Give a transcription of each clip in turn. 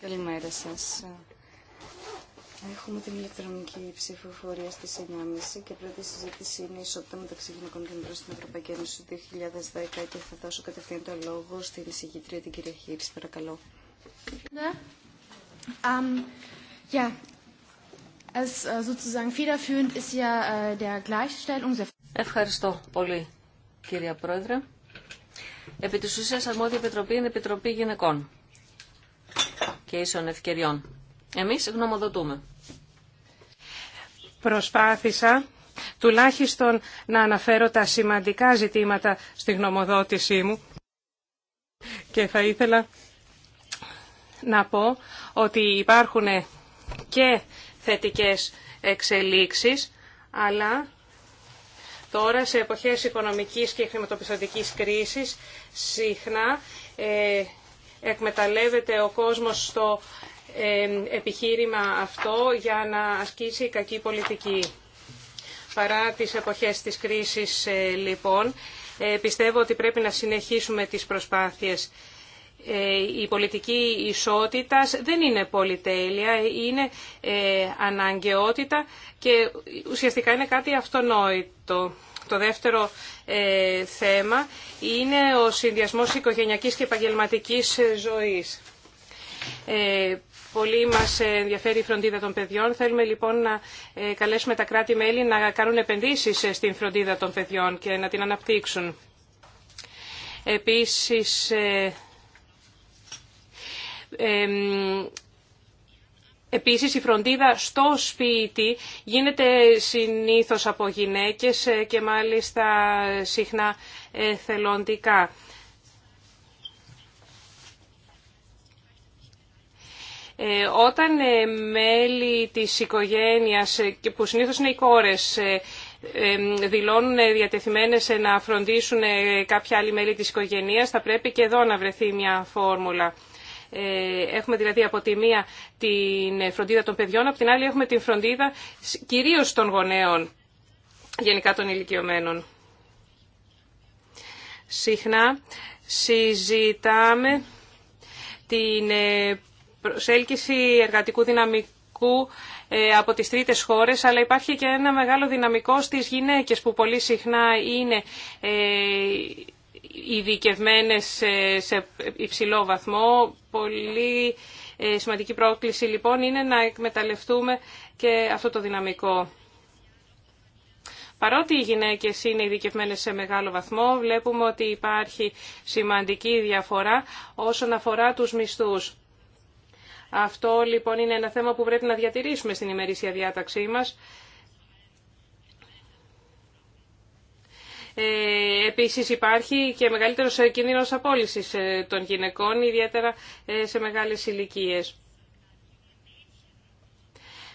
Καλημέρα σας. Έχουμε την ηλεκτρονική ψηφοφορία στι 9.30 και πρώτη συζήτηση είναι η ισότητα μεταξύ γυναικών και ανδρών στην Ευρωπαϊκή Ένωση του 2010 και θα δώσω κατευθείαν το λόγο στην εισηγητρία την κυρία Χίρης. Παρακαλώ. Ähm, äh, äh, Ευχαριστώ πολύ, κυρία Πρόεδρε. Επί της ουσίας αρμόδια επιτροπή είναι επιτροπή γυναικών και ίσων ευκαιριών. Εμείς γνωμοδοτούμε. Προσπάθησα τουλάχιστον να αναφέρω τα σημαντικά ζητήματα στη γνωμοδότησή μου και θα ήθελα να πω ότι υπάρχουν και θετικές εξελίξεις αλλά Τώρα, σε εποχές οικονομικής και χρηματοπιστωτικής κρίσης, συχνά ε, εκμεταλλεύεται ο κόσμος στο ε, επιχείρημα αυτό για να ασκήσει κακή πολιτική. Παρά τις εποχές της κρίσης, ε, λοιπόν, ε, πιστεύω ότι πρέπει να συνεχίσουμε τις προσπάθειες. Ε, η πολιτική ισότητα δεν είναι πολυτέλεια, είναι αναγκαιότητα και ουσιαστικά είναι κάτι αυτονόητο. Το δεύτερο ε, θέμα είναι ο συνδυασμός οικογενειακής και επαγγελματικής ε, ζωής. Ε, πολύ μας ενδιαφέρει η φροντίδα των παιδιών. Θέλουμε λοιπόν να καλέσουμε τα κράτη-μέλη να κάνουν επενδύσεις στην φροντίδα των παιδιών και να την αναπτύξουν. Επίσης, Επίσης η φροντίδα στο σπίτι γίνεται συνήθως από γυναίκες και μάλιστα συχνά θελοντικά. Ε, όταν ε, μέλη της οικογένειας, που συνήθως είναι οι κόρες, ε, δηλώνουν διατεθειμένες να φροντίσουν κάποια άλλη μέλη της οικογένειας, θα πρέπει και εδώ να βρεθεί μια φόρμουλα. Ε, έχουμε δηλαδή από τη μία την φροντίδα των παιδιών, από την άλλη έχουμε την φροντίδα κυρίως των γονέων, γενικά των ηλικιωμένων. Συχνά συζητάμε την ε, προσέλκυση εργατικού δυναμικού ε, από τις τρίτες χώρες, αλλά υπάρχει και ένα μεγάλο δυναμικό στις γυναίκες που πολύ συχνά είναι ειδικευμένε σε υψηλό βαθμό. Πολύ ε, σημαντική πρόκληση λοιπόν είναι να εκμεταλλευτούμε και αυτό το δυναμικό. Παρότι οι γυναίκες είναι ειδικευμένες σε μεγάλο βαθμό, βλέπουμε ότι υπάρχει σημαντική διαφορά όσον αφορά τους μισθούς. Αυτό λοιπόν είναι ένα θέμα που πρέπει να διατηρήσουμε στην ημερήσια διάταξή μας Ε, επίσης υπάρχει και μεγαλύτερος κίνδυνος απόλυσης ε, των γυναικών, ιδιαίτερα ε, σε μεγάλες ηλικίες.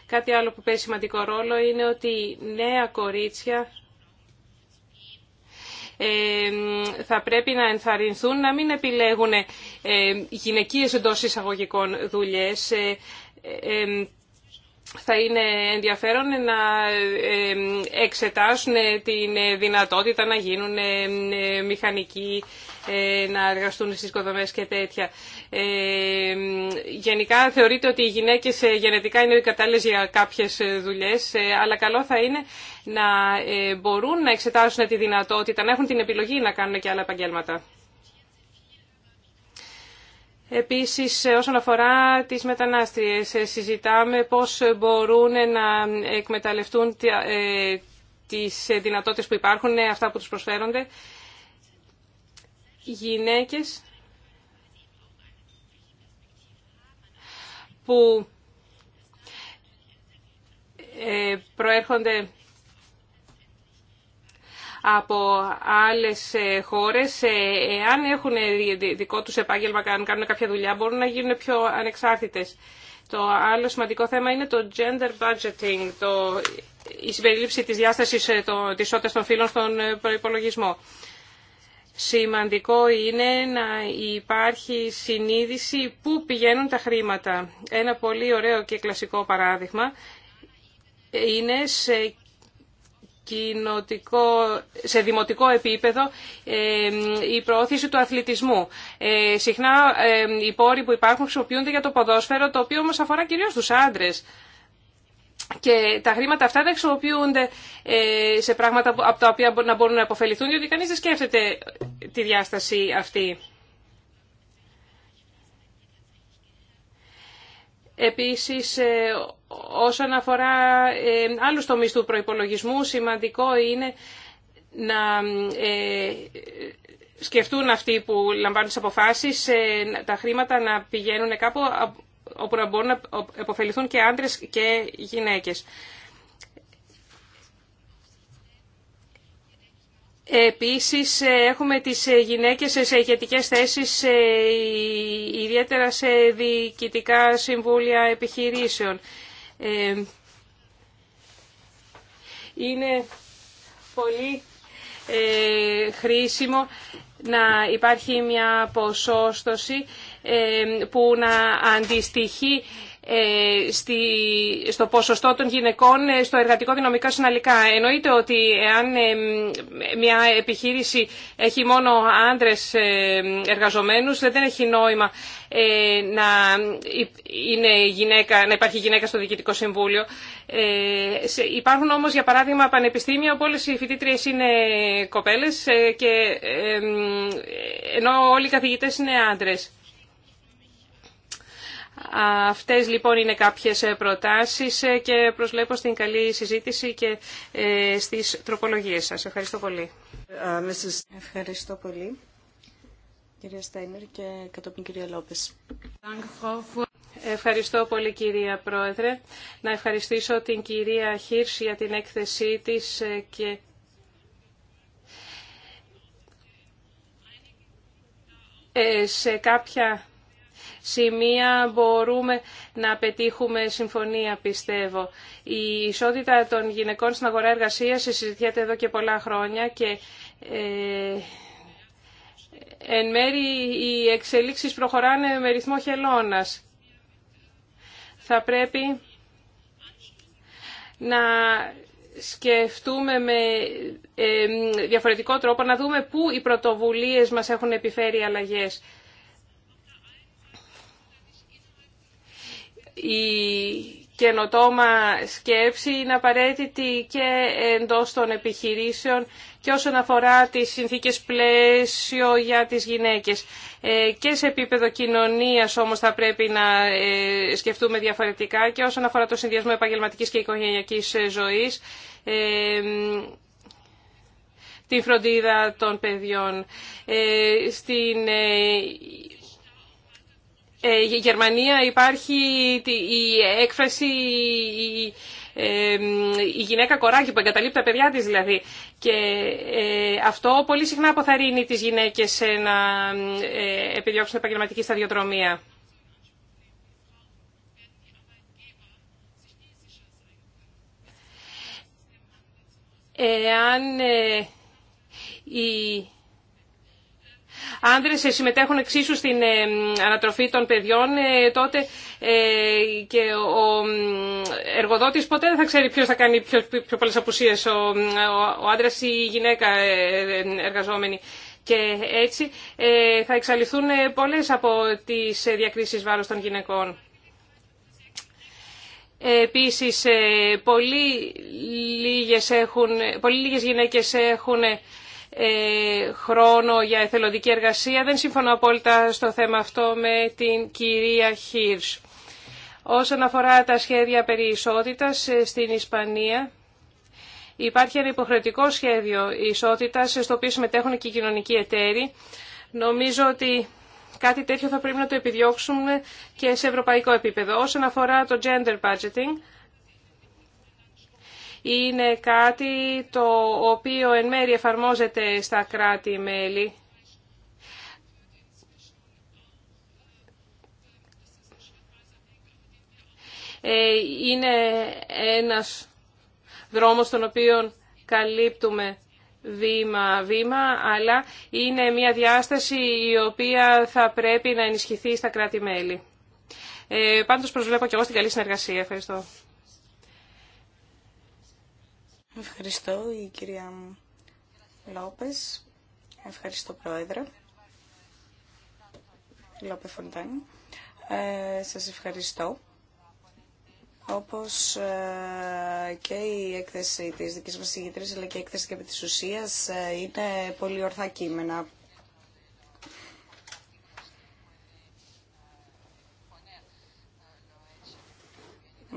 Κάτι άλλο που παίζει σημαντικό ρόλο είναι ότι νέα κορίτσια θα πρέπει να ενθαρρυνθούν να μην επιλέγουν γυναικείες εντό εισαγωγικών δουλειές θα είναι ενδιαφέρον να ε, εξετάσουν ε, την ε, δυνατότητα να γίνουν μηχανικοί, να εργαστούν στις οικοδομές και τέτοια. Γενικά θεωρείται ότι οι γυναίκες γενετικά είναι κατάλληλες για κάποιες δουλειές, αλλά καλό θα είναι να μπορούν να εξετάσουν τη δυνατότητα, να έχουν την επιλογή να κάνουν και άλλα επαγγέλματα. Επίσης, όσον αφορά τις μετανάστριες, ε, συζητάμε πώς μπορούν να εκμεταλλευτούν ε, τις δυνατότητες που υπάρχουν, ε, αυτά που τους προσφέρονται. Γυναίκες που προέρχονται από άλλες ε, χώρες, ε, εάν έχουν ε, δικό τους επάγγελμα, αν κάνουν κάποια δουλειά, μπορούν να γίνουν πιο ανεξάρτητες. Το άλλο σημαντικό θέμα είναι το gender budgeting, το, η συμπερίληψη της διάστασης το, της των φύλων στον προϋπολογισμό. Σημαντικό είναι να υπάρχει συνείδηση πού πηγαίνουν τα χρήματα. Ένα πολύ ωραίο και κλασικό παράδειγμα είναι σε σε δημοτικό επίπεδο η προώθηση του αθλητισμού. Ε, συχνά οι πόροι που υπάρχουν χρησιμοποιούνται για το ποδόσφαιρο, το οποίο μας αφορά κυρίως τους άντρες. Και τα χρήματα αυτά δεν χρησιμοποιούνται ε, σε πράγματα από τα οποία να μπορούν να αποφεληθούν, διότι κανείς δεν σκέφτεται τη διάσταση αυτή. Επίσης, ε, Όσον αφορά ε, άλλους τομείς του προϋπολογισμού, σημαντικό είναι να ε, σκεφτούν αυτοί που λαμβάνουν τις αποφάσεις ε, τα χρήματα να πηγαίνουν κάπου όπου να μπορούν να επωφεληθούν και άντρες και γυναίκες. Επίσης έχουμε τις γυναίκες σε ηγετικές θέσεις, ιδιαίτερα σε διοικητικά συμβούλια επιχειρήσεων. Ε, είναι πολύ ε, χρήσιμο να υπάρχει μια ποσόστοση ε, που να αντιστοιχεί ε, στη, στο ποσοστό των γυναικών ε, στο εργατικό δυναμικό συναλλικά. Εννοείται ότι εάν ε, μια επιχείρηση έχει μόνο άντρες εργαζομένους δεν έχει νόημα να, είναι γυναίκα, να υπάρχει γυναίκα στο Διοικητικό Συμβούλιο. υπάρχουν όμως για παράδειγμα πανεπιστήμια όπου όλες οι φοιτήτριες είναι κοπέλες και, ενώ όλοι οι καθηγητές είναι άντρες. Αυτές λοιπόν είναι κάποιες ε, προτάσεις ε, και προσλέπω στην καλή συζήτηση και ε, στις τροπολογίες σας. Ευχαριστώ πολύ. Ευχαριστώ πολύ. Κυρία Στέινερ, και κατόπιν κυρία Λόπες. Ευχαριστώ πολύ κυρία Πρόεδρε. Να ευχαριστήσω την κυρία Χίρς για την έκθεσή της και σε κάποια σημεία μπορούμε να πετύχουμε συμφωνία, πιστεύω. Η ισότητα των γυναικών στην αγορά εργασίας συζητιέται εδώ και πολλά χρόνια και ε, εν μέρη οι εξελίξεις προχωράνε με ρυθμό χελώνας. Θα πρέπει να σκεφτούμε με ε, διαφορετικό τρόπο, να δούμε πού οι πρωτοβουλίες μας έχουν επιφέρει αλλαγές. η καινοτόμα σκέψη είναι απαραίτητη και εντός των επιχειρήσεων και όσον αφορά τις συνθήκες πλαίσιο για τις γυναίκες. Ε, και σε επίπεδο κοινωνίας όμως θα πρέπει να ε, σκεφτούμε διαφορετικά και όσον αφορά το συνδυασμό επαγγελματικής και οικογενειακής ε, ζωής, την φροντίδα των παιδιών. Στην ε, η Γερμανία υπάρχει η έκφραση ε, η, γυναίκα κοράκι που εγκαταλείπει τα παιδιά της δηλαδή και ε, αυτό πολύ συχνά αποθαρρύνει τις γυναίκες να επιδιώξουν επαγγελματική σταδιοδρομία. Εάν η άνδρες ε, συμμετέχουν εξίσου στην ε, ανατροφή των παιδιών, ε, τότε και ο εργοδότης ποτέ δεν θα ξέρει ποιος θα κάνει πιο, πιο πολλές απουσίες, ο, ο άντρας ή η γυναίκα εργαζόμενη. Και έτσι θα εξαλειφθούν πολλές από τις διακρίσεις βάρος των γυναικών. Επίσης, πολύ λίγες, έχουν, πολύ λίγες γυναίκες έχουν ε, χρόνο για εθελοντική εργασία. Δεν συμφωνώ απόλυτα στο θέμα αυτό με την κυρία Χίρς. Όσον αφορά τα σχέδια περί ισότητας ε, στην Ισπανία, υπάρχει ένα υποχρεωτικό σχέδιο ισότητας στο οποίο συμμετέχουν και οι κοινωνικοί εταίροι. Νομίζω ότι κάτι τέτοιο θα πρέπει να το επιδιώξουμε και σε ευρωπαϊκό επίπεδο. Όσον αφορά το gender budgeting, είναι κάτι το οποίο εν μέρει εφαρμόζεται στα κράτη-μέλη. Ε, είναι ένας δρόμος τον οποίο καλύπτουμε βήμα-βήμα, αλλά είναι μια διάσταση η οποία θα πρέπει να ενισχυθεί στα κράτη-μέλη. Ε, πάντως προσβλέπω και εγώ στην καλή συνεργασία. Ευχαριστώ. Ευχαριστώ η κυρία Λόπες. Ευχαριστώ πρόεδρε. Λόπε Φοντάνη. Ε, σας ευχαριστώ. Όπως ε, και η έκθεση της δικής μας αλλά και η έκθεση και επί της ουσίας, ε, είναι πολύ ορθά κείμενα.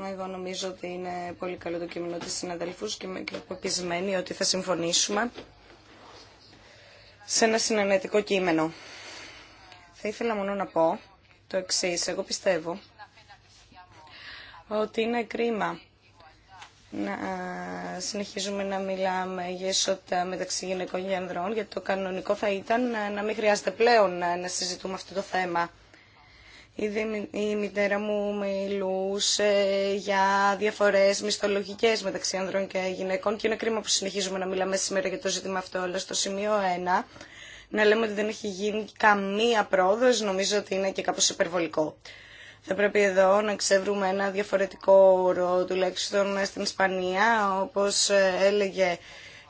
Εγώ νομίζω ότι είναι πολύ καλό το κείμενο της συναδελφούς και είμαι ότι θα συμφωνήσουμε σε ένα συνενετικό κείμενο. Θα ήθελα μόνο να πω το εξή: Εγώ πιστεύω ότι είναι κρίμα να συνεχίζουμε να μιλάμε για ισότητα μεταξύ γυναικών και ανδρών, γιατί το κανονικό θα ήταν να μην χρειάζεται πλέον να συζητούμε αυτό το θέμα. Η μητέρα μου μιλούσε για διαφορές μισθολογικές μεταξύ ανδρών και γυναικών και είναι κρίμα που συνεχίζουμε να μιλάμε σήμερα για το ζήτημα αυτό, αλλά στο σημείο 1 να λέμε ότι δεν έχει γίνει καμία πρόοδος, νομίζω ότι είναι και κάπως υπερβολικό. Θα πρέπει εδώ να ξεβρούμε ένα διαφορετικό όρο, τουλάχιστον στην Ισπανία, όπως έλεγε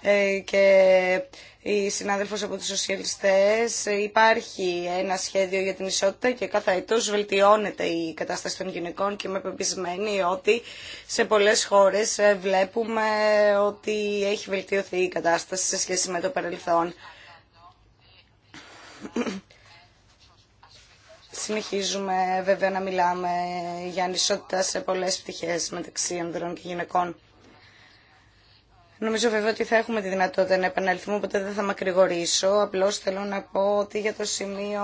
ε, και η συνάδελφος από τους σοσιαλιστές ε, υπάρχει ένα σχέδιο για την ισότητα και κάθε έτος βελτιώνεται η κατάσταση των γυναικών και είμαι πεπισμένη ότι σε πολλές χώρες ε, βλέπουμε ότι έχει βελτιωθεί η κατάσταση σε σχέση με το παρελθόν. Συνεχίζουμε βέβαια να μιλάμε για ανισότητα σε πολλές πτυχές μεταξύ ανδρών και γυναικών. Νομίζω βέβαια ότι θα έχουμε τη δυνατότητα να επαναληφθούμε, οπότε δεν θα μακρηγορήσω. Απλώς θέλω να πω ότι για το σημείο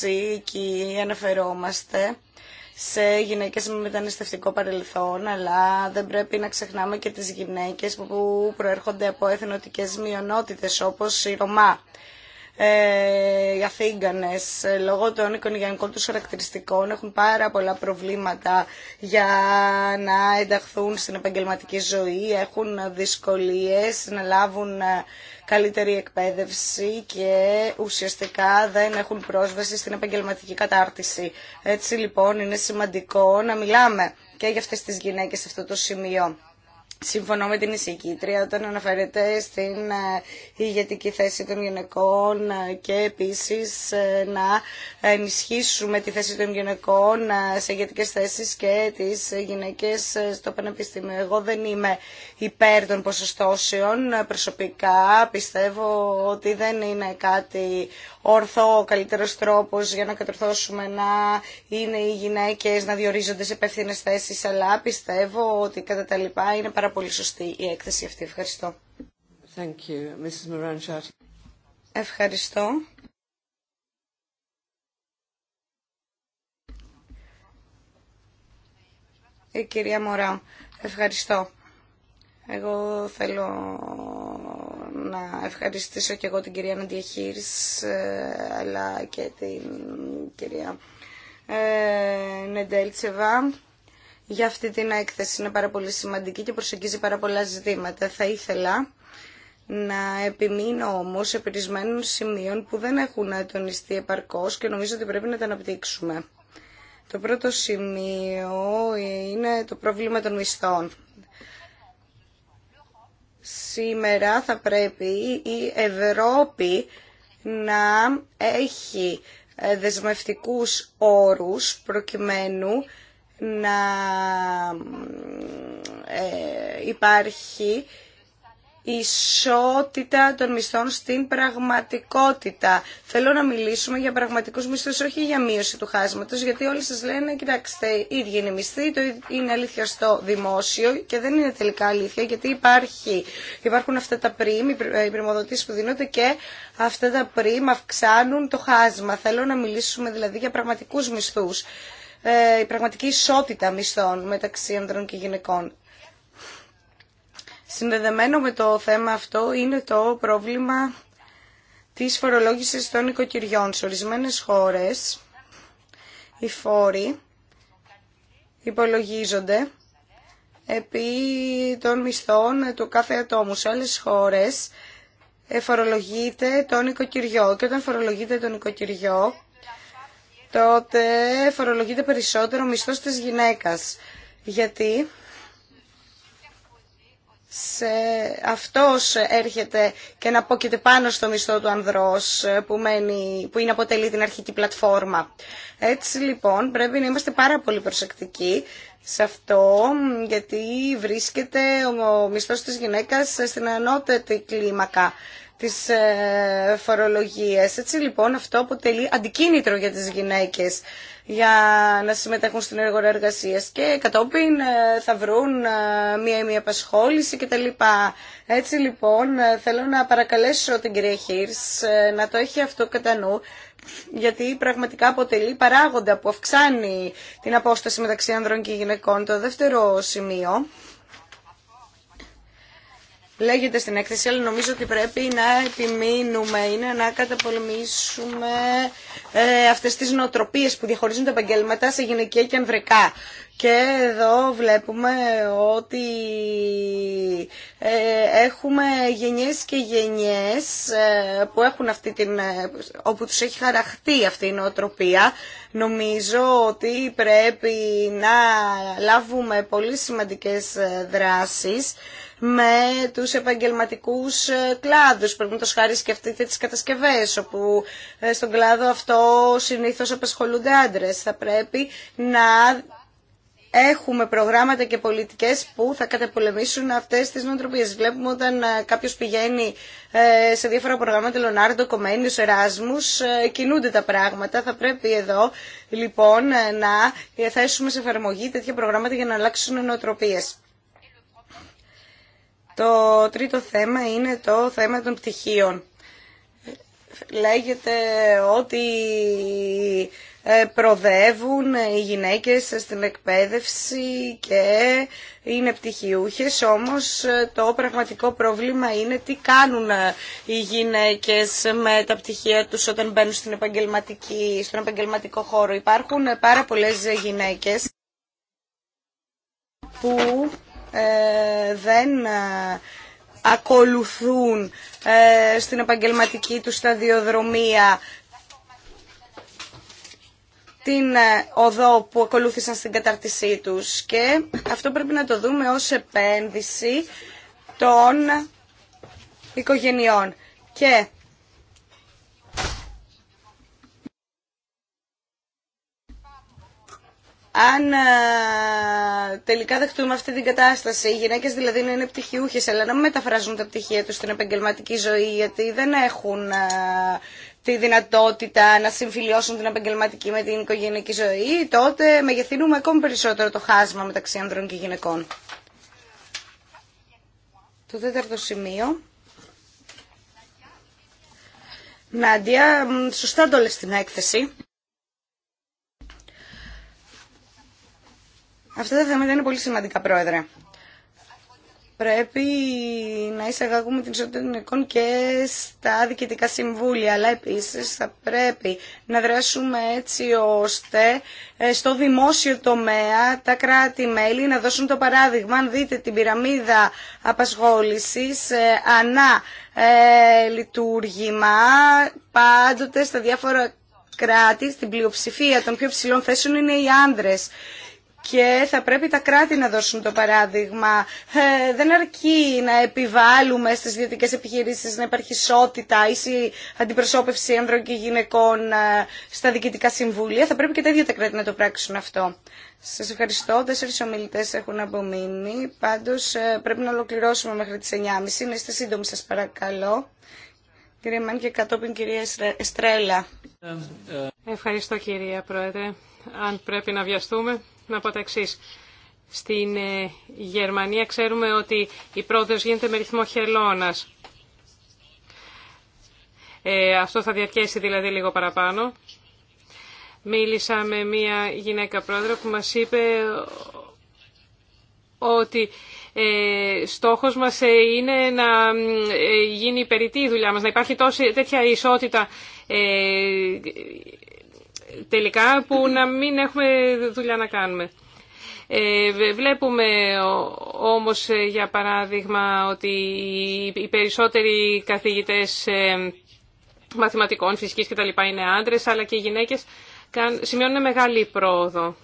6 εκεί αναφερόμαστε σε γυναίκες με μεταναστευτικό παρελθόν, αλλά δεν πρέπει να ξεχνάμε και τις γυναίκες που προέρχονται από εθνοτικές μειονότητες, όπως η Ρωμά. Ε, οι Αθήγανες λόγω των οικονομικών τους χαρακτηριστικών έχουν πάρα πολλά προβλήματα για να ενταχθούν στην επαγγελματική ζωή, έχουν δυσκολίες να λάβουν ε, καλύτερη εκπαίδευση και ουσιαστικά δεν έχουν πρόσβαση στην επαγγελματική κατάρτιση. Έτσι λοιπόν είναι σημαντικό να μιλάμε και για αυτές τις γυναίκες σε αυτό το σημείο. Συμφωνώ με την εισηγήτρια όταν αναφέρεται στην ε, ηγετική θέση των γυναικών ε, και επίσης ε, να ενισχύσουμε τη θέση των γυναικών σε ηγετικές θέσεις και τις γυναίκες στο Πανεπιστήμιο. Εγώ δεν είμαι υπέρ των ποσοστώσεων προσωπικά. Πιστεύω ότι δεν είναι κάτι ορθό ο καλύτερος τρόπος για να κατορθώσουμε να είναι οι γυναίκες να διορίζονται σε υπεύθυνε θέσεις αλλά πιστεύω ότι κατά τα λοιπά είναι πάρα πολύ σωστή η έκθεση αυτή. Ευχαριστώ. Thank you, Mrs. Ευχαριστώ. Η κυρία Μωρά, ευχαριστώ. Εγώ θέλω να ευχαριστήσω και εγώ την κυρία Ναντιαχύρης, ε, αλλά και την κυρία ε, Νεντέλτσεβα για αυτή την έκθεση. Είναι πάρα πολύ σημαντική και προσεγγίζει πάρα πολλά ζητήματα. Θα ήθελα να επιμείνω όμως σε περισμένων σημείων που δεν έχουν τονιστεί επαρκώς και νομίζω ότι πρέπει να τα αναπτύξουμε. Το πρώτο σημείο είναι το πρόβλημα των μισθών. Σήμερα θα πρέπει η Ευρώπη να έχει δεσμευτικούς όρους προκειμένου να ε, υπάρχει ισότητα των μισθών στην πραγματικότητα. Θέλω να μιλήσουμε για πραγματικούς μισθούς, όχι για μείωση του χάσματος, γιατί όλοι σας λένε, κοιτάξτε, ίδιοι είναι μισθοί, το είναι αλήθεια στο δημόσιο και δεν είναι τελικά αλήθεια, γιατί υπάρχει, υπάρχουν αυτά τα πριμ, οι πρημοδοτήσεις που δίνονται και αυτά τα πριμ αυξάνουν το χάσμα. Θέλω να μιλήσουμε δηλαδή για πραγματικούς μισθούς. Ε, η πραγματική ισότητα μισθών μεταξύ ανδρών και γυναικών. Συνδεδεμένο με το θέμα αυτό είναι το πρόβλημα της φορολόγησης των οικοκυριών. Σε ορισμένες χώρες οι φόροι υπολογίζονται επί των μισθών του κάθε ατόμου. Σε άλλες χώρες ε, φορολογείται το νοικοκυριό και όταν φορολογείται το νοικοκυριό τότε φορολογείται περισσότερο μισθός της γυναίκας. Γιατί σε αυτός έρχεται και να πόκεται πάνω στο μισθό του ανδρός που, μένει, που είναι αποτελεί την αρχική πλατφόρμα. Έτσι λοιπόν πρέπει να είμαστε πάρα πολύ προσεκτικοί σε αυτό γιατί βρίσκεται ο μισθός της γυναίκας στην ανώτερη κλίμακα τις ε, φορολογίες. Έτσι λοιπόν αυτό αποτελεί αντικίνητρο για τις γυναίκες για να συμμετέχουν στην έργο και κατόπιν ε, θα βρουν ε, μία ή μία απασχόληση κτλ. Έτσι λοιπόν θέλω να παρακαλέσω την κυρία να το έχει αυτό κατά νου γιατί πραγματικά αποτελεί παράγοντα που αυξάνει την απόσταση μεταξύ ανδρών και γυναικών. Το δεύτερο σημείο λέγεται στην έκθεση, αλλά νομίζω ότι πρέπει να επιμείνουμε, είναι να καταπολεμήσουμε ε, αυτές τις νοοτροπίες που διαχωρίζουν τα επαγγέλματα σε γυναικεία και ανδρικά. Και εδώ βλέπουμε ότι ε, έχουμε γενιές και γενιές ε, που έχουν αυτή την, ε, όπου τους έχει χαραχτεί αυτή η νοοτροπία. Νομίζω ότι πρέπει να λάβουμε πολύ σημαντικές δράσεις με τους επαγγελματικούς ε, κλάδους. Πρέπει να το χάρη σκεφτείτε τις κατασκευές, όπου ε, στον κλάδο αυτό συνήθως απασχολούνται άντρες. Θα πρέπει να έχουμε προγράμματα και πολιτικές που θα καταπολεμήσουν αυτές τις νοοτροπίες. Βλέπουμε όταν ε, κάποιος πηγαίνει σε διάφορα προγράμματα, Λονάρντο, Κομένιος, Εράσμους, κινούνται τα πράγματα. Θα πρέπει εδώ λοιπόν να θέσουμε σε εφαρμογή τέτοια προγράμματα για να αλλάξουν νοοτροπίες. Το τρίτο θέμα είναι το θέμα των πτυχίων. Λέγεται ότι ε, προδεύουν οι γυναίκες στην εκπαίδευση και είναι πτυχιούχες, όμως ε, το πραγματικό πρόβλημα είναι τι κάνουν ε, οι γυναίκες με τα πτυχία τους όταν μπαίνουν στην επαγγελματική, στον επαγγελματικό χώρο. Υπάρχουν πάρα πολλές γυναίκες που ε, δεν ε, ακολουθούν ε, στην επαγγελματική του σταδιοδρομία την οδό που ακολούθησαν στην κατάρτισή τους και αυτό πρέπει να το δούμε ως επένδυση των οικογενειών. Και αν ε, τελικά δεχτούμε αυτή την κατάσταση, οι γυναίκε δηλαδή να είναι πτυχιούχες, αλλά να μην μεταφράζουν τα πτυχία του στην επαγγελματική ζωή, γιατί δεν έχουν ε, τη δυνατότητα να συμφιλιώσουν την επαγγελματική με την οικογενειακή ζωή, τότε μεγεθύνουμε ακόμη περισσότερο το χάσμα μεταξύ ανδρών και γυναικών. Το τέταρτο σημείο. Νάντια, σωστά το λες στην έκθεση. Αυτά τα θέματα είναι πολύ σημαντικά, Πρόεδρε. Πρέπει να εισαγαγούμε την ισότητα των εικόνων και στα διοικητικά συμβούλια, αλλά επίσης θα πρέπει να δράσουμε έτσι ώστε ε, στο δημόσιο τομέα τα κράτη-μέλη να δώσουν το παράδειγμα. Αν δείτε την πυραμίδα απασχόλησης ε, ανά ε, λειτουργήμα, πάντοτε στα διάφορα κράτη, στην πλειοψηφία των πιο ψηλών θέσεων είναι οι άνδρες και θα πρέπει τα κράτη να δώσουν το παράδειγμα. Ε, δεν αρκεί να επιβάλλουμε στις ιδιωτικές επιχειρήσεις να υπάρχει ισότητα, ή αντιπροσώπευση άνδρων και γυναικών ε, στα διοικητικά συμβούλια. Θα πρέπει και τα ίδια τα κράτη να το πράξουν αυτό. Σας ευχαριστώ. Τέσσερις ομιλητές έχουν απομείνει. Πάντως ε, πρέπει να ολοκληρώσουμε μέχρι τις 9.30. Να είστε σύντομοι σας παρακαλώ. Κύριε Μαν και κατόπιν κυρία Εστρέλα. Ευχαριστώ κυρία Πρόεδρε. Αν πρέπει να βιαστούμε, να πω τα εξή. Στην ε, Γερμανία ξέρουμε ότι η πρόοδος γίνεται με ρυθμό χελώνας. Ε, αυτό θα διαρκέσει δηλαδή λίγο παραπάνω. Μίλησα με μία γυναίκα πρόεδρο που μας είπε ότι ε, στόχος μας ε, είναι να ε, γίνει περιττή η δουλειά μας, να υπάρχει τόση, τέτοια ισότητα ε, τελικά που να μην έχουμε δουλειά να κάνουμε. Ε, βλέπουμε όμως ε, για παράδειγμα ότι οι περισσότεροι καθηγητές ε, μαθηματικών, φυσικής λοιπά είναι άντρες, αλλά και οι γυναίκες σημειώνουν μεγάλη πρόοδο.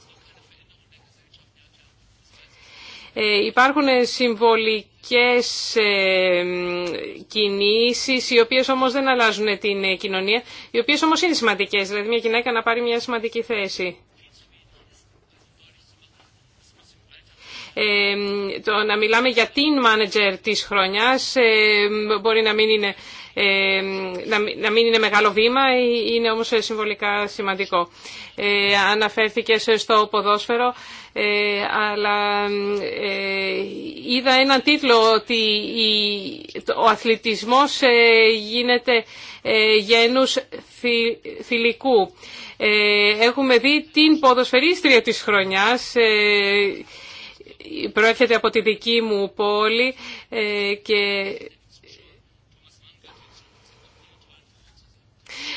Υπάρχουν συμβολικοί κοινωνικές κινήσεις, οι οποίες όμως δεν αλλάζουν την ε, κοινωνία, οι οποίες όμως είναι σημαντικές, δηλαδή μια γυναίκα να πάρει μια σημαντική θέση. Ε, το να μιλάμε για την manager της χρονιάς μπορεί να μην είναι ε, να μην είναι μεγάλο βήμα, ε, είναι όμως ε, συμβολικά σημαντικό. Αναφέρθηκε στο ποδόσφαιρο, αλλά είδα έναν τίτλο ότι ο αθλητισμός γίνεται γένους θηλυκού. Έχουμε δει την ποδοσφαιρίστρια της χρονιάς προέρχεται από τη δική μου πόλη και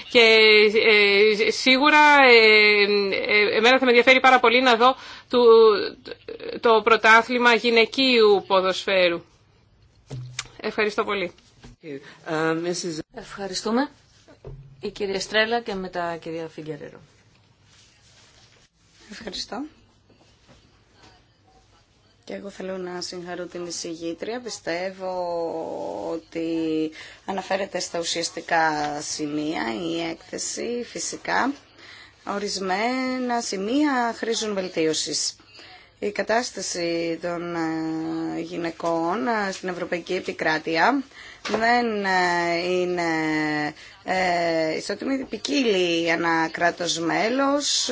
και ε, σίγουρα ε, ε, εμένα θα με ενδιαφέρει πάρα πολύ να δω το πρωτάθλημα γυναικείου ποδοσφαίρου. Ευχαριστώ πολύ. Ευχαριστούμε. Η κυρία Στρέλα και μετά η κυρία Φιγκερέρο. Ευχαριστώ. Και εγώ θέλω να συγχαρώ την εισηγήτρια. Πιστεύω ότι αναφέρεται στα ουσιαστικά σημεία η έκθεση φυσικά. Ορισμένα σημεία χρήζουν βελτίωση. Η κατάσταση των ε, γυναικών ε, στην Ευρωπαϊκή Επικράτεια δεν ε, είναι ισότιμη ποικίλη ένα κράτος μέλος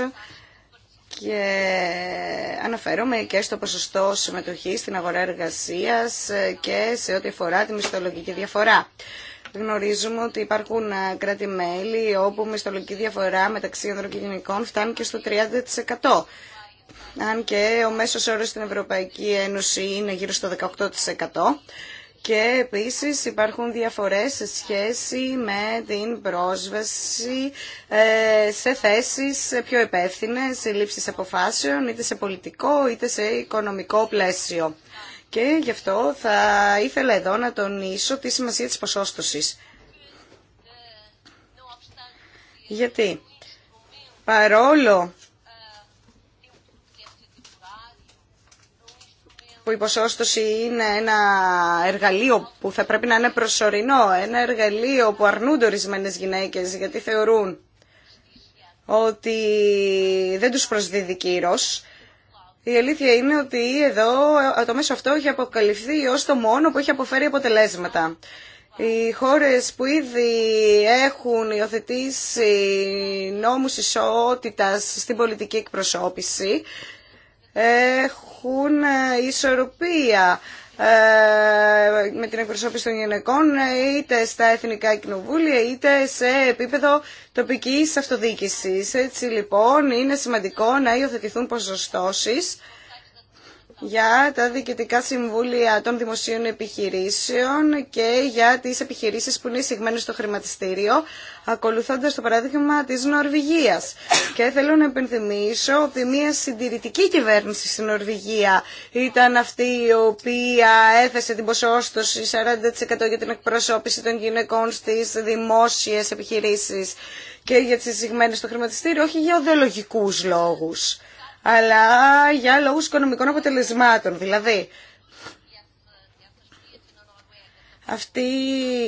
και αναφέρομαι και στο ποσοστό συμμετοχή στην αγορά εργασίας ε, και σε ό,τι αφορά τη μισθολογική διαφορά. Γνωρίζουμε ότι υπάρχουν ε, κράτη-μέλη όπου η μισθολογική διαφορά μεταξύ ανδρών και γυναικών φτάνει και στο 30%. Αν και ο μέσος όρος στην Ευρωπαϊκή Ένωση είναι γύρω στο 18% και επίσης υπάρχουν διαφορές σε σχέση με την πρόσβαση ε, σε θέσεις πιο σε λήψεις αποφάσεων είτε σε πολιτικό είτε σε οικονομικό πλαίσιο. Και γι' αυτό θα ήθελα εδώ να τονίσω τη σημασία της ποσόστοσης. Γιατί παρόλο που η ποσόστοση είναι ένα εργαλείο που θα πρέπει να είναι προσωρινό, ένα εργαλείο που αρνούνται ορισμένε γυναίκες γιατί θεωρούν ότι δεν τους προσδίδει κύρος. Η αλήθεια είναι ότι εδώ το μέσο αυτό έχει αποκαλυφθεί ως το μόνο που έχει αποφέρει αποτελέσματα. Οι χώρες που ήδη έχουν υιοθετήσει νόμους ισότητας στην πολιτική εκπροσώπηση έχουν έχουν ε, ισορροπία ε, με την εκπροσώπηση των γυναικών ε, είτε στα εθνικά κοινοβούλια είτε σε επίπεδο τοπικής αυτοδιοίκησης. Έτσι λοιπόν είναι σημαντικό να υιοθετηθούν ποσοστώσεις για τα διοικητικά συμβούλια των δημοσίων επιχειρήσεων και για τις επιχειρήσεις που είναι εισηγμένες στο χρηματιστήριο, ακολουθώντας το παράδειγμα της Νορβηγίας. Και θέλω να επενθυμίσω ότι μια συντηρητική κυβέρνηση στην Νορβηγία ήταν αυτή η οποία έθεσε την ποσόστοση 40% για την εκπροσώπηση των γυναικών στις δημόσιες επιχειρήσεις και για τις εισηγμένες στο χρηματιστήριο, όχι για οδεολογικούς λόγους αλλά για λόγους οικονομικών αποτελεσμάτων. Δηλαδή, αυτή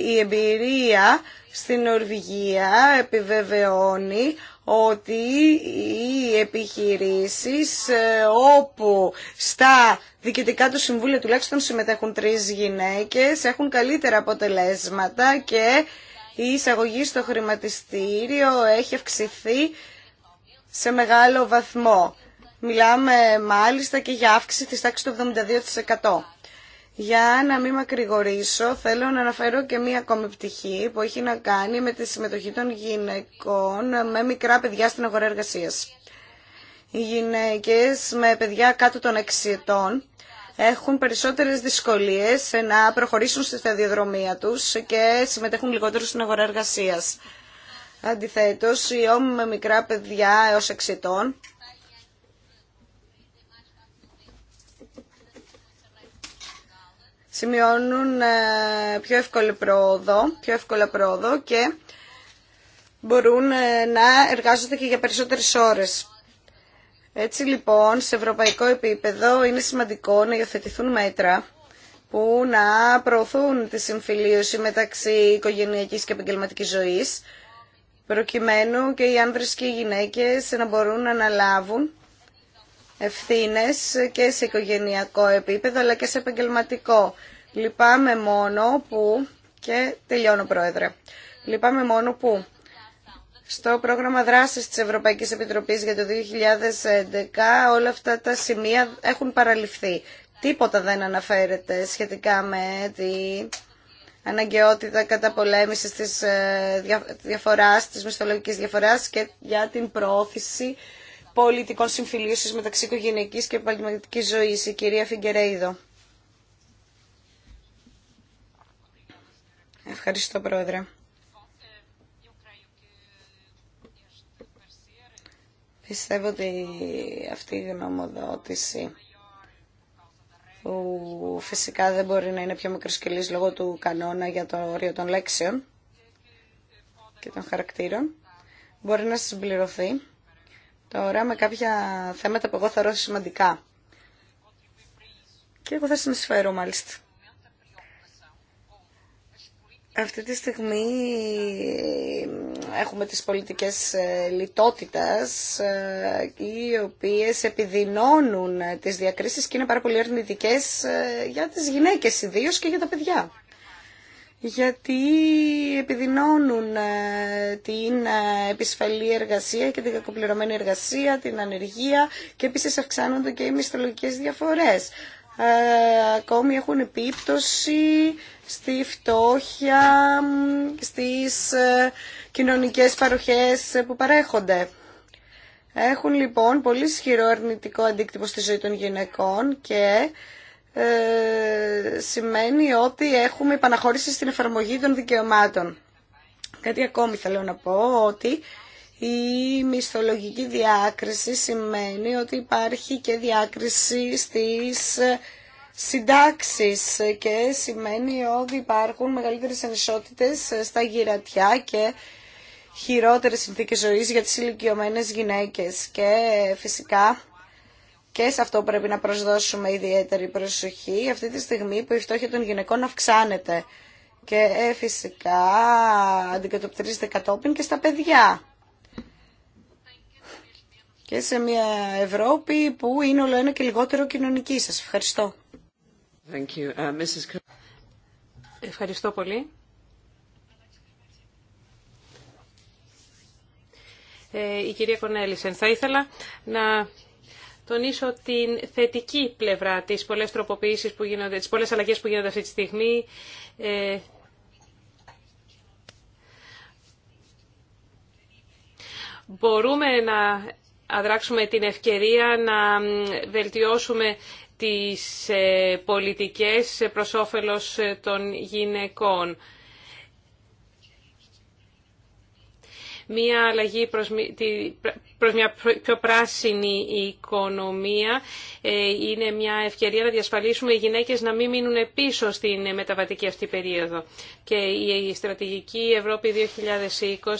η εμπειρία στην Νορβηγία επιβεβαιώνει ότι οι επιχειρήσεις ε, όπου στα διοικητικά του συμβούλια τουλάχιστον συμμετέχουν τρεις γυναίκες έχουν καλύτερα αποτελέσματα και η εισαγωγή στο χρηματιστήριο έχει αυξηθεί σε μεγάλο βαθμό. Μιλάμε μάλιστα και για αύξηση της τάξης του 72%. Για να μην μακρηγορήσω, θέλω να αναφέρω και μία ακόμη πτυχή που έχει να κάνει με τη συμμετοχή των γυναικών με μικρά παιδιά στην αγορά εργασίας. Οι γυναίκες με παιδιά κάτω των 6 ετών έχουν περισσότερες δυσκολίες να προχωρήσουν στη σταδιοδρομία τους και συμμετέχουν λιγότερο στην αγορά εργασίας. Αντιθέτως, οι όμοι με μικρά παιδιά έως 6 ετών σημειώνουν ε, πιο εύκολη πρόοδο, πιο εύκολα πρόοδο και μπορούν ε, να εργάζονται και για περισσότερες ώρες. Έτσι λοιπόν, σε ευρωπαϊκό επίπεδο είναι σημαντικό να υιοθετηθούν μέτρα που να προωθούν τη συμφιλίωση μεταξύ οικογενειακής και επαγγελματική ζωής, προκειμένου και οι άνδρες και οι γυναίκες να μπορούν να αναλάβουν Ευθύνε και σε οικογενειακό επίπεδο αλλά και σε επαγγελματικό. Λυπάμαι μόνο που... Και τελειώνω, Πρόεδρε. Λυπάμαι μόνο που στο πρόγραμμα δράσης της Ευρωπαϊκής Επιτροπής για το 2011 όλα αυτά τα σημεία έχουν παραλυφθεί. Τίποτα δεν αναφέρεται σχετικά με την αναγκαιότητα καταπολέμησης της ε, διαφοράς, της μισθολογικής διαφοράς και για την πρόθεση πολιτικών συμφιλίωσης μεταξύ οικογενειακής και επαγγελματικής ζωής, η κυρία Φιγκερέιδο. Ευχαριστώ, Πρόεδρε. Πιστεύω ότι αυτή η γνωμοδότηση που φυσικά δεν μπορεί να είναι πιο μικροσκελής λόγω του κανόνα για το όριο των λέξεων και των χαρακτήρων, μπορεί να συμπληρωθεί Τώρα με κάποια θέματα που εγώ θεωρώ σημαντικά. Και εγώ θα συνεισφέρω μάλιστα. Αυτή τη στιγμή ε, έχουμε τις πολιτικές ε, λιτότητας ε, οι οποίες επιδεινώνουν τις διακρίσεις και είναι πάρα πολύ αρνητικές για τις γυναίκες ιδίως και για τα παιδιά γιατί επιδεινώνουν ε, την ε, επισφαλή εργασία και την κακοπληρωμένη εργασία, την ανεργία και επίσης αυξάνονται και οι μισθολογικές διαφορές. Ε, ακόμη έχουν επίπτωση στη φτώχεια, στις κοινωνικές παροχές που παρέχονται. Έχουν λοιπόν πολύ ισχυρό αρνητικό αντίκτυπο στη ζωή των γυναικών και ε, σημαίνει ότι έχουμε επαναχώρηση στην εφαρμογή των δικαιωμάτων. Κάτι ακόμη θέλω να πω ότι η μισθολογική διάκριση σημαίνει ότι υπάρχει και διάκριση στις συντάξεις και σημαίνει ότι υπάρχουν μεγαλύτερες ανισότητες στα γυρατιά και χειρότερες συνθήκες ζωής για τις ηλικιωμένες γυναίκες και φυσικά και σε αυτό πρέπει να προσδώσουμε ιδιαίτερη προσοχή αυτή τη στιγμή που η φτώχεια των γυναικών αυξάνεται. Και ε, φυσικά αντικατοπτρίζεται κατόπιν και στα παιδιά. Και σε μια Ευρώπη που είναι όλο ένα και λιγότερο κοινωνική. Σας ευχαριστώ. Uh, ευχαριστώ πολύ. Ε, η κυρία Κονέλησεν, θα ήθελα να τονίσω την θετική πλευρά, της πολλές τροποποιήσεις που γίνονται, τις πολλές αλλαγές που γίνονται αυτή τη στιγμή. Ε, μπορούμε να αδράξουμε την ευκαιρία να βελτιώσουμε τις ε, πολιτικές προς όφελος των γυναικών. μια αλλαγή προς μια πιο πράσινη οικονομία. Ε, είναι μια ευκαιρία να διασφαλίσουμε οι γυναίκες να μην μείνουν πίσω στην μεταβατική αυτή περίοδο. Και η στρατηγική Ευρώπη 2020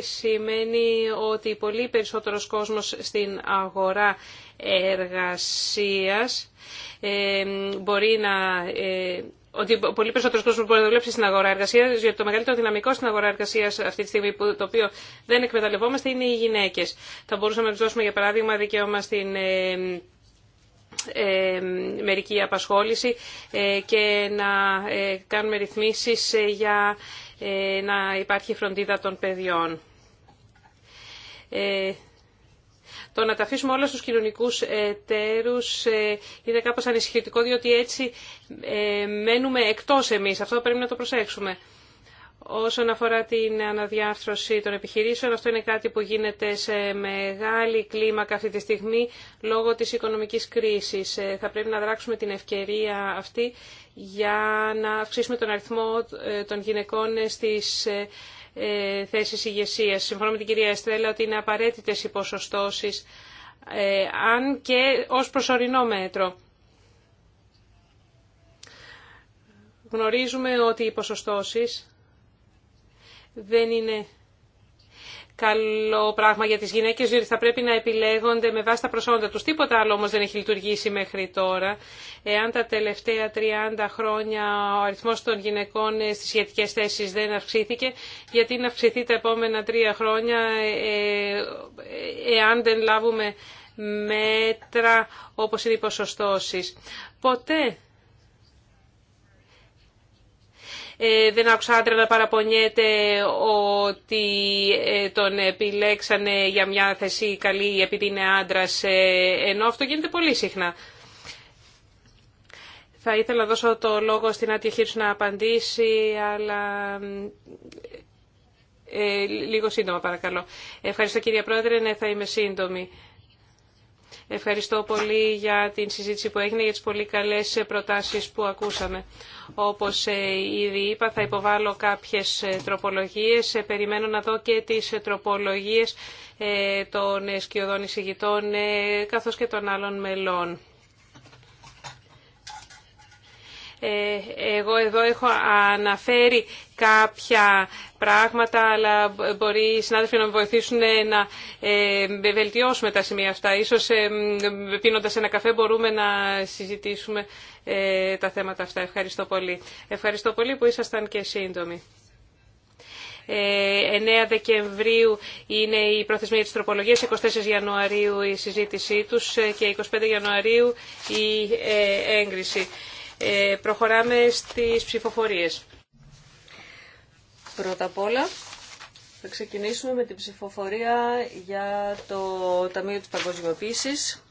σημαίνει ότι πολύ περισσότερος κόσμος στην αγορά εργασίας ε, μπορεί να ε, ότι πολύ περισσότερο κόσμο μπορεί να δουλέψει στην αγορά εργασία, γιατί το μεγαλύτερο δυναμικό στην αγορά εργασία αυτή τη στιγμή, που, το οποίο δεν εκμεταλλευόμαστε, είναι οι γυναίκε. Θα μπορούσαμε να του δώσουμε, για παράδειγμα, δικαίωμα στην ε, ε, μερική απασχόληση ε, και να κάνουμε ρυθμίσεις για να υπάρχει φροντίδα των παιδιών. Το να τα αφήσουμε όλα στους κοινωνικούς εταίρους ε, είναι κάπως ανησυχητικό, διότι έτσι ε, μένουμε εκτός εμείς. Αυτό πρέπει να το προσέξουμε. Όσον αφορά την αναδιάρθρωση των επιχειρήσεων, αυτό είναι κάτι που γίνεται σε μεγάλη κλίμακα αυτή τη στιγμή λόγω της οικονομικής κρίσης. Ε, θα πρέπει να δράξουμε την ευκαιρία αυτή για να αυξήσουμε τον αριθμό των γυναικών στις ε, θέσεις ηγεσία. Συμφωνώ με την κυρία Εστρέλα ότι είναι απαραίτητες οι ποσοστώσεις, ε, αν και ως προσωρινό μέτρο. Γνωρίζουμε ότι οι ποσοστώσεις δεν είναι καλό πράγμα για τις γυναίκες, διότι θα πρέπει να επιλέγονται με βάση τα προσόντα τους. Τίποτα άλλο όμως δεν έχει λειτουργήσει μέχρι τώρα. Εάν τα τελευταία 30 χρόνια ο αριθμός των γυναικών στις σχετικές θέσεις δεν αυξήθηκε, γιατί να αυξηθεί τα επόμενα τρία χρόνια ε, ε, εάν δεν λάβουμε μέτρα όπως είναι οι ποσοστώσεις. Ποτέ ε, δεν άκουσα άντρα να παραπονιέται ότι ε, τον επιλέξανε για μια θέση καλή επειδή είναι άντρα, ε, ενώ αυτό γίνεται πολύ συχνά. Θα ήθελα να δώσω το λόγο στην Άτια Χίρσου να απαντήσει, αλλά ε, λίγο σύντομα παρακαλώ. Ευχαριστώ κύριε Πρόεδρε, ναι θα είμαι σύντομη. Ευχαριστώ πολύ για την συζήτηση που έγινε, για τις πολύ καλές προτάσεις που ακούσαμε. Όπως ε, ήδη είπα, θα υποβάλω κάποιες ε, τροπολογίες. Ε, περιμένω να δω και τις τροπολογίες των σκιωδών εισηγητών, καθώς και των άλλων μελών. Ε, εγώ εδώ έχω αναφέρει κάποια πράγματα, αλλά μπορεί οι συνάδελφοι να με βοηθήσουν ε, να ε, βελτιώσουμε τα σημεία αυτά. Ίσως πίνοντας ένα καφέ μπορούμε να συζητήσουμε τα θέματα αυτά. Ευχαριστώ πολύ. Ευχαριστώ πολύ που ήσασταν και σύντομοι. 9 Δεκεμβρίου είναι η προθεσμία της τροπολογίας, 24 Ιανουαρίου η συζήτησή τους και 25 Ιανουαρίου η έγκριση. Ε, προχωράμε στις ψηφοφορίες. Πρώτα απ' όλα θα ξεκινήσουμε με την ψηφοφορία για το Ταμείο της Παγκοσμιοποίησης.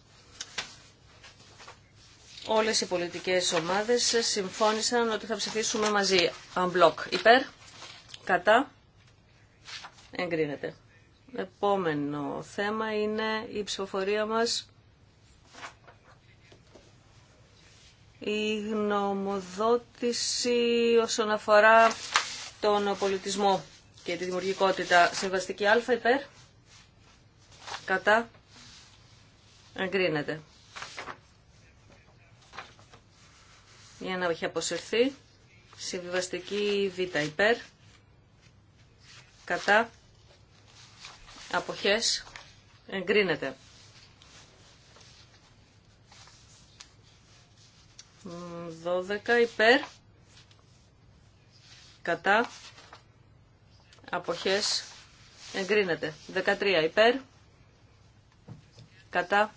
Όλες οι πολιτικές ομάδες συμφώνησαν ότι θα ψηφίσουμε μαζί. Unblock υπέρ, κατά, εγκρίνεται. Επόμενο θέμα είναι η ψηφοφορία μας η γνωμοδότηση όσον αφορά τον πολιτισμό και τη δημιουργικότητα. Συμβαστική α υπέρ, κατά, εγκρίνεται. Για να έχει αποσυρθεί. Συμβιβαστική β υπέρ, κατά, αποχές, εγκρίνεται. 12 υπέρ κατά αποχές εγκρίνεται 13 υπέρ κατά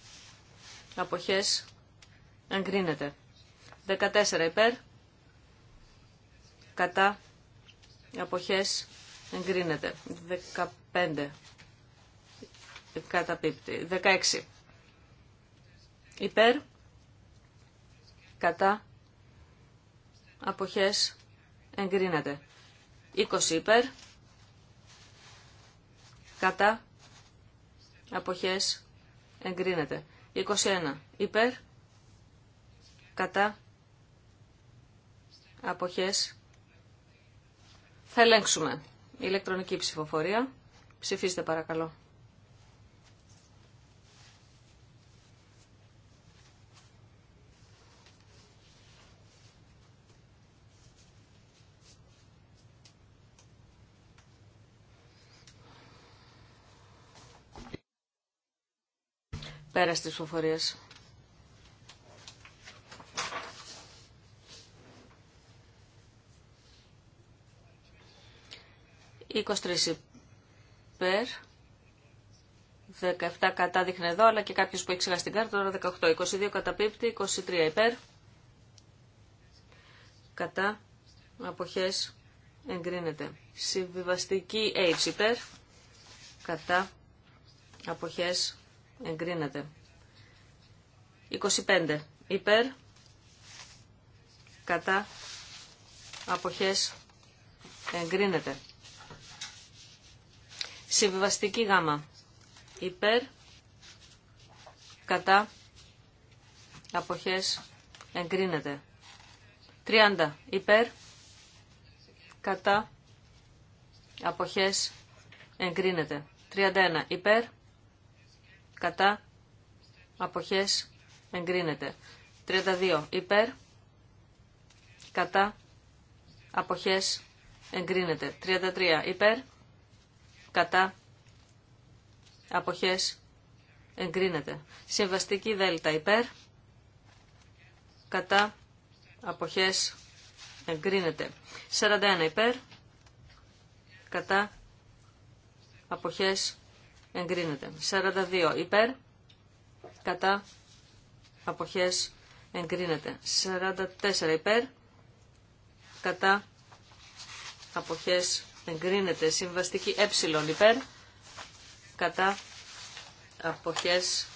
αποχές εγκρίνεται 14 υπέρ κατά αποχές εγκρίνεται 15 καταπίπτει 16 υπέρ κατά αποχές εγκρίνεται. 20 υπέρ κατά αποχές εγκρίνεται. 21 υπέρ κατά αποχές θα ελέγξουμε ηλεκτρονική ψηφοφορία. Ψηφίστε παρακαλώ. Πέρα στις 23 υπέρ, 17 κατά δείχνει εδώ, αλλά και κάποιος που έχει ξεχάσει κάρτα, τώρα 18, 22 καταπίπτει, 23 υπέρ, κατά, αποχές, εγκρίνεται. Συμβιβαστική H υπέρ, κατά, αποχές, Εγκρίνεται. 25. Υπέρ. Κατά. Αποχές. Εγκρίνεται. Συμβιβαστική γάμα. Υπέρ. Κατά. Αποχές. Εγκρίνεται. 30. Υπέρ. Κατά. Αποχές. Εγκρίνεται. 31. Υπέρ κατά, αποχές, εγκρίνεται. 32 υπέρ, κατά, αποχές, εγκρίνεται. 33 υπέρ, κατά, αποχές, εγκρίνεται. Συμβαστική δέλτα υπέρ, κατά, αποχές, εγκρίνεται. 41 υπέρ, κατά, αποχές, εγκρίνεται. 42 υπέρ, κατά αποχές εγκρίνεται. 44 υπέρ, κατά αποχές εγκρίνεται. Συμβαστική ε υπέρ, κατά αποχές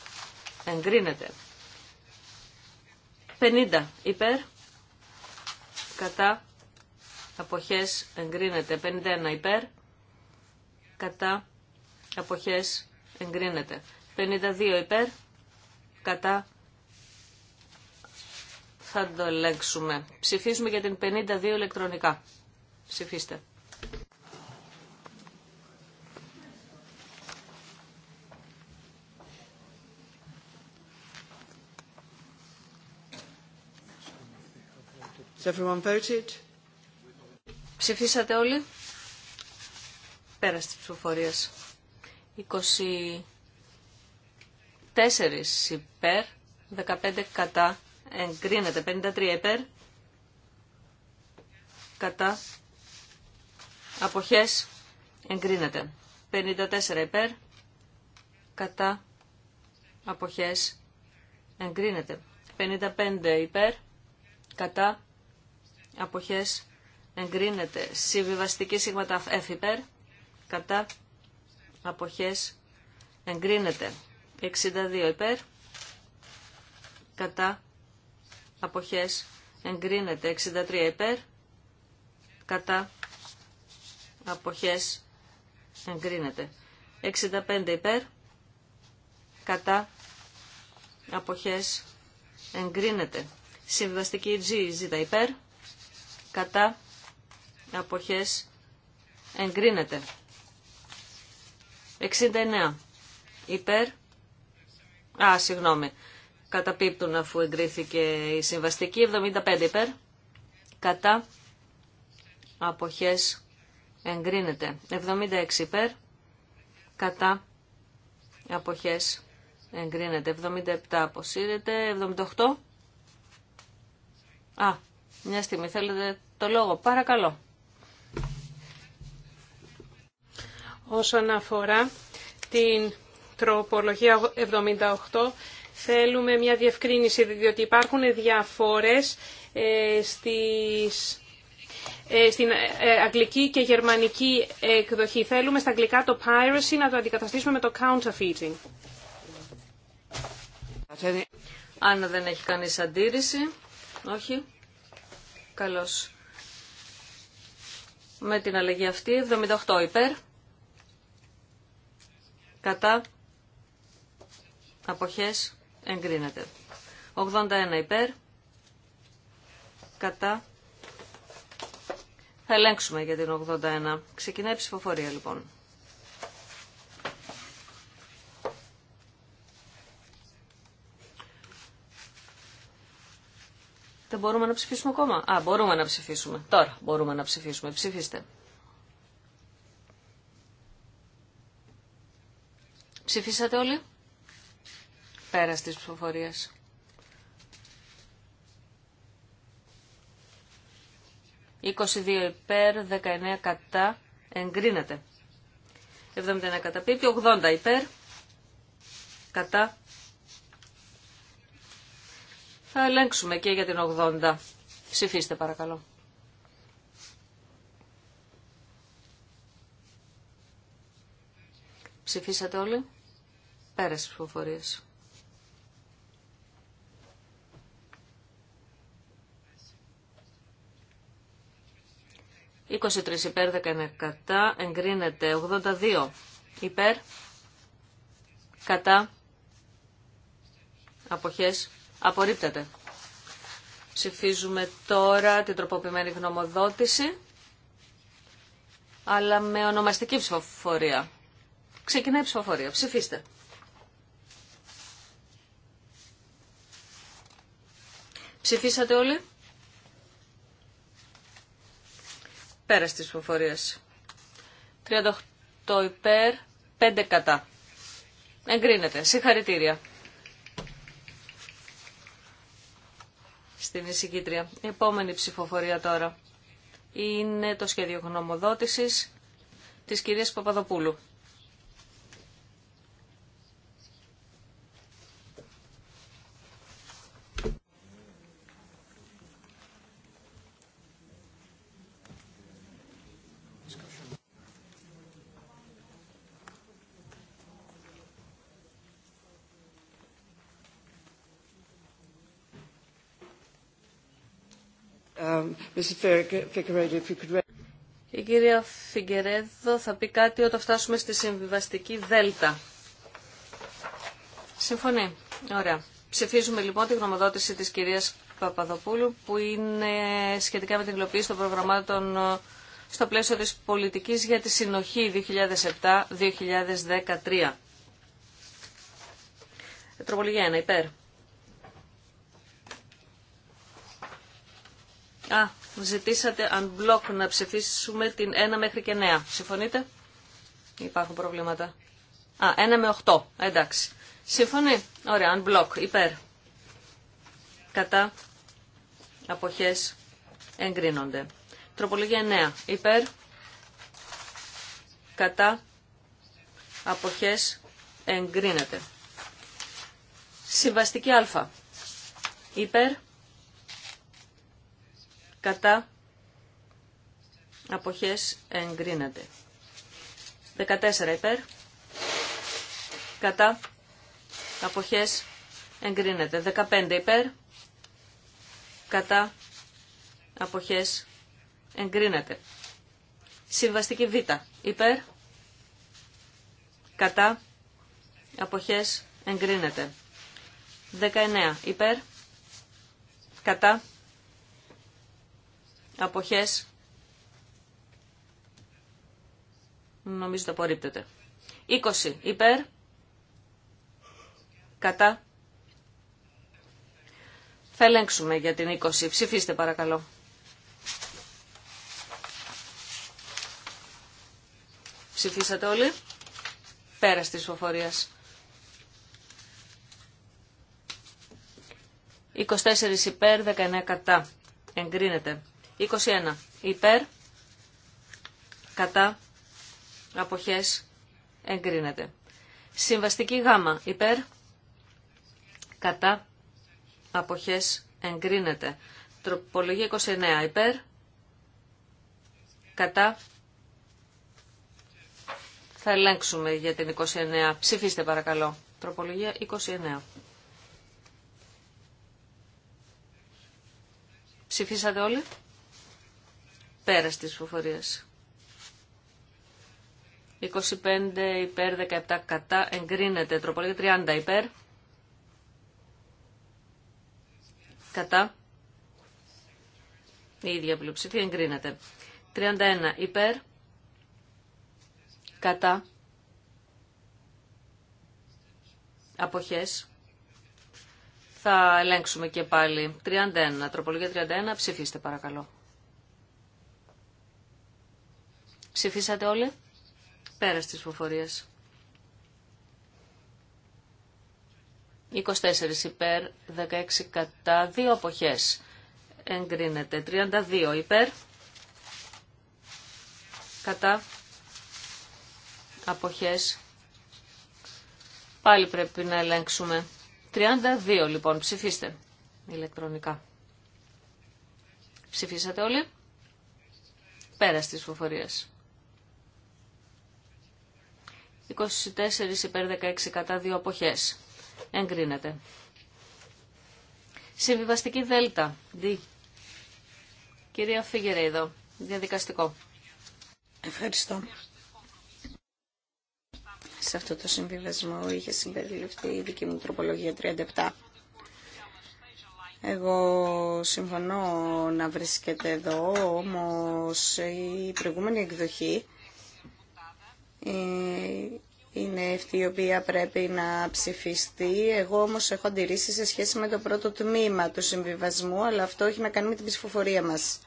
εγκρίνεται. 50 υπέρ, κατά αποχές εγκρίνεται. 51 υπέρ, κατά αποχές εγκρίνεται. 52 υπέρ, κατά θα το ελέγξουμε. Ψηφίζουμε για την 52 ηλεκτρονικά. Ψηφίστε. Ψηφίσατε όλοι. Πέρα τη ψηφοφορία. 24 υπέρ, 15 κατά, εγκρίνεται, 53 υπέρ, κατά, αποχές, εγκρίνεται, 54 υπέρ, κατά, αποχές, εγκρίνεται, 55 υπέρ, κατά, αποχές, εγκρίνεται, συμβιβαστική σίγματα F υπέρ, κατά, αποχές εγκρίνεται. 62 υπέρ, κατά, αποχές εγκρίνεται. 63 υπέρ, κατά, αποχές εγκρίνεται. 65 υπέρ, κατά, αποχές εγκρίνεται. Συμβαστική G ζήτα υπέρ, κατά, αποχές εγκρίνεται. 69. Υπέρ. Α, συγγνώμη. Καταπίπτουν αφού εγκρίθηκε η συμβαστική. 75 υπέρ. Κατά. Αποχές. Εγκρίνεται. 76 υπέρ. Κατά. Αποχές. Εγκρίνεται. 77 αποσύρεται. 78. Α, μια στιγμή θέλετε το λόγο. Παρακαλώ. Όσον αφορά την τροπολογία 78, θέλουμε μια διευκρίνηση, διότι υπάρχουν διαφορές ε, στις ε, στην ε, αγγλική και γερμανική εκδοχή. Θέλουμε στα αγγλικά το piracy να το αντικαταστήσουμε με το counterfeiting. Αν δεν έχει κανείς αντίρρηση, όχι, καλώς. Με την αλλαγή αυτή, 78 υπέρ, κατά αποχές εγκρίνεται. 81 υπέρ κατά θα ελέγξουμε για την 81. Ξεκινάει η ψηφοφορία λοιπόν. Δεν μπορούμε να ψηφίσουμε ακόμα. Α, μπορούμε να ψηφίσουμε. Τώρα μπορούμε να ψηφίσουμε. Ψηφίστε. Ψηφίσατε όλοι. Πέρα της ψηφοφορίες. «22 υπέρ, 19 κατά, εγκρίνεται». 71 κατά 80 υπέρ, κατά. Θα ελέγξουμε και για την 80. Ψηφίστε παρακαλώ. Ψηφίσατε όλοι. Πέρασε ψηφοφορίες. «23 υπέρ, 19 κατά, εγκρίνεται 82 υπέρ, κατά, αποχές, απορρίπτεται». Ψηφίζουμε τώρα την τροποποιημένη γνωμοδότηση, αλλά με ονομαστική ψηφοφορία. Ξεκινάει η ψηφοφορία. Ψηφίστε. Ψηφίσατε όλοι. Πέρα τη ψηφοφορία. 38 υπέρ, 5 κατά. Εγκρίνεται. Συγχαρητήρια. Στην εισηγήτρια. Η επόμενη ψηφοφορία τώρα είναι το σχέδιο γνωμοδότησης της κυρίας Παπαδοπούλου. Η κυρία Φιγκερέδο θα πει κάτι όταν φτάσουμε στη συμβιβαστική Δέλτα. Συμφωνεί. Ωραία. Ψηφίζουμε λοιπόν τη γνωμοδότηση της κυρίας Παπαδοπούλου που είναι σχετικά με την υλοποίηση των προγραμμάτων ε, στο πλαίσιο της πολιτικής για τη συνοχή 2007-2013. Ε, τροπολογία 1, υπέρ. Α, ζητήσατε αν μπλοκ να ψηφίσουμε την 1 μέχρι και 9. Συμφωνείτε? Υπάρχουν προβλήματα. Α, 1 με 8. Εντάξει. Συμφωνεί. Ωραία, αν μπλοκ. Υπέρ. Κατά. Αποχές. Εγκρίνονται. Τροπολογία 9. Υπέρ. Κατά. Αποχές. Εγκρίνεται. Συμβαστική α. Υπέρ κατά αποχές εγκρίνεται. 14 υπέρ, κατά αποχές εγκρίνεται. 15 υπέρ, κατά αποχές εγκρίνεται. Συμβαστική Β υπέρ, κατά αποχές εγκρίνεται. 19 υπέρ, κατά Αποχές. Νομίζω το απορρίπτεται. 20 υπέρ. Κατά. Θα ελέγξουμε για την 20. Ψηφίστε παρακαλώ. Ψηφίσατε όλοι. Πέρα της φοφορίας. 24 υπέρ, 19 κατά. Εγκρίνεται. 21. Υπέρ, κατά, αποχές, εγκρίνεται. Συμβαστική γάμα. Υπέρ, κατά, αποχές, εγκρίνεται. Τροπολογία 29. Υπέρ, κατά, θα ελέγξουμε για την 29. Ψηφίστε παρακαλώ. Τροπολογία 29. Ψηφίσατε όλοι. Πέρας της φοφορίας. 25 υπέρ, 17 κατά, εγκρίνεται. Τροπολογία 30 υπέρ. Κατά. Η ίδια πλειοψηφία εγκρίνεται. 31 υπέρ. Κατά. Αποχές. Θα ελέγξουμε και πάλι. 31. Τροπολογία 31. Ψηφίστε παρακαλώ. Ψηφίσατε όλοι. Πέρα στις φοφορίες. 24 υπέρ, 16 κατά, 2 αποχές. Εγκρίνεται. 32 υπέρ, κατά, αποχές. Πάλι πρέπει να ελέγξουμε. 32 λοιπόν, ψηφίστε ηλεκτρονικά. Ψηφίσατε όλοι. Πέρα στις φοφορίες. 24 υπέρ 16 κατά 2 αποχές. Εγκρίνεται. Συμβιβαστική Δέλτα. Δι. Κυρία Φίγερε εδώ. Διαδικαστικό. Ευχαριστώ. Σε αυτό το συμβιβασμό είχε συμπεριληφθεί η δική μου τροπολογία 37. Εγώ συμφωνώ να βρίσκεται εδώ, όμως η προηγούμενη εκδοχή ε, είναι αυτή η οποία πρέπει να ψηφιστεί. Εγώ όμως έχω αντιρρήσει σε σχέση με το πρώτο τμήμα του συμβιβασμού, αλλά αυτό έχει να κάνει με την ψηφοφορία μας.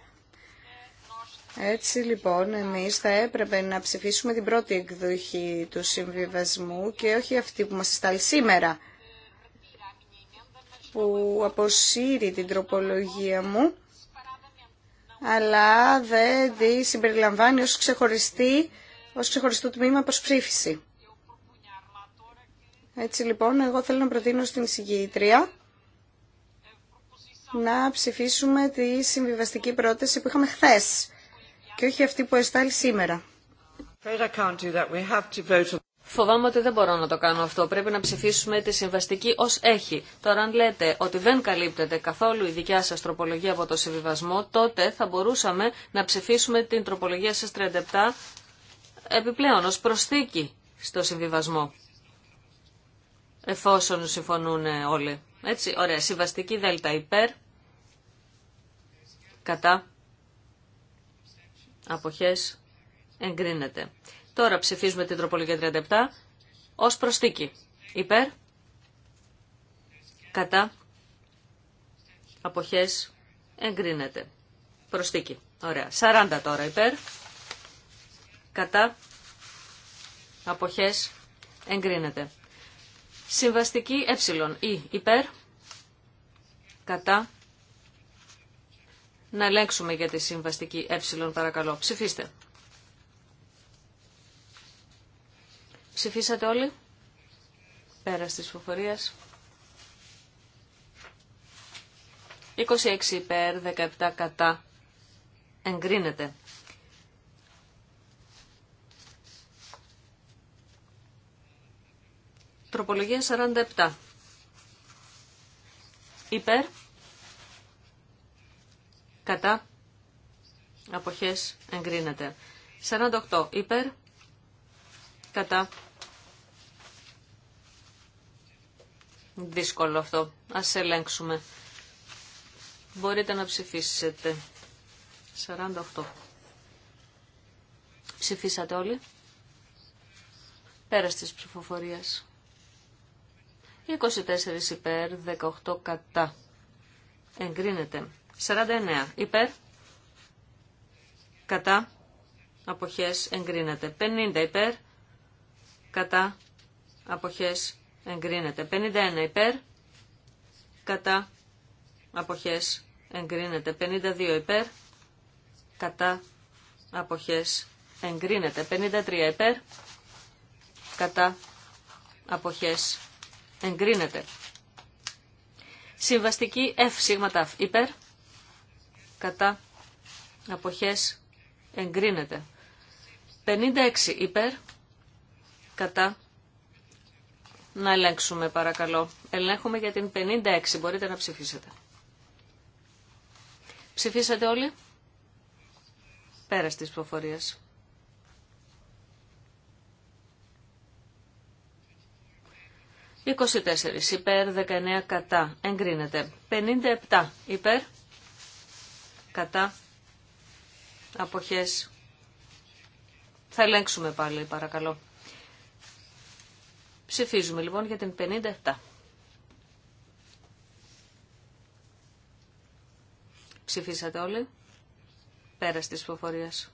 Έτσι λοιπόν εμείς θα έπρεπε να ψηφίσουμε την πρώτη εκδοχή του συμβιβασμού και όχι αυτή που μας στάλει σήμερα που αποσύρει την τροπολογία μου αλλά δεν τη συμπεριλαμβάνει ως ξεχωριστή ως ξεχωριστό τμήμα προς ψήφιση. Έτσι λοιπόν, εγώ θέλω να προτείνω στην εισηγήτρια να ψηφίσουμε τη συμβιβαστική πρόταση που είχαμε χθες και όχι αυτή που εστάλει σήμερα. Φοβάμαι ότι δεν μπορώ να το κάνω αυτό. Πρέπει να ψηφίσουμε τη συμβαστική ω έχει. Τώρα αν λέτε ότι δεν καλύπτεται καθόλου η δικιά σα τροπολογία από το συμβιβασμό, τότε θα μπορούσαμε να ψηφίσουμε την τροπολογία σα 37 επιπλέον ως προσθήκη στο συμβιβασμό. Εφόσον συμφωνούν όλοι. Έτσι, ωραία. Συμβαστική δέλτα υπέρ. Κατά. Αποχές. Εγκρίνεται. Τώρα ψηφίζουμε την τροπολογία 37 ως προσθήκη Υπέρ. Κατά. Αποχές. Εγκρίνεται. Προσθήκη, Ωραία. 40 τώρα υπέρ κατά αποχές εγκρίνεται. Συμβαστική ε, ή υπέρ, κατά, να ελέγξουμε για τη συμβαστική ε παρακαλώ. Ψηφίστε. Ψηφίσατε όλοι. Πέρα της φοφορίας. 26 υπέρ, 17 κατά. Εγκρίνεται. Τροπολογία 47. Υπέρ. Κατά. Αποχές εγκρίνεται. 48. Υπέρ. Κατά. Δύσκολο αυτό. Ας ελέγξουμε. Μπορείτε να ψηφίσετε. 48. Ψηφίσατε όλοι. Πέρας της ψηφοφορίας. 24 υπέρ, 18 κατά. Εγκρίνεται. 49 υπέρ, κατά, αποχές, εγκρίνεται. 50 υπέρ, κατά, αποχές, εγκρίνεται. 51 υπέρ, κατά, αποχές, εγκρίνεται. 52 υπέρ, κατά, αποχές, εγκρίνεται. 53 υπέρ, κατά, αποχές, εγκρίνεται Εγκρίνεται. Συμβαστική F ταφ, υπέρ. Κατά. Αποχές. Εγκρίνεται. 56 υπέρ. Κατά. Να ελέγξουμε παρακαλώ. Ελέγχουμε για την 56. Μπορείτε να ψηφίσετε. Ψηφίσατε όλοι. Πέρα της προφορίας. 24 υπέρ, 19 κατά. Εγκρίνεται. 57 υπέρ, κατά. Αποχές. Θα ελέγξουμε πάλι παρακαλώ. Ψηφίζουμε λοιπόν για την 57. Ψηφίσατε όλοι. Πέρα τη ψηφοφορίες.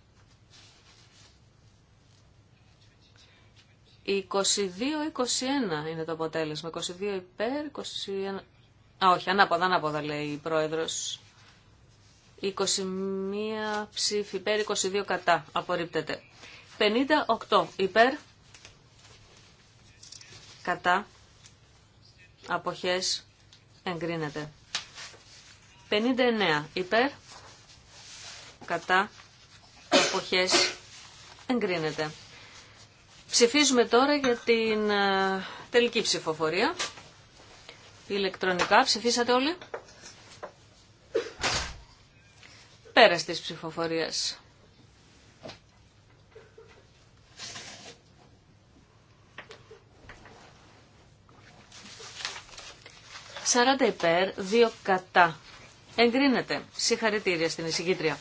22-21 είναι το αποτέλεσμα. 22 υπέρ, 21... Α, όχι, ανάποδα, ανάποδα λέει η πρόεδρος. 21 ψήφι υπέρ, 22 κατά. Απορρίπτεται. 58 υπέρ, κατά, αποχές, εγκρίνεται. 59 υπέρ, κατά, αποχές, εγκρίνεται. Ψηφίζουμε τώρα για την ε, τελική ψηφοφορία. Ηλεκτρονικά ψηφίσατε όλοι. Πέρας της ψηφοφορίας. Σαράντα υπέρ, δύο κατά. Εγκρίνεται. Συγχαρητήρια στην εισηγήτρια.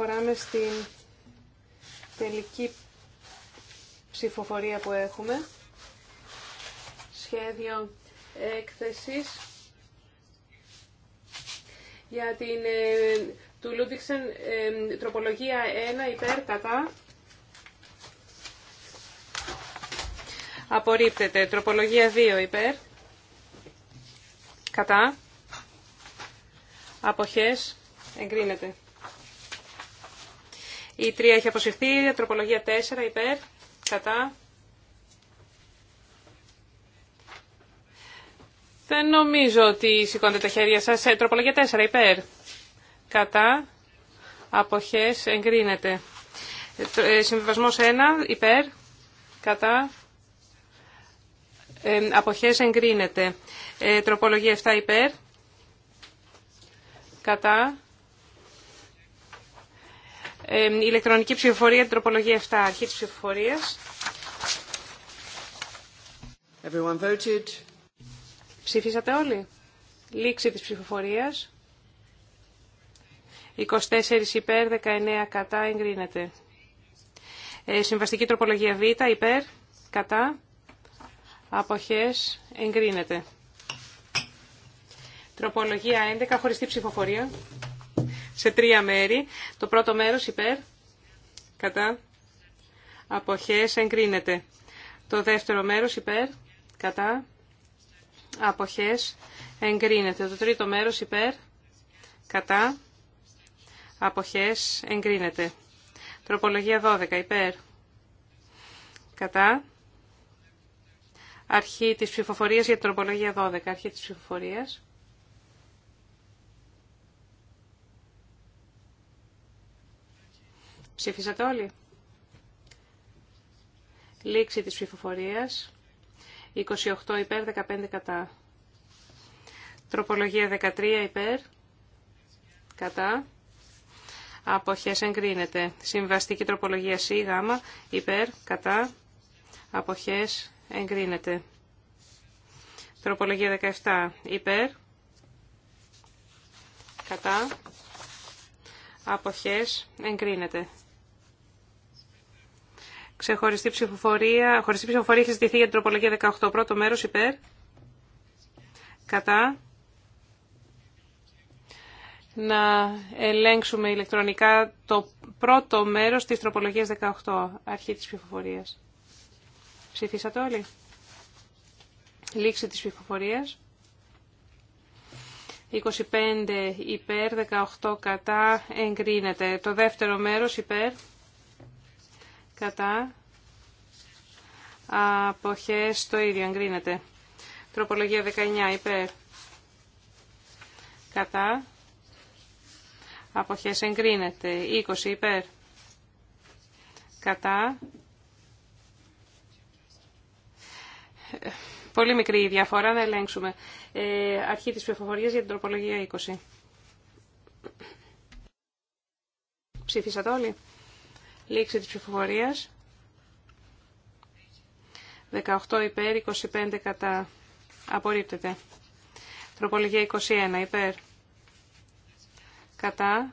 προχωράμε στην τελική ψηφοφορία που έχουμε. Σχέδιο έκθεσης για την ε, του Λούντιξεν ε, τροπολογία 1 υπέρ κατά. Απορρίπτεται. Τροπολογία 2 υπέρ. Κατά. Αποχές. Εγκρίνεται. Η 3 έχει αποσυρθεί. Τροπολογία 4 υπέρ. Κατά. Δεν νομίζω ότι σηκώνετε τα χέρια σας. Ε, τροπολογία 4 υπέρ. Κατά. Αποχές εγκρίνεται. Ε, ε συμβιβασμός 1 υπέρ. Κατά. Ε, αποχές εγκρίνεται. Ε, τροπολογία 7 υπέρ. Κατά ηλεκτρονική ψηφοφορία, την τροπολογία 7, αρχή της ψηφοφορίας. Everyone Ψήφισατε όλοι. Λήξη της ψηφοφορίας. 24 υπέρ, 19 κατά, εγκρίνεται. Ε, συμβαστική τροπολογία Β, υπέρ, κατά, αποχές, εγκρίνεται. Τροπολογία 11, χωριστή ψηφοφορία σε τρία μέρη. Το πρώτο μέρος υπέρ, κατά, αποχές εγκρίνεται. Το δεύτερο μέρος υπέρ, κατά, αποχές εγκρίνεται. Το τρίτο μέρος υπέρ, κατά, αποχές εγκρίνεται. Τροπολογία 12 υπέρ, κατά, αρχή της ψηφοφορίας για την τροπολογία 12, αρχή της ψηφοφορίας. Ψήφισατε όλοι. Λήξη της ψηφοφορίας. 28 υπέρ, 15 κατά. Τροπολογία 13 υπέρ, κατά. Αποχές εγκρίνεται. Συμβαστική τροπολογία C, γ, υπέρ, κατά. Αποχές εγκρίνεται. Τροπολογία 17 υπέρ, κατά. Αποχές εγκρίνεται. Ξεχωριστή ψηφοφορία. Χωριστή ψηφοφορία έχει ζητηθεί για την τροπολογία 18. Πρώτο μέρο υπέρ. Κατά. Να ελέγξουμε ηλεκτρονικά το πρώτο μέρος της τροπολογίας 18, αρχή της ψηφοφορίας. Ψηφίσατε όλοι. Λήξη της ψηφοφορίας. 25 υπέρ, 18 κατά, εγκρίνεται. Το δεύτερο μέρος υπέρ, κατά αποχές το ίδιο εγκρίνεται. Τροπολογία 19 υπέρ κατά αποχές εγκρίνεται. 20 υπέρ κατά Πολύ μικρή η διαφορά, να ελέγξουμε. Ε, αρχή της ψηφοφορίας για την τροπολογία 20. Ψήφισατε όλοι. Λήξη της ψηφοφορίας. 18 υπέρ, 25 κατά. Απορρίπτεται. Τροπολογία 21 υπέρ. Κατά.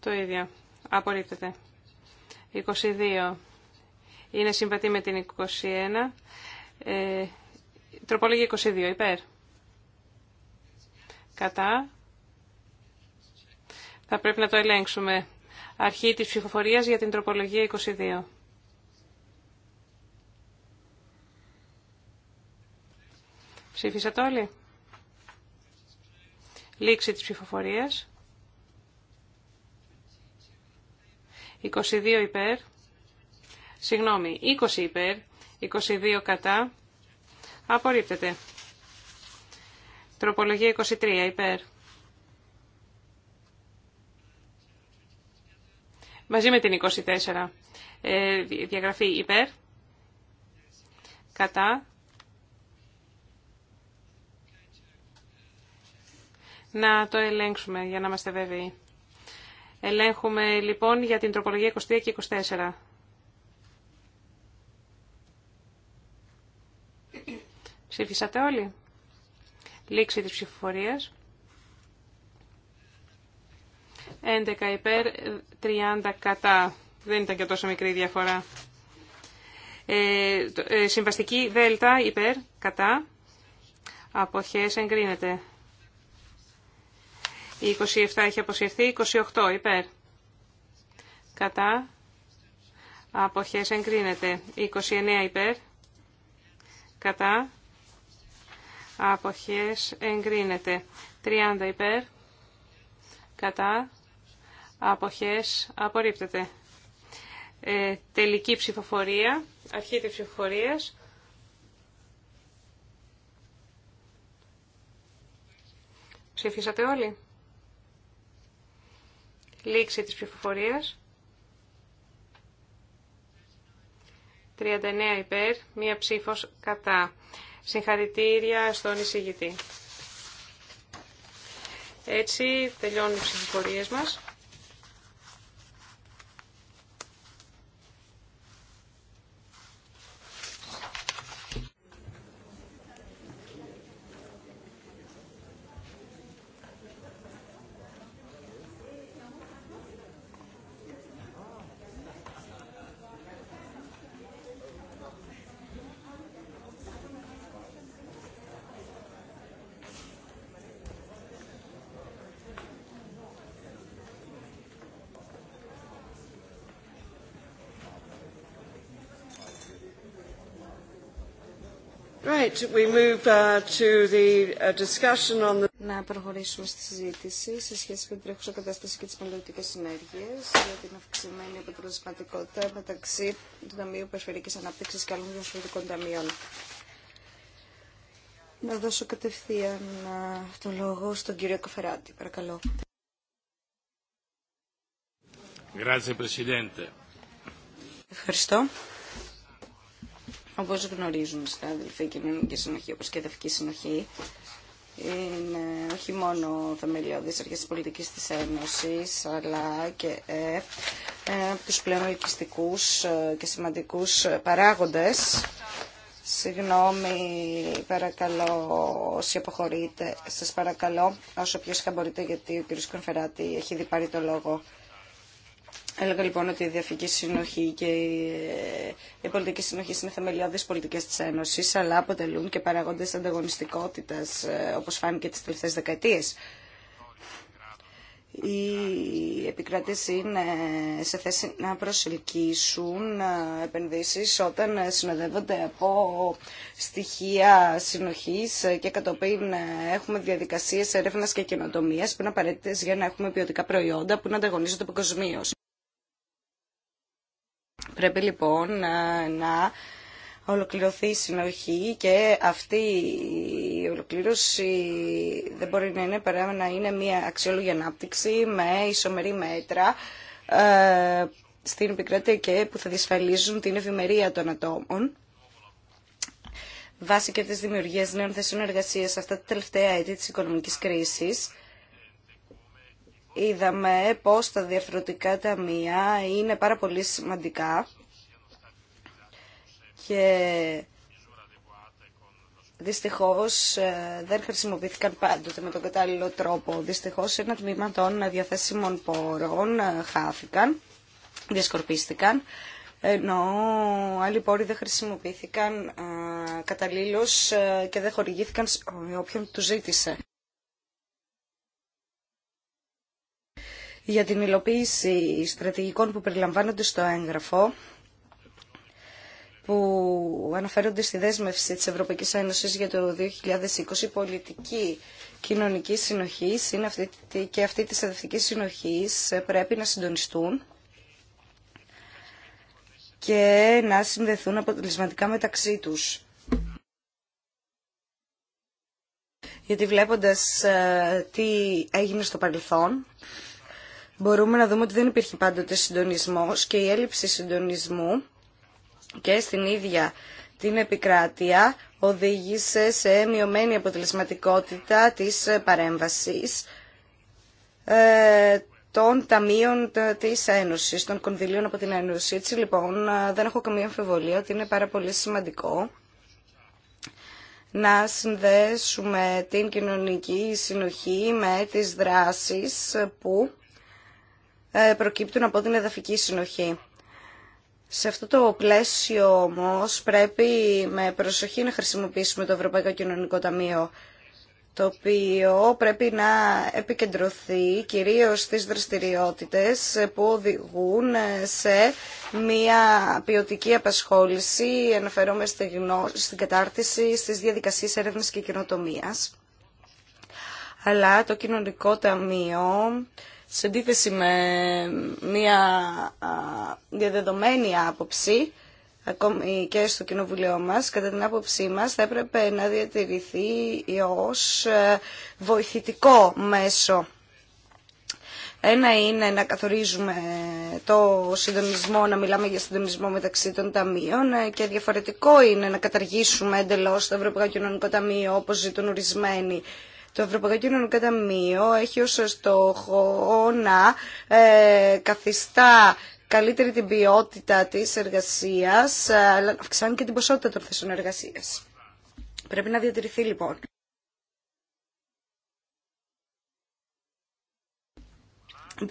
Το ίδιο. Απορρίπτεται. 22. Είναι συμβατή με την 21. Ε, τροπολογία 22 υπέρ. Κατά. Θα πρέπει να το ελέγξουμε αρχή της ψηφοφορίας για την τροπολογία 22. Ψήφισατε όλοι. Λήξη της ψηφοφορίας. 22 υπέρ. Συγγνώμη, 20 υπέρ. 22 κατά. Απορρίπτεται. Τροπολογία 23 υπέρ. μαζί με την 24. Ε, διαγραφή υπέρ, κατά, να το ελέγξουμε για να είμαστε βέβαιοι. Ελέγχουμε λοιπόν για την τροπολογία 23 και 24. Ψήφισατε όλοι. Λήξη της ψηφοφορίας. 11 υπέρ, 30 κατά. Δεν ήταν και τόσο μικρή διαφορά. Ε, ε, συμβαστική δέλτα υπέρ, κατά. Αποχές εγκρίνεται. 27 έχει αποσυρθεί, 28 υπέρ. Κατά. Αποχές εγκρίνεται. 29 υπέρ. Κατά. Αποχές εγκρίνεται. 30 υπέρ. Κατά αποχές απορρίπτεται. Ε, τελική ψηφοφορία, αρχή της ψηφοφορίας. Ψηφίσατε όλοι. Λήξη της ψηφοφορίας. 39 υπέρ, μία ψήφος κατά. Συγχαρητήρια στον εισηγητή. Έτσι τελειώνουν οι ψηφοφορίες μας. Να προχωρήσουμε στη συζήτηση σε σχέση με την τρέχουσα κατάσταση και τι πολιτικέ συνέργειες για την αυξημένη αποτελεσματικότητα μεταξύ του Ταμείου Περιφερειακής Αναπτυξη και άλλων διασφαλιστικών ταμείων. Να δώσω κατευθείαν το λόγο στον κύριο Κοφεράτη. Παρακαλώ. Ευχαριστώ. Όπω γνωρίζουν στα αδελφή κοινωνική συνοχή, όπω και δευκή συνοχή, είναι όχι μόνο θεμελιώδη αρχές τη πολιτικής της Ένωση, αλλά και ε, τους πλέον ε, και σημαντικούς παράγοντες. Συγγνώμη, παρακαλώ, όσοι αποχωρείτε, σας παρακαλώ, όσο πιο σιγά μπορείτε, γιατί ο κ. Κονφεράτη έχει δει πάρει το λόγο. Έλεγα λοιπόν ότι η διαφυγή συνοχή και ε, η πολιτική συνοχή είναι θεμελιώδεις πολιτικές της Ένωσης, αλλά αποτελούν και παραγόντες ανταγωνιστικότητας, ε, όπως φάνηκε τις τελευταίες δεκαετίες. Οι επικράτες είναι σε θέση να προσελκύσουν ε, επενδύσεις όταν συνοδεύονται από στοιχεία συνοχής και κατόπιν έχουμε διαδικασίες έρευνας και καινοτομίας που είναι απαραίτητες για να έχουμε ποιοτικά προϊόντα που να ανταγωνίζονται παγκοσμίω. Πρέπει λοιπόν ε, να ολοκληρωθεί η συνοχή και αυτή η ολοκλήρωση δεν μπορεί να είναι παρά να είναι μια αξιόλογη ανάπτυξη με ισομερή μέτρα ε, στην επικράτεια και που θα διασφαλίζουν την ευημερία των ατόμων βάσει και τις δημιουργίες νέων θέσεων εργασίας αυτά τα τελευταία έτη της οικονομικής κρίσης είδαμε πως τα διαφορετικά ταμεία είναι πάρα πολύ σημαντικά και δυστυχώς ε, δεν χρησιμοποιήθηκαν πάντοτε με τον κατάλληλο τρόπο. Δυστυχώς ένα τμήμα των διαθέσιμων πόρων ε, χάθηκαν, διασκορπίστηκαν, ενώ άλλοι πόροι δεν χρησιμοποιήθηκαν ε, καταλήλως και δεν χορηγήθηκαν σε όποιον του ζήτησε. για την υλοποίηση στρατηγικών που περιλαμβάνονται στο έγγραφο που αναφέρονται στη δέσμευση της Ευρωπαϊκής Ένωσης για το 2020 πολιτική κοινωνική συνοχή είναι αυτή, και αυτή της εδευτικής συνοχής πρέπει να συντονιστούν και να συνδεθούν αποτελεσματικά μεταξύ τους. Γιατί βλέποντας ε, τι έγινε στο παρελθόν, μπορούμε να δούμε ότι δεν υπήρχε πάντοτε συντονισμός και η έλλειψη συντονισμού και στην ίδια την επικράτεια οδήγησε σε μειωμένη αποτελεσματικότητα της παρέμβασης ε, των ταμείων της Ένωσης, των κονδυλίων από την Ένωση. Έτσι λοιπόν ε, δεν έχω καμία αμφιβολία ότι είναι πάρα πολύ σημαντικό να συνδέσουμε την κοινωνική συνοχή με τις δράσεις που ε, προκύπτουν από την εδαφική συνοχή. Σε αυτό το πλαίσιο όμως πρέπει με προσοχή να χρησιμοποιήσουμε το Ευρωπαϊκό Κοινωνικό Ταμείο το οποίο πρέπει να επικεντρωθεί κυρίως στις δραστηριότητες που οδηγούν σε μια ποιοτική απασχόληση, αναφέρομαι στη στην κατάρτιση, στις διαδικασίες έρευνας και κοινοτομίας. Αλλά το κοινωνικό ταμείο σε αντίθεση με μια διαδεδομένη άποψη, ακόμη και στο κοινοβουλίο μας, κατά την άποψή μας θα έπρεπε να διατηρηθεί ως ε, βοηθητικό μέσο. Ένα είναι να καθορίζουμε το συντονισμό, να μιλάμε για συντονισμό μεταξύ των ταμείων ε, και διαφορετικό είναι να καταργήσουμε εντελώς το Ευρωπαϊκό Κοινωνικό Ταμείο όπως ζητούν ορισμένοι το Ευρωπαϊκό Κοινωνικό Ταμείο έχει ως στόχο να ε, καθιστά καλύτερη την ποιότητα της εργασίας, αλλά αυξάνει και την ποσότητα των θέσεων εργασίας. Πρέπει να διατηρηθεί λοιπόν.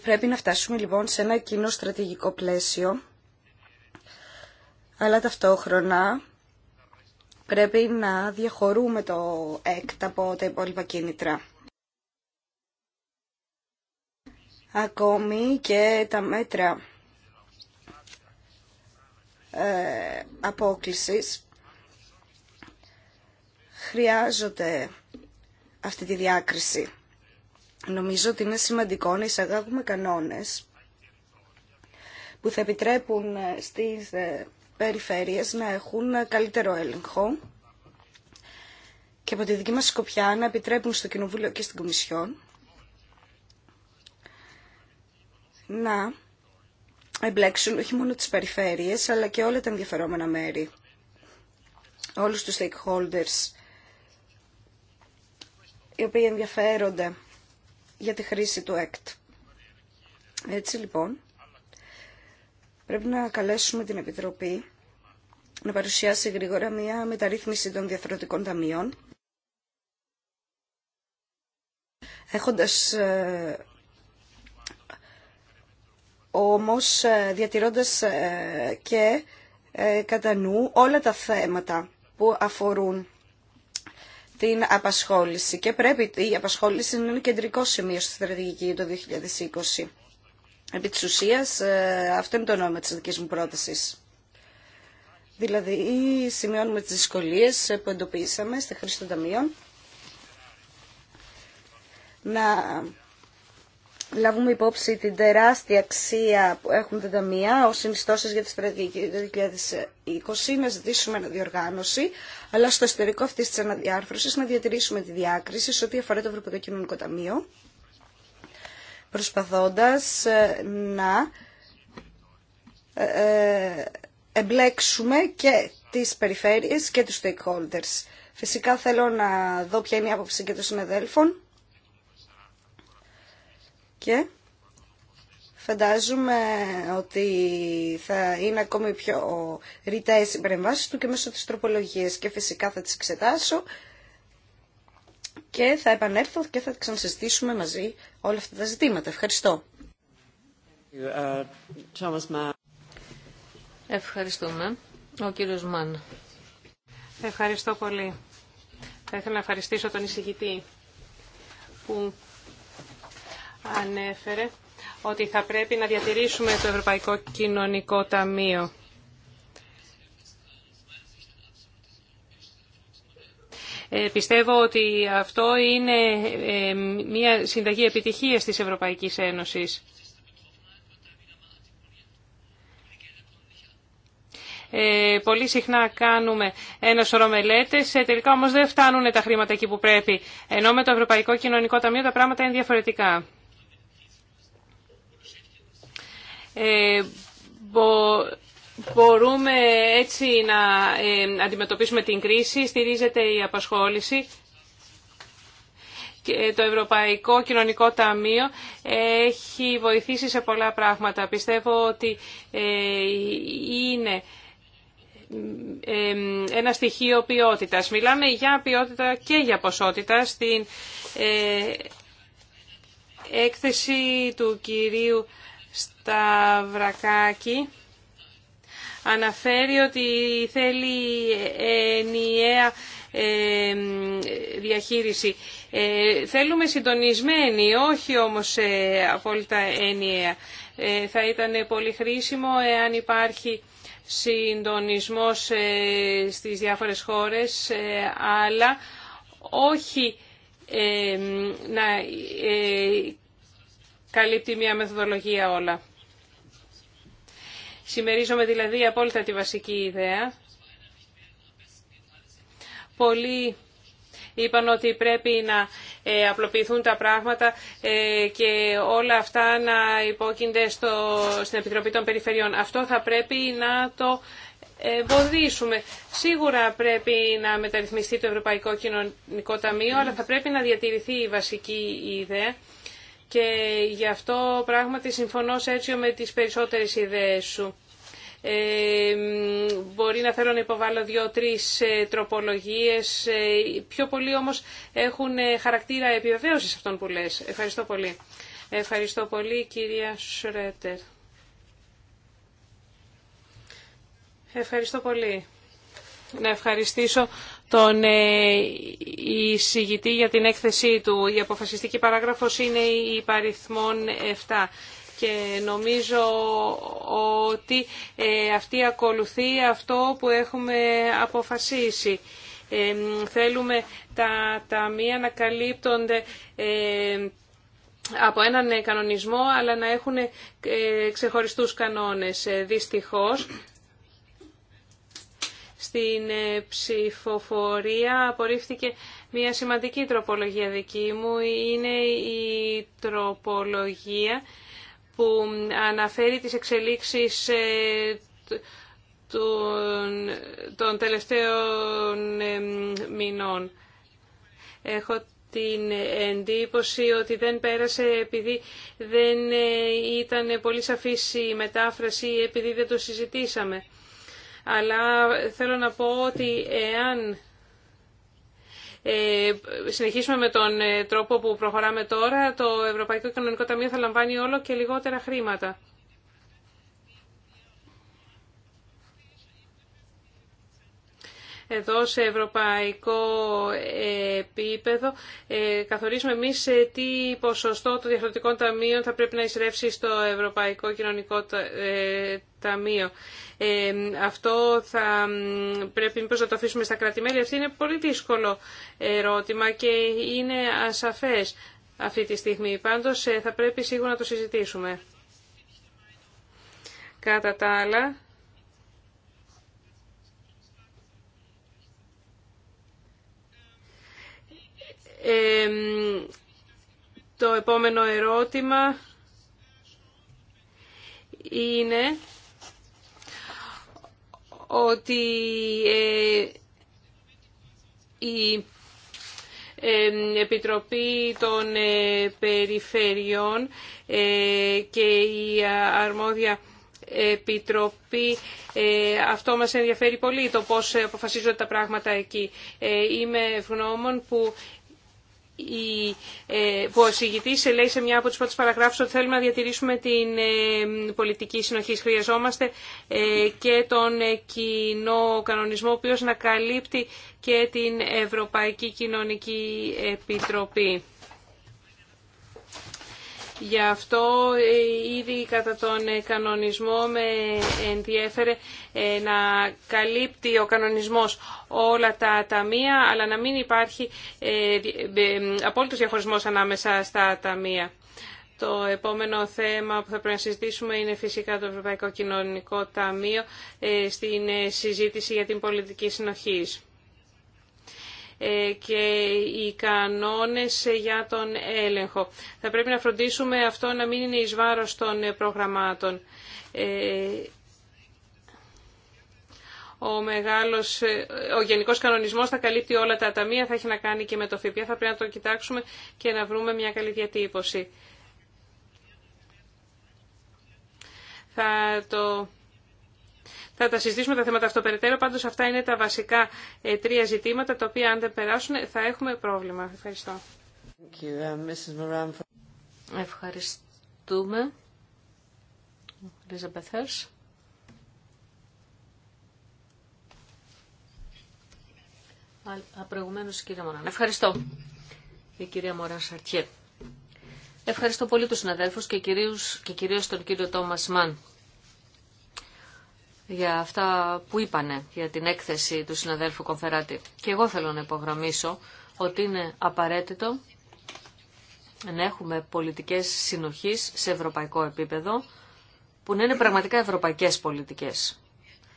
Πρέπει να φτάσουμε λοιπόν σε ένα κοινό στρατηγικό πλαίσιο, αλλά ταυτόχρονα Πρέπει να διαχωρούμε το ΕΚΤ από τα υπόλοιπα κίνητρα. Ακόμη και τα μέτρα ε, απόκλησης χρειάζονται αυτή τη διάκριση. Νομίζω ότι είναι σημαντικό να εισαγάγουμε κανόνες που θα επιτρέπουν ε, στις ε, περιφέρειες να έχουν καλύτερο έλεγχο και από τη δική μας σκοπιά να επιτρέπουν στο Κοινοβούλιο και στην Κομισιόν να εμπλέξουν όχι μόνο τις περιφέρειες αλλά και όλα τα ενδιαφερόμενα μέρη, όλους τους stakeholders οι οποίοι ενδιαφέρονται για τη χρήση του ΕΚΤ. Έτσι λοιπόν, Πρέπει να καλέσουμε την Επιτροπή να παρουσιάσει γρήγορα μια μεταρρύθμιση των διαφορετικών ταμείων, έχοντας ε, όμως ε, διατηρώντας ε, και κατά νου όλα τα θέματα που αφορούν την απασχόληση και πρέπει η απασχόληση να είναι κεντρικό σημείο στη στρατηγική το 2020. Επί της ουσίας, ε, αυτό είναι το νόημα της δικής μου πρότασης. Δηλαδή, σημειώνουμε τις δυσκολίες ε, που εντοπίσαμε στη χρήση των ταμείων. Να λάβουμε υπόψη την τεράστια αξία που έχουν τα ταμεία ως συνιστώσεις για τη στρατηγική 2020, να ζητήσουμε αναδιοργάνωση, αλλά στο εσωτερικό αυτής της αναδιάρθρωσης να διατηρήσουμε τη διάκριση σε ό,τι αφορά το Ευρωπαϊκό Κοινωνικό Ταμείο προσπαθώντας ε, να ε, ε, εμπλέξουμε και τις περιφέρειες και τους stakeholders. Φυσικά θέλω να δω ποια είναι η άποψη και των συναδέλφων και φαντάζομαι ότι θα είναι ακόμη πιο ρητές οι παρεμβάσεις του και μέσω της τροπολογίας και φυσικά θα τις εξετάσω και θα επανέλθω και θα ξανασυζητήσουμε μαζί όλα αυτά τα ζητήματα. Ευχαριστώ. Ευχαριστούμε. Ο κύριος Μαν. Ευχαριστώ πολύ. Θα ήθελα να ευχαριστήσω τον εισηγητή που ανέφερε ότι θα πρέπει να διατηρήσουμε το Ευρωπαϊκό Κοινωνικό Ταμείο. Ε, πιστεύω ότι αυτό είναι ε, μια συνταγή επιτυχίας της Ευρωπαϊκής Ένωσης. Ε, πολύ συχνά κάνουμε ένα σωρό μελέτε, ε, τελικά όμω δεν φτάνουν τα χρήματα εκεί που πρέπει. Ενώ με το Ευρωπαϊκό Κοινωνικό Ταμείο τα πράγματα είναι διαφορετικά. Ε, μπορούμε έτσι να ε, αντιμετωπίσουμε την κρίση, στηρίζεται η απασχόληση. Και το Ευρωπαϊκό Κοινωνικό Ταμείο έχει βοηθήσει σε πολλά πράγματα. Πιστεύω ότι ε, είναι ε, ένα στοιχείο ποιότητας. Μιλάμε για ποιότητα και για ποσότητα στην έκθεση του κυρίου Σταυρακάκη αναφέρει ότι θέλει ενιαία ε, διαχείριση. Ε, θέλουμε συντονισμένη, όχι όμως ε, απόλυτα ενιαία. Θα ήταν πολύ χρήσιμο εάν υπάρχει συντονισμός στις διάφορες χώρες, αλλά όχι να καλύπτει μια μεθοδολογία όλα. Συμμερίζομαι δηλαδή απόλυτα τη βασική ιδέα. Πολλοί είπαν ότι πρέπει να ε, απλοποιηθούν τα πράγματα ε, και όλα αυτά να υπόκεινται στην Επιτροπή των Περιφερειών. Αυτό θα πρέπει να το εμποδίσουμε. Σίγουρα πρέπει να μεταρρυθμιστεί το Ευρωπαϊκό Κοινωνικό Ταμείο, αλλά θα πρέπει να διατηρηθεί η βασική ιδέα και γι' αυτό πράγματι συμφωνώ έτσι με τις περισσότερες ιδέες σου. Ε, μπορεί να θέλω να υποβάλω δύο-τρεις ε, τροπολογίες, ε, πιο πολλοί όμως έχουν χαρακτήρα επιβεβαίωσης αυτών που λες. Ευχαριστώ πολύ. Ευχαριστώ πολύ κυρία Σρέτερ. Ευχαριστώ πολύ. Να ευχαριστήσω τον ε, εισηγητή για την έκθεσή του. Η αποφασιστική παράγραφος είναι η παριθμόν 7 και νομίζω ότι ε, αυτή ακολουθεί αυτό που έχουμε αποφασίσει. Ε, θέλουμε τα ταμεία να καλύπτονται από έναν κανονισμό αλλά να έχουν ξεχωριστούς κανόνες. Δυστυχώς στην ε, ψηφοφορία απορρίφθηκε μια σημαντική τροπολογία δική μου. Είναι η τροπολογία που αναφέρει τις εξελίξεις ε, των τελευταίων ε, μηνών. Έχω την εντύπωση ότι δεν πέρασε επειδή δεν ήταν πολύ σαφής η μετάφραση επειδή δεν το συζητήσαμε αλλά θέλω να πω ότι εάν ε, συνεχίσουμε με τον ε, τρόπο που προχωράμε τώρα, το Ευρωπαϊκό Κοινωνικό Ταμείο θα λαμβάνει όλο και λιγότερα χρήματα. εδώ σε ευρωπαϊκό ε, επίπεδο ε, καθορίζουμε εμεί ε, τι ποσοστό των διαφορετικών ταμείων θα πρέπει να εισρέψει στο Ευρωπαϊκό Κοινωνικό Ταμείο. Ε, αυτό θα πρέπει μήπως να το αφήσουμε στα κρατημέλη. Αυτή είναι πολύ δύσκολο ερώτημα και είναι ασαφές αυτή τη στιγμή. Πάντως θα πρέπει σίγουρα να το συζητήσουμε. Κατά τα άλλα, το επόμενο ερώτημα είναι ότι ε, η Επιτροπή των ε, Περιφερειών ε, και η αρμόδια Επιτροπή. αυτό μας ενδιαφέρει πολύ το πώς αποφασίζονται τα πράγματα εκεί. Ε, είμαι ευγνώμων που η, ε, που ο συγητή λέει σε μια από τι πρώτε παραγράφου ότι θέλουμε να διατηρήσουμε την ε, πολιτική συνοχή. Χρειαζόμαστε ε, και τον κοινό κανονισμό, ο οποίο να καλύπτει και την Ευρωπαϊκή Κοινωνική Επιτροπή. Γι' αυτό ε, ήδη κατά τον ε, κανονισμό με ενδιέφερε ε, να καλύπτει ο κανονισμός όλα τα ταμεία, αλλά να μην υπάρχει απόλυτος διαχωρισμός ανάμεσα στα ταμεία. Το επόμενο θέμα που θα πρέπει να συζητήσουμε είναι φυσικά το Ευρωπαϊκό Κοινωνικό Ταμείο στην συζήτηση για την πολιτική συνοχής. Ε, και οι κανόνες για τον έλεγχο. Θα πρέπει να φροντίσουμε αυτό να μην είναι εις βάρος των προγραμμάτων. Ε, ο, μεγάλος, ε, ο γενικός κανονισμός θα καλύπτει όλα τα ταμεία, θα έχει να κάνει και με το ΦΠΑ, θα πρέπει να το κοιτάξουμε και να βρούμε μια καλή διατύπωση. Θα το θα τα συζητήσουμε τα θέματα αυτό περαιτέρω. Πάντως αυτά είναι τα βασικά ε, τρία ζητήματα τα οποία αν δεν περάσουν θα έχουμε πρόβλημα. Ευχαριστώ. Uh, Ευχαριστούμε. Λίζα Μπεθέρς. Απροηγουμένως κύριε Ευχαριστώ. Η κυρία Μωράν Σαρτιέ. Ευχαριστώ πολύ τους συναδέλφους και κυρίως, και κυρίως τον κύριο Τόμας Μαν για αυτά που είπανε για την έκθεση του συναδέλφου Κομφεράτη. Και εγώ θέλω να υπογραμμίσω ότι είναι απαραίτητο να έχουμε πολιτικές συνοχής σε ευρωπαϊκό επίπεδο που να είναι πραγματικά ευρωπαϊκές πολιτικές.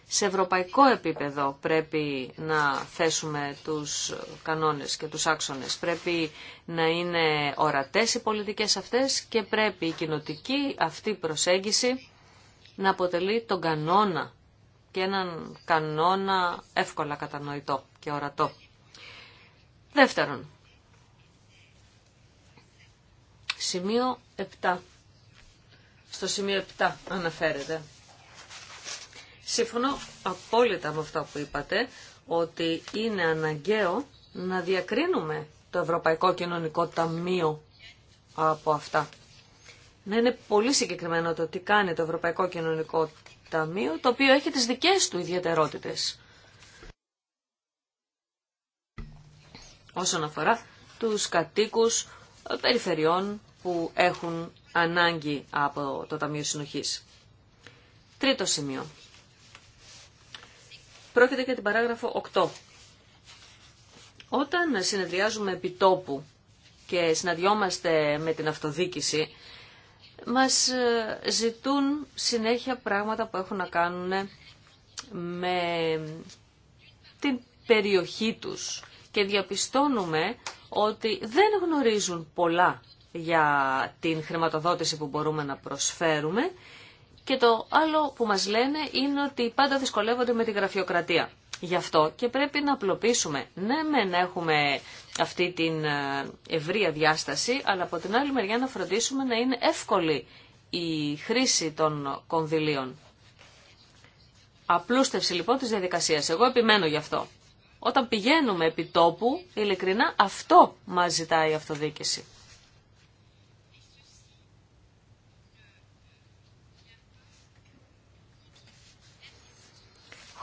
Σε ευρωπαϊκό επίπεδο πρέπει να θέσουμε τους κανόνες και τους άξονες. Πρέπει να είναι ορατές οι πολιτικές αυτές και πρέπει η κοινοτική αυτή προσέγγιση να αποτελεί τον κανόνα και έναν κανόνα εύκολα κατανοητό και ορατό. Δεύτερον, σημείο 7. Στο σημείο 7 αναφέρεται. Σύμφωνο απόλυτα με αυτό που είπατε, ότι είναι αναγκαίο να διακρίνουμε το Ευρωπαϊκό Κοινωνικό Ταμείο από αυτά. Να είναι πολύ συγκεκριμένο το τι κάνει το Ευρωπαϊκό Κοινωνικό το οποίο έχει τις δικές του ιδιαιτερότητες. Όσον αφορά τους κατοίκους ε, περιφερειών που έχουν ανάγκη από το Ταμείο Συνοχής. Τρίτο σημείο. Πρόκειται για την παράγραφο 8. Όταν συνεδριάζουμε επιτόπου και συναντιόμαστε με την αυτοδίκηση, μας ε, ζητούν συνέχεια πράγματα που έχουν να κάνουν με την περιοχή τους και διαπιστώνουμε ότι δεν γνωρίζουν πολλά για την χρηματοδότηση που μπορούμε να προσφέρουμε και το άλλο που μας λένε είναι ότι πάντα δυσκολεύονται με τη γραφειοκρατία. Γι' αυτό και πρέπει να απλοποιήσουμε. Ναι, μεν έχουμε αυτή την ε, ευρεία διάσταση, αλλά από την άλλη μεριά να φροντίσουμε να είναι εύκολη η χρήση των κονδυλίων. Απλούστευση λοιπόν της διαδικασίας. Εγώ επιμένω γι' αυτό. Όταν πηγαίνουμε επί τόπου, ειλικρινά αυτό μας ζητάει η αυτοδίκηση.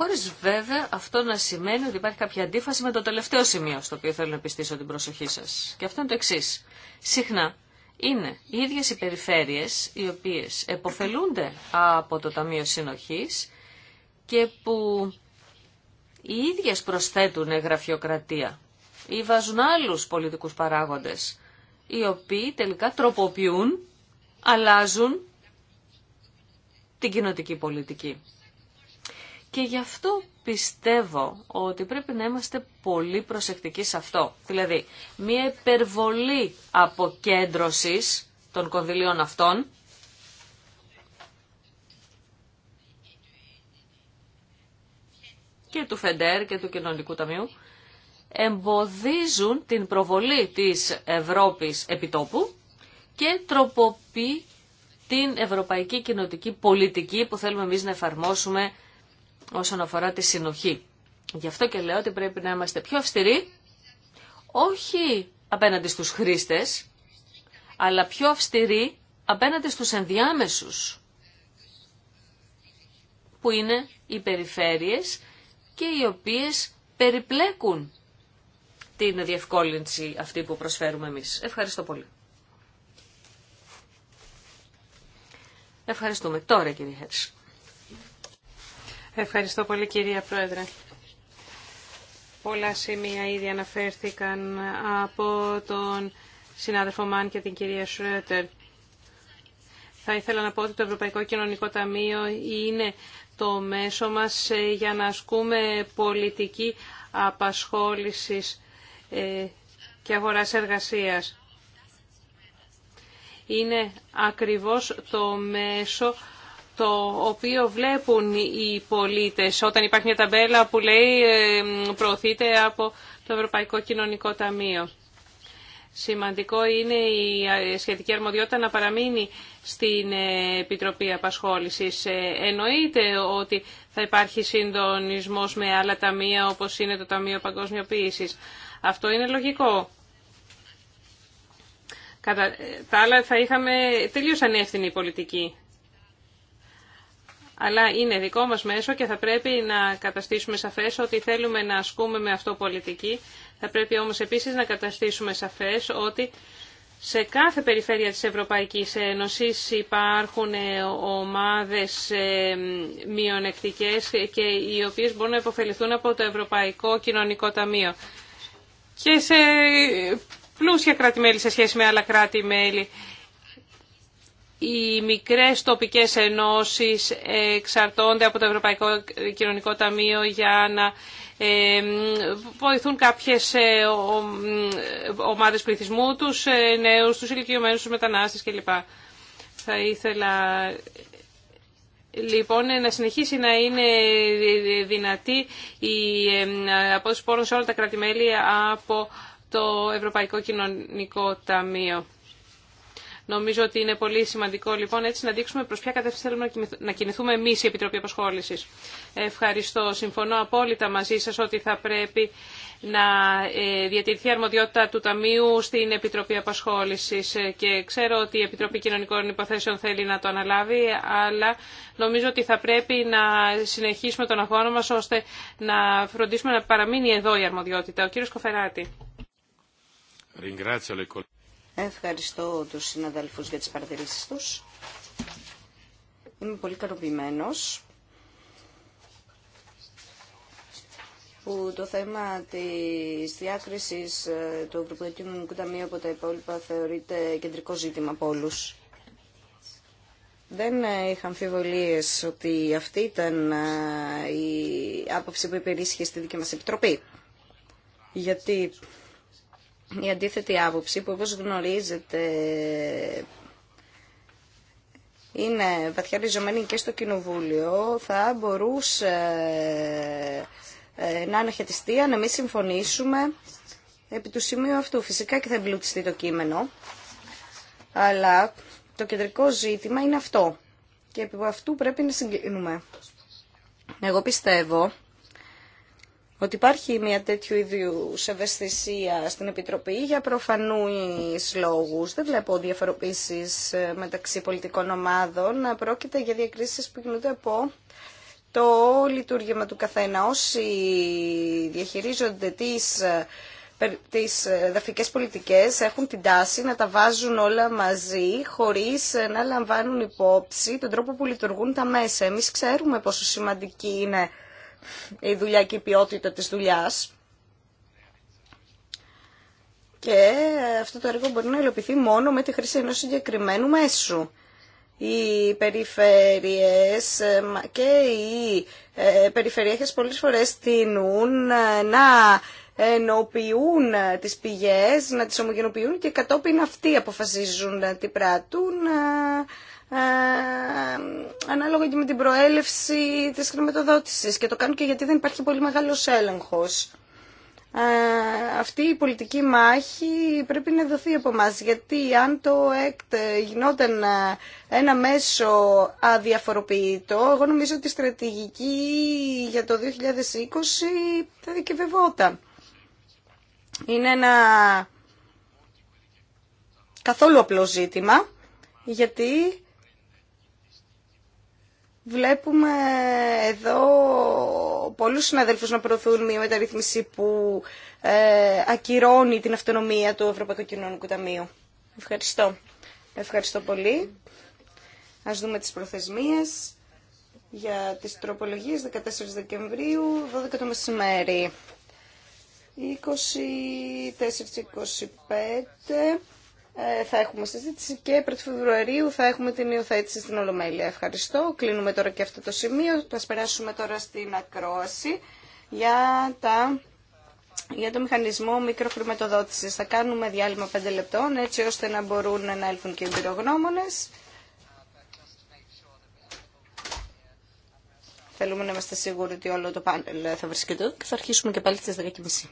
χωρίς βέβαια αυτό να σημαίνει ότι υπάρχει κάποια αντίφαση με το τελευταίο σημείο στο οποίο θέλω να πιστήσω την προσοχή σας. Και αυτό είναι το εξή. Συχνά είναι οι ίδιες οι περιφέρειες οι οποίες εποφελούνται από το Ταμείο Συνοχής και που οι ίδιες προσθέτουν γραφειοκρατία ή βάζουν άλλου πολιτικούς παράγοντες οι οποίοι τελικά τροποποιούν, αλλάζουν την κοινοτική πολιτική. Και γι' αυτό πιστεύω ότι πρέπει να είμαστε πολύ προσεκτικοί σε αυτό. Δηλαδή, μια υπερβολή αποκέντρωσης των κονδυλίων αυτών και του ΦΕΝΤΕΡ και του Κοινωνικού Ταμείου εμποδίζουν την προβολή της Ευρώπης επιτόπου και τροποποιεί την ευρωπαϊκή κοινοτική πολιτική που θέλουμε εμείς να εφαρμόσουμε όσον αφορά τη συνοχή. Γι' αυτό και λέω ότι πρέπει να είμαστε πιο αυστηροί, όχι απέναντι στους χρήστες, αλλά πιο αυστηροί απέναντι στους ενδιάμεσους, που είναι οι περιφέρειες και οι οποίες περιπλέκουν την διευκόλυνση αυτή που προσφέρουμε εμείς. Ευχαριστώ πολύ. Ευχαριστούμε. Τώρα κύριε Χέρση. Ευχαριστώ πολύ κυρία Πρόεδρε. Πολλά σημεία ήδη αναφέρθηκαν από τον συνάδελφο Μαν και την κυρία Σρέτερ. Θα ήθελα να πω ότι το Ευρωπαϊκό Κοινωνικό Ταμείο είναι το μέσο μας για να ασκούμε πολιτική απασχόλησης ε, και αγοράς εργασίας. Είναι ακριβώς το μέσο το οποίο βλέπουν οι πολίτες όταν υπάρχει μια ταμπέλα που λέει ε, προωθείται από το Ευρωπαϊκό Κοινωνικό Ταμείο. Σημαντικό είναι η ε, σχετική αρμοδιότητα να παραμείνει στην ε, Επιτροπή Απασχόλησης. Εννοείται ότι θα υπάρχει συντονισμός με άλλα ταμεία όπως είναι το Ταμείο Παγκοσμιοποίησης. Αυτό είναι λογικό. Κατά τα άλλα θα είχαμε τελείως ανεύθυνη πολιτική αλλά είναι δικό μας μέσο και θα πρέπει να καταστήσουμε σαφές ότι θέλουμε να ασκούμε με αυτό πολιτική. Θα πρέπει όμως επίσης να καταστήσουμε σαφές ότι σε κάθε περιφέρεια της Ευρωπαϊκής Ένωσης υπάρχουν ε, ομάδες ε, μειονεκτικές και οι οποίες μπορούν να υποφεληθούν από το Ευρωπαϊκό Κοινωνικό Ταμείο. Και σε πλούσια κράτη-μέλη σε σχέση με άλλα κράτη-μέλη οι μικρές τοπικές ενώσεις εξαρτώνται από το Ευρωπαϊκό Κοινωνικό Ταμείο για να ε, βοηθούν κάποιες ε, ομάδες πληθυσμού τους, ε, νέους, τους ηλικιωμένους, τους μετανάστες κλπ. Θα ήθελα Λοιπόν, να συνεχίσει να είναι δυνατή η απόδοση πόρων σε όλα τα κράτη-μέλη από το Ευρωπαϊκό Κοινωνικό Ταμείο. Νομίζω ότι είναι πολύ σημαντικό λοιπόν έτσι να δείξουμε προ ποια κατεύθυνση θέλουμε να κινηθούμε εμεί η Επιτροπή απασχόληση. Ευχαριστώ. Συμφωνώ απόλυτα μαζί σα ότι θα πρέπει να ε, διατηρηθεί η αρμοδιότητα του Ταμείου στην Επιτροπή απασχόληση. Ε, και ξέρω ότι η Επιτροπή Κοινωνικών Υποθέσεων θέλει να το αναλάβει, αλλά νομίζω ότι θα πρέπει να συνεχίσουμε τον αγώνα μα, ώστε να φροντίσουμε να παραμείνει εδώ η αρμοδιότητα. Ο κύριο Κοφεράτη. Ευχαριστώ τους συναδέλφους για τις παρατηρήσεις τους. Είμαι πολύ καροποιημένος που το θέμα της διάκρισης ε, του Ευρωπαϊκού Κοινωνικού Ταμείου από τα υπόλοιπα θεωρείται κεντρικό ζήτημα από όλους. Δεν ε, είχα αμφιβολίες ότι αυτή ήταν ε, η άποψη που υπερίσχε στη δική μας Επιτροπή. Γιατί η αντίθετη άποψη που όπως γνωρίζετε είναι βαθιά ριζωμένη και στο Κοινοβούλιο, θα μπορούσε ε, ε, να αναχαιτιστεί αν εμείς συμφωνήσουμε επί του σημείου αυτού. Φυσικά και θα εμπλουτιστεί το κείμενο, αλλά το κεντρικό ζήτημα είναι αυτό και επί αυτού πρέπει να συγκλίνουμε. Εγώ πιστεύω ότι υπάρχει μια τέτοιου είδου ευαισθησία στην Επιτροπή για προφανούς λόγους. Δεν βλέπω διαφοροποίησεις ε, μεταξύ πολιτικών ομάδων. Πρόκειται για διακρίσεις που γίνονται από το λειτουργήμα του καθένα. Όσοι διαχειρίζονται τις ε, τις ε, δαφικές πολιτικές έχουν την τάση να τα βάζουν όλα μαζί χωρίς να λαμβάνουν υπόψη τον τρόπο που λειτουργούν τα μέσα. Εμείς ξέρουμε πόσο σημαντική είναι η δουλειά και η ποιότητα της δουλειάς. Και αυτό το έργο μπορεί να υλοποιηθεί μόνο με τη χρήση ενός συγκεκριμένου μέσου. Οι περιφέρειες και οι ε, περιφερειές πολλές φορές τείνουν ε, να ενοποιούν τις πηγές, να τις ομογενοποιούν και κατόπιν αυτοί αποφασίζουν τι πράττουν ε, ε, ανάλογα και με την προέλευση της χρηματοδότησης και το κάνω και γιατί δεν υπάρχει πολύ μεγάλος έλεγχος. Ε, αυτή η πολιτική μάχη πρέπει να δοθεί από εμά, γιατί αν το ΕΚΤ γινόταν ε, ένα μέσο αδιαφοροποιητό, εγώ νομίζω ότι η στρατηγική για το 2020 θα δικαιβευόταν. Είναι ένα καθόλου απλό ζήτημα, γιατί Βλέπουμε εδώ πολλούς συναδέλφους να προωθούν μια μεταρρύθμιση που ε, ακυρώνει την αυτονομία του Ευρωπαϊκού Κοινωνικού Ταμείου. Ευχαριστώ. Ευχαριστώ πολύ. Ας δούμε τις προθεσμίες για τις τροπολογίες 14 Δεκεμβρίου, 12 το μεσημέρι. 24-25 ε, θα έχουμε συζήτηση και πριν του Φεβρουαρίου θα έχουμε την υιοθέτηση στην Ολομέλεια. Ευχαριστώ. Κλείνουμε τώρα και αυτό το σημείο. Θα περάσουμε τώρα στην ακρόαση για, τα... για το μηχανισμό μικροχρηματοδότησης. Θα κάνουμε διάλειμμα 5 λεπτών έτσι ώστε να μπορούν να έλθουν και οι εμπειρογνώμονες. Θέλουμε να είμαστε σίγουροι ότι όλο το πάνελ θα βρίσκεται εδώ και θα αρχίσουμε και πάλι στις 10.30.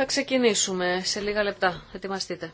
Θα ξεκινήσουμε σε λίγα λεπτά. Ετοιμαστείτε.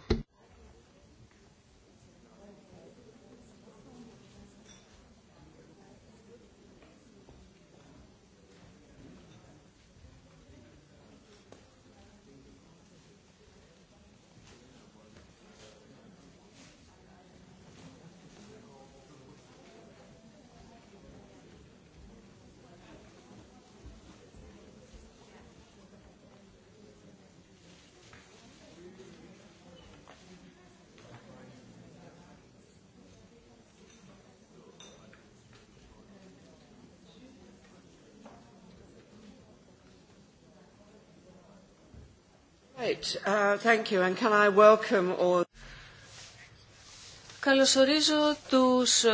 Uh, thank you. And I Καλωσορίζω τους ε,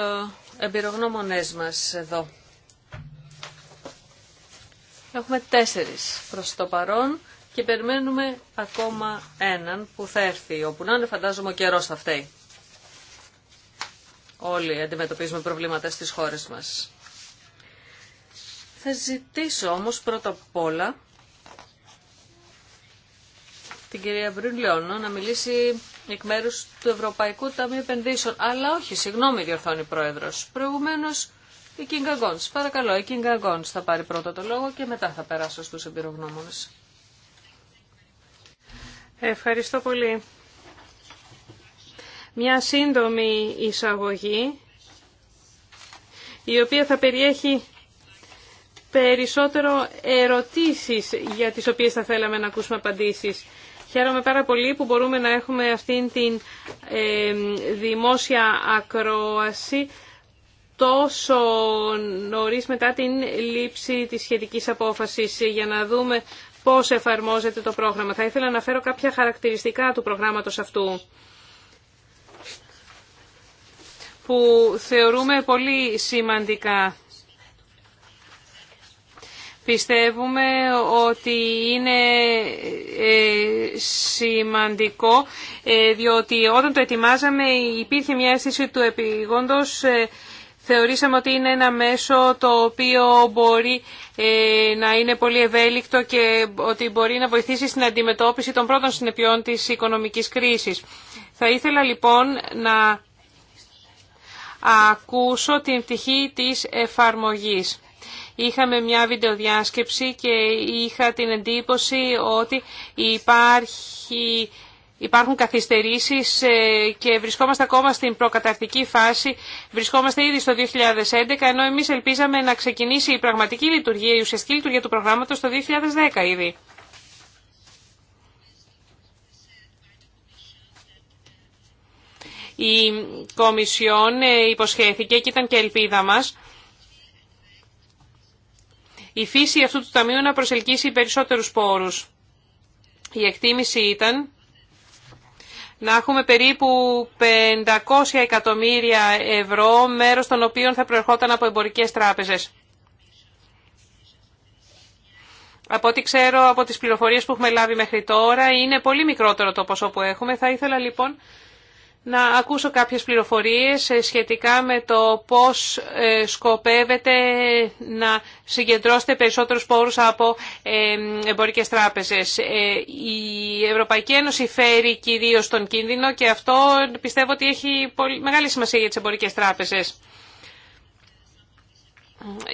εμπειρογνώμονές μας εδώ. Έχουμε τέσσερις προς το παρόν και περιμένουμε ακόμα έναν που θα έρθει. Όπου να είναι φαντάζομαι ο καιρός θα φταίει. Όλοι αντιμετωπίζουμε προβλήματα στις χώρες μας. Θα ζητήσω όμως πρώτα απ' όλα την κυρία Μπρουλιόνο να μιλήσει εκ μέρους του Ευρωπαϊκού Ταμείου Επενδύσεων. Αλλά όχι, συγγνώμη, διορθώνει πρόεδρος. Προηγουμένως η Κίνγκα Γκόντς. Παρακαλώ, η Κίνγκα Γκόντς θα πάρει πρώτα το λόγο και μετά θα περάσω στους εμπειρογνώμονες. Ευχαριστώ πολύ. Μια σύντομη εισαγωγή, η οποία θα περιέχει περισσότερο ερωτήσεις για τις οποίες θα θέλαμε να ακούσουμε απαντήσεις. Χαίρομαι πάρα πολύ που μπορούμε να έχουμε αυτήν την ε, δημόσια ακρόαση τόσο νωρίς μετά την λήψη της σχετικής απόφασης για να δούμε πώς εφαρμόζεται το πρόγραμμα. Θα ήθελα να φέρω κάποια χαρακτηριστικά του προγράμματος αυτού που θεωρούμε πολύ σημαντικά. Πιστεύουμε ότι είναι ε, σημαντικό, ε, διότι όταν το ετοιμάζαμε υπήρχε μια αίσθηση του επιγόντος ε, Θεωρήσαμε ότι είναι ένα μέσο το οποίο μπορεί να είναι πολύ ευέλικτο και ότι μπορεί να βοηθήσει στην αντιμετώπιση των πρώτων συνεπειών της οικονομικής κρίσης. Θα ήθελα λοιπόν να ακούσω την πτυχή της εφαρμογής είχαμε μια βιντεοδιάσκεψη και είχα την εντύπωση ότι υπάρχει Υπάρχουν καθυστερήσεις ε, και βρισκόμαστε ακόμα στην προκαταρτική φάση. Βρισκόμαστε ήδη στο 2011, ενώ εμείς ελπίζαμε να ξεκινήσει η πραγματική λειτουργία, η ουσιαστική λειτουργία του προγράμματος το 2010 ήδη. Η Κομισιόν ε, υποσχέθηκε και ήταν και ελπίδα μας η φύση αυτού του ταμείου να προσελκύσει περισσότερους πόρους. Η εκτίμηση ήταν να έχουμε περίπου 500 εκατομμύρια ευρώ, μέρος των οποίων θα προερχόταν από εμπορικές τράπεζες. Από ό,τι ξέρω από τις πληροφορίες που έχουμε λάβει μέχρι τώρα, είναι πολύ μικρότερο το ποσό που έχουμε. Θα ήθελα λοιπόν να ακούσω κάποιες πληροφορίες ε, σχετικά με το πώς ε, σκοπεύετε να συγκεντρώσετε περισσότερους πόρους από ε, εμπορικές τράπεζες. Η Ευρωπαϊκή Ένωση φέρει κυρίως τον κίνδυνο και αυτό πιστεύω ότι έχει πολύ μεγάλη σημασία για τις εμπορικές τράπεζες.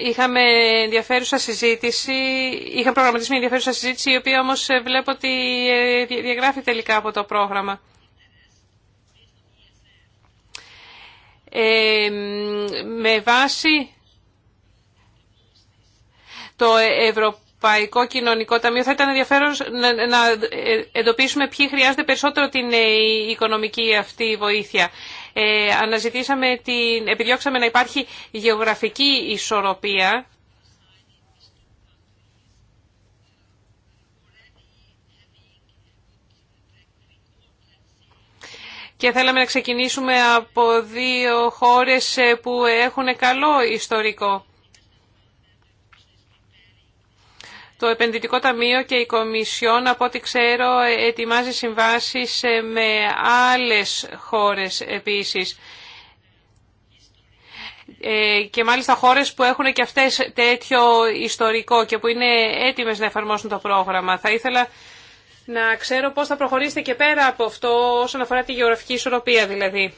Είχαμε ενδιαφέρουσα συζήτηση, είχα προγραμματίσει μια ενδιαφέρουσα συζήτηση η οποία όμως βλέπω ότι διαγράφει τελικά από το πρόγραμμα. με βάση το Ευρωπαϊκό Κοινωνικό Ταμείο. Θα ήταν ενδιαφέρον να εντοπίσουμε ποιοι χρειάζονται περισσότερο την ε, οικονομική αυτή βοήθεια. Ε, αναζητήσαμε την, επιδιώξαμε να υπάρχει γεωγραφική ισορροπία και θέλαμε να ξεκινήσουμε από δύο χώρες ε, που έχουν καλό ιστορικό. Το Επενδυτικό Ταμείο και η Κομισιόν, από ό,τι ξέρω, ετοιμάζει συμβάσεις ε, με άλλες χώρες επίσης. Ε, και μάλιστα χώρες που έχουν και αυτές τέτοιο ιστορικό και που είναι έτοιμες να εφαρμόσουν το πρόγραμμα. Θα ήθελα να ξέρω πώς θα προχωρήσετε και πέρα από αυτό όσον αφορά τη γεωγραφική ισορροπία δηλαδή.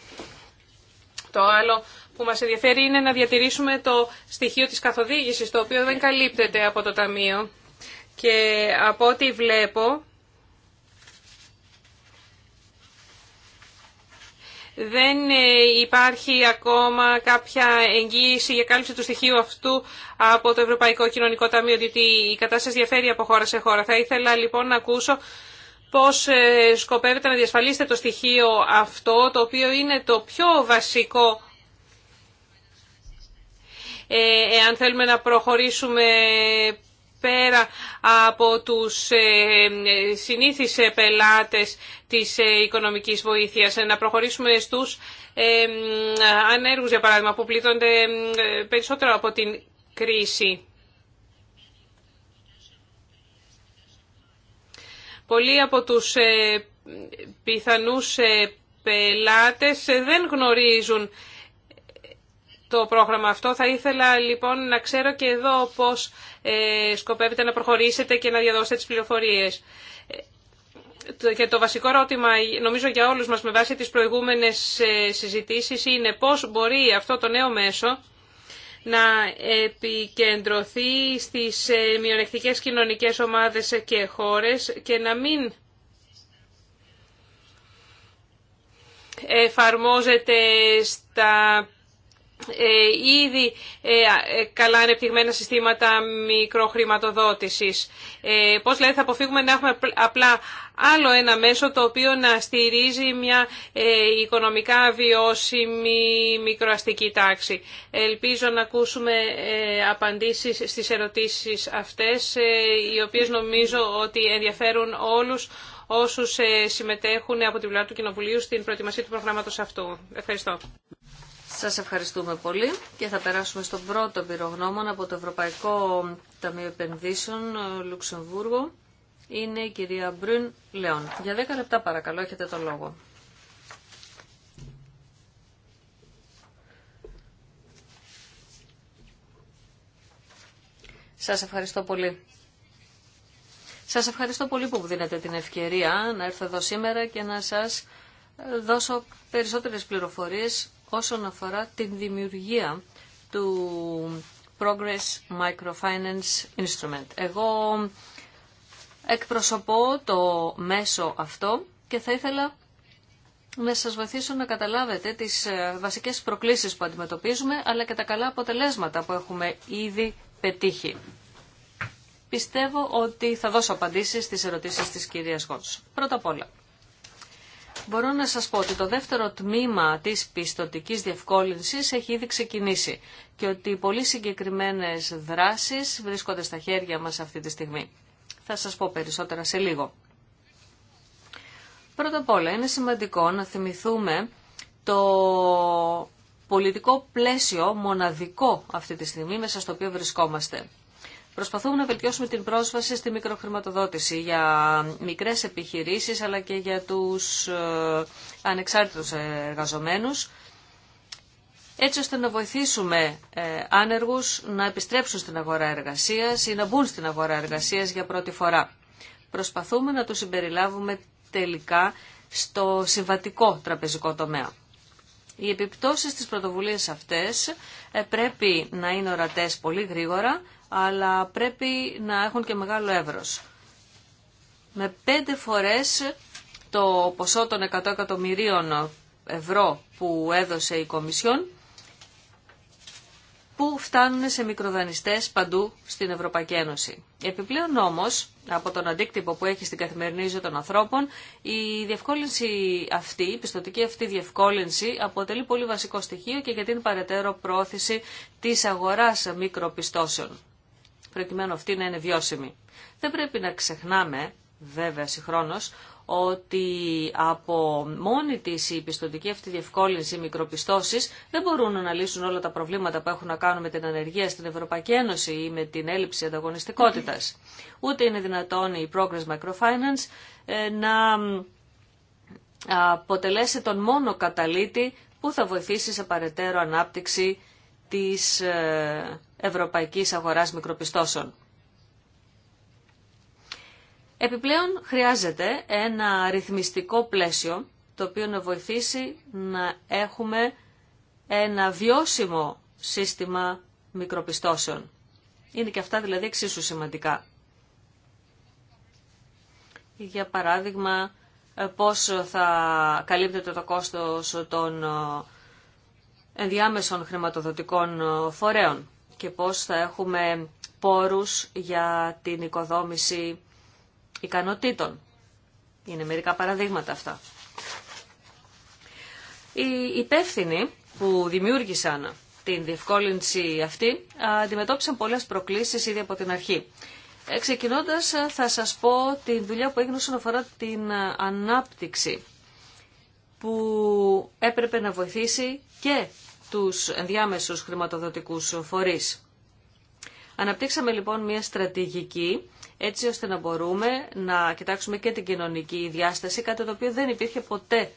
Το άλλο που μας ενδιαφέρει είναι να διατηρήσουμε το στοιχείο της καθοδήγησης, το οποίο δεν καλύπτεται από το Ταμείο. Και από ό,τι βλέπω, δεν ε, υπάρχει ακόμα κάποια εγγύηση για κάλυψη του στοιχείου αυτού από το Ευρωπαϊκό Κοινωνικό Ταμείο, διότι η κατάσταση διαφέρει από χώρα σε χώρα. Θα ήθελα λοιπόν να ακούσω πώς ε, σκοπεύετε να διασφαλίσετε το στοιχείο αυτό, το οποίο είναι το πιο βασικό ε, εάν θέλουμε να προχωρήσουμε πέρα από τους ε, συνήθεις ε, πελάτες της ε, οικονομικής βοήθειας. Να προχωρήσουμε στους ανέργους, για παράδειγμα, που πλήττονται περισσότερο από την κρίση. Πολλοί από τους πιθανούς πελάτες δεν γνωρίζουν το πρόγραμμα αυτό. Θα ήθελα λοιπόν να ξέρω και εδώ πώς ε, σκοπεύετε να προχωρήσετε και να διαδώσετε τις πληροφορίες. Ε, και το βασικό ερώτημα, νομίζω για όλους μας με βάση τις προηγούμενες ε, συζητήσεις, είναι πώς μπορεί αυτό το νέο μέσο να επικεντρωθεί στις ε, μειονεκτικές κοινωνικές ομάδες και χώρες και να μην εφαρμόζεται στα ε, ήδη ε, ε, καλά ανεπτυγμένα συστήματα μικροχρηματοδότησης. Πώς δηλαδή θα αποφύγουμε να έχουμε απλά άλλο ένα μέσο το οποίο να στηρίζει μια οικονομικά βιώσιμη μικροαστική τάξη. Ελπίζω να ακούσουμε απαντήσεις στις ερωτήσεις αυτές, οι οποίες νομίζω ότι ενδιαφέρουν όλους όσους συμμετέχουν από την πλευρά του Κοινοβουλίου στην προετοιμασία του προγράμματος αυτού. Ευχαριστώ. Σας ευχαριστούμε πολύ και θα περάσουμε στον πρώτο πυρογνώμον από το Ευρωπαϊκό Ταμείο Επενδύσεων Λουξεμβούργο. Είναι η κυρία Μπρουν Λεόν. Για 10 λεπτά παρακαλώ έχετε το λόγο. Σας ευχαριστώ πολύ. Σας ευχαριστώ πολύ που μου δίνετε την ευκαιρία να έρθω εδώ σήμερα και να σας δώσω περισσότερες πληροφορίες όσον αφορά την δημιουργία του Progress Microfinance Instrument. Εγώ εκπροσωπώ το μέσο αυτό και θα ήθελα να σας βοηθήσω να καταλάβετε τις ε, βασικές προκλήσεις που αντιμετωπίζουμε, αλλά και τα καλά αποτελέσματα που έχουμε ήδη πετύχει. Πιστεύω ότι θα δώσω απαντήσεις στις ερωτήσεις της κυρίας Γόντς. Πρώτα απ' όλα, μπορώ να σας πω ότι το δεύτερο τμήμα της πιστοτικής διευκόλυνσης έχει ήδη ξεκινήσει και ότι πολύ συγκεκριμένες δράσεις βρίσκονται στα χέρια μας αυτή τη στιγμή. Θα σας πω περισσότερα σε λίγο. Πρώτα απ' όλα είναι σημαντικό να θυμηθούμε το πολιτικό πλαίσιο μοναδικό αυτή τη στιγμή μέσα στο οποίο βρισκόμαστε. Προσπαθούμε να βελτιώσουμε την πρόσβαση στη μικροχρηματοδότηση για μικρές επιχειρήσεις αλλά και για τους ε, ανεξάρτητους εργαζομένους έτσι ώστε να βοηθήσουμε ε, άνεργους να επιστρέψουν στην αγορά εργασίας ή να μπουν στην αγορά εργασίας για πρώτη φορά. Προσπαθούμε να τους συμπεριλάβουμε τελικά στο συμβατικό τραπεζικό τομέα. Οι επιπτώσεις της πρωτοβουλίας αυτές ε, πρέπει να είναι ορατές πολύ γρήγορα αλλά πρέπει να έχουν και μεγάλο εύρος. Με πέντε φορές το ποσό των 100 εκατομμυρίων ευρώ που έδωσε η Κομισιόν, που φτάνουν σε μικροδανιστές παντού στην Ευρωπαϊκή Ένωση. Επιπλέον όμως, από τον αντίκτυπο που έχει στην καθημερινή ζωή των ανθρώπων, η διευκόλυνση αυτή, η πιστοτική αυτή διευκόλυνση, αποτελεί πολύ βασικό στοιχείο και για την παρετέρω πρόθεση της αγοράς μικροπιστώσεων προκειμένου αυτή να είναι βιώσιμη. Δεν πρέπει να ξεχνάμε, βέβαια συγχρόνως, ότι από μόνη τη η πιστοτική αυτή διευκόλυνση, οι μικροπιστώσεις δεν μπορούν να λύσουν όλα τα προβλήματα που έχουν να κάνουν με την ανεργία στην Ευρωπαϊκή Ένωση ή με την έλλειψη ανταγωνιστικότητας. Ούτε είναι δυνατόν η Progress Microfinance ε, να ε, αποτελέσει τον μόνο καταλήτη που θα βοηθήσει σε παρετέρω ανάπτυξη της ε, ευρωπαϊκής αγοράς μικροπιστώσεων. Επιπλέον χρειάζεται ένα ρυθμιστικό πλαίσιο το οποίο να βοηθήσει να έχουμε ένα βιώσιμο σύστημα μικροπιστώσεων. Είναι και αυτά δηλαδή εξίσου σημαντικά. Για παράδειγμα, πώς θα καλύπτεται το κόστος των ε, ενδιάμεσων χρηματοδοτικών ε, φορέων και πώς θα έχουμε πόρους για την οικοδόμηση ικανοτήτων. Είναι μερικά παραδείγματα αυτά. Οι υπεύθυνοι που δημιούργησαν την διευκόλυνση αυτή αντιμετώπισαν πολλές προκλήσεις ήδη από την αρχή. Ε, ξεκινώντας ε, θα σας πω τη δουλειά που έγινε όσον αφορά την ε, ανάπτυξη που έπρεπε να βοηθήσει και τους ενδιάμεσους χρηματοδοτικούς φορείς. Αναπτύξαμε λοιπόν μια στρατηγική έτσι ώστε να μπορούμε να κοιτάξουμε και την κοινωνική διάσταση, κάτι το οποίο δεν υπήρχε ποτέ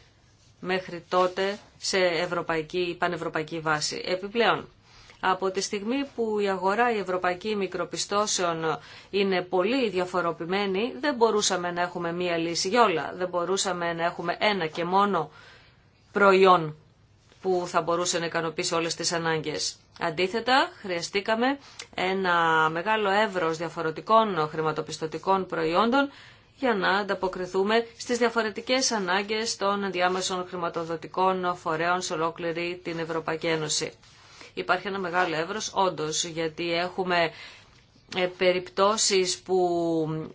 μέχρι τότε σε ευρωπαϊκή, πανευρωπαϊκή βάση. Επιπλέον, από τη στιγμή που η αγορά η ευρωπαϊκή μικροπιστώσεων είναι πολύ διαφοροποιημένη, δεν μπορούσαμε να έχουμε μία λύση για όλα. Δεν μπορούσαμε να έχουμε ένα και μόνο προϊόν που θα μπορούσε να ικανοποιήσει όλες τις ανάγκες. Αντίθετα, χρειαστήκαμε ένα μεγάλο εύρος διαφορετικών χρηματοπιστωτικών προϊόντων για να ανταποκριθούμε στις διαφορετικές ανάγκες των διάμεσων χρηματοδοτικών φορέων σε ολόκληρη την Ευρωπαϊκή Ένωση. Υπάρχει ένα μεγάλο εύρος, όντως, γιατί έχουμε ε, περιπτώσεις που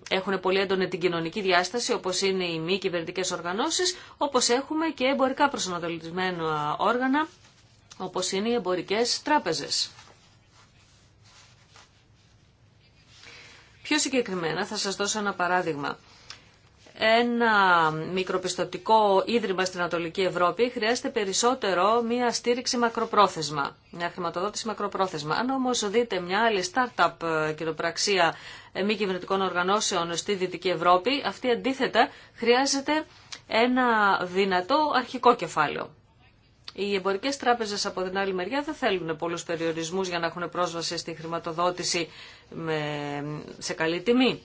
έχουν πολύ έντονη την κοινωνική διάσταση, όπως είναι οι μη κυβερνητικέ οργανώσεις, όπως έχουμε και εμπορικά προσανατολισμένα όργανα, όπως είναι οι εμπορικές τράπεζες. Πιο συγκεκριμένα θα σας δώσω ένα παράδειγμα ένα μικροπιστωτικό ίδρυμα στην Ανατολική Ευρώπη χρειάζεται περισσότερο μια στήριξη μακροπρόθεσμα, μια χρηματοδότηση μακροπρόθεσμα. Αν όμως δείτε μια άλλη startup ε, κοινοπραξία ε, μη κυβερνητικών οργανώσεων στη Δυτική Ευρώπη, αυτή αντίθετα χρειάζεται ένα δυνατό αρχικό κεφάλαιο. Οι εμπορικέ τράπεζε από την άλλη μεριά δεν θέλουν πολλού περιορισμού για να έχουν πρόσβαση στη χρηματοδότηση σε καλή τιμή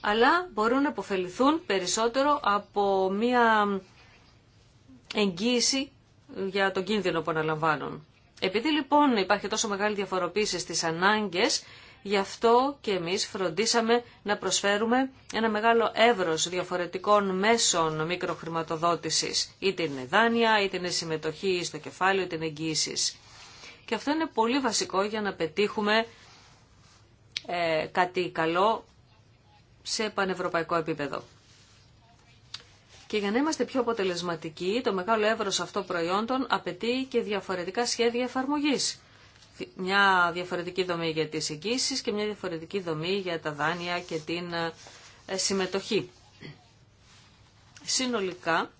αλλά μπορούν να υποφεληθούν περισσότερο από μια εγγύηση για τον κίνδυνο που αναλαμβάνουν. Επειδή λοιπόν υπάρχει τόσο μεγάλη διαφοροποίηση στις ανάγκες, γι' αυτό και εμείς φροντίσαμε να προσφέρουμε ένα μεγάλο εύρος διαφορετικών μέσων μικροχρηματοδότησης, είτε είναι δάνεια, είτε είναι συμμετοχή στο κεφάλαιο, είτε είναι εγγύησης. Και αυτό είναι πολύ βασικό για να πετύχουμε ε, κάτι καλό σε πανευρωπαϊκό επίπεδο. Και για να είμαστε πιο αποτελεσματικοί, το μεγάλο εύρος αυτό προϊόντων απαιτεί και διαφορετικά σχέδια εφαρμογής. Μια διαφορετική δομή για τις εγγύσεις και μια διαφορετική δομή για τα δάνεια και την ε, ε, συμμετοχή. Συνολικά,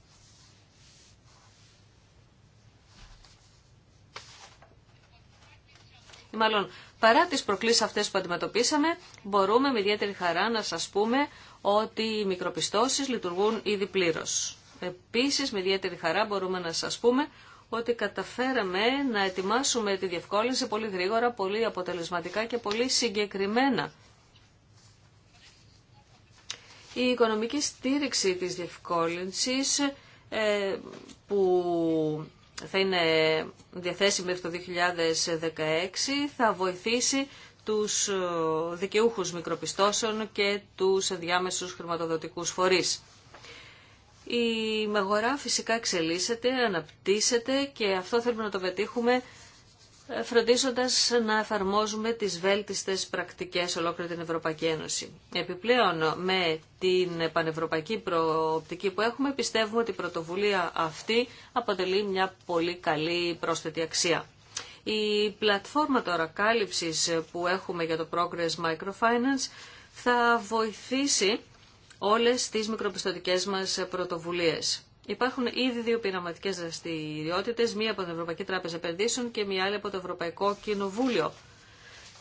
μάλλον Παρά τις προκλήσεις αυτές που αντιμετωπίσαμε, μπορούμε με ιδιαίτερη χαρά να σας πούμε ότι οι μικροπιστώσεις λειτουργούν ήδη πλήρως. Επίσης, με ιδιαίτερη χαρά μπορούμε να σας πούμε ότι καταφέραμε να ετοιμάσουμε τη διευκόλυνση πολύ γρήγορα, πολύ αποτελεσματικά και πολύ συγκεκριμένα. Η οικονομική στήριξη της διευκόλυνσης ε, που θα είναι διαθέσιμη μέχρι το 2016, θα βοηθήσει τους ε, δικαιούχους μικροπιστώσεων και τους ενδιάμεσους χρηματοδοτικούς φορείς. Η μεγορά φυσικά εξελίσσεται, αναπτύσσεται και αυτό θέλουμε να το πετύχουμε φροντίζοντας να εφαρμόζουμε τις βέλτιστες πρακτικές ολόκληρη την Ευρωπαϊκή Ένωση. Επιπλέον, με την πανευρωπαϊκή προοπτική που έχουμε, πιστεύουμε ότι η πρωτοβουλία αυτή αποτελεί μια πολύ καλή πρόσθετη αξία. Η πλατφόρμα τώρα κάλυψης που έχουμε για το Progress Microfinance θα βοηθήσει όλες τις μικροπιστωτικές μας πρωτοβουλίες. Υπάρχουν ήδη δύο πειραματικέ δραστηριότητε, μία από την Ευρωπαϊκή Τράπεζα Επενδύσεων και μία άλλη από το Ευρωπαϊκό Κοινοβούλιο.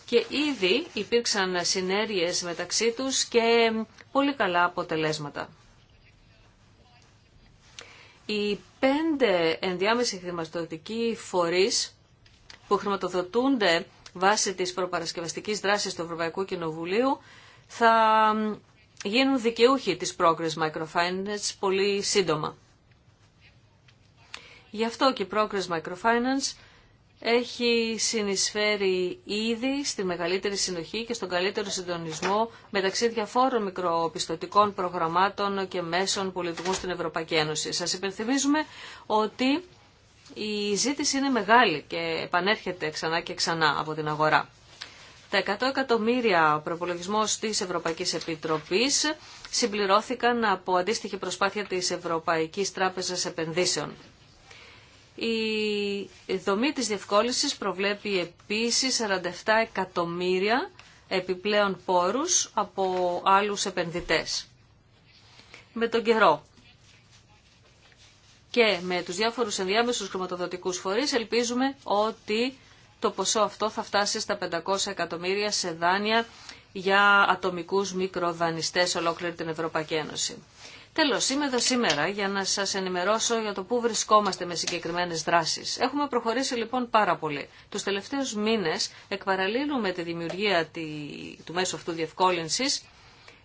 Και ήδη υπήρξαν συνέργειες μεταξύ τους και πολύ καλά αποτελέσματα. Οι πέντε ενδιάμεση χρηματοδοτικοί φορεί που χρηματοδοτούνται βάσει της προπαρασκευαστικής δράσης του Ευρωπαϊκού Κοινοβουλίου θα γίνουν δικαιούχοι της Progress Microfinance πολύ σύντομα. Γι' αυτό και η Progress Microfinance έχει συνεισφέρει ήδη στη μεγαλύτερη συνοχή και στον καλύτερο συντονισμό μεταξύ διαφόρων μικροπιστωτικών προγραμμάτων και μέσων που λειτουργούν στην Ευρωπαϊκή Ένωση. Σας υπενθυμίζουμε ότι η ζήτηση είναι μεγάλη και επανέρχεται ξανά και ξανά από την αγορά. Τα 100 εκατομμύρια προπολογισμό τη Ευρωπαϊκή Επιτροπή συμπληρώθηκαν από αντίστοιχη προσπάθεια τη Ευρωπαϊκή Τράπεζα Επενδύσεων. Η δομή της διευκόλυνσης προβλέπει επίσης 47 εκατομμύρια επιπλέον πόρους από άλλους επενδυτές. Με τον καιρό και με τους διάφορους ενδιάμεσους χρηματοδοτικούς φορείς ελπίζουμε ότι το ποσό αυτό θα φτάσει στα 500 εκατομμύρια σε δάνεια για ατομικούς μικροδανιστές ολόκληρη την Ευρωπαϊκή Ένωση. Τέλος, είμαι εδώ σήμερα για να σας ενημερώσω για το πού βρισκόμαστε με συγκεκριμένες δράσεις. Έχουμε προχωρήσει λοιπόν πάρα πολύ. Τους τελευταίους μήνες, εκ με τη δημιουργία του μέσου αυτού διευκόλυνσης,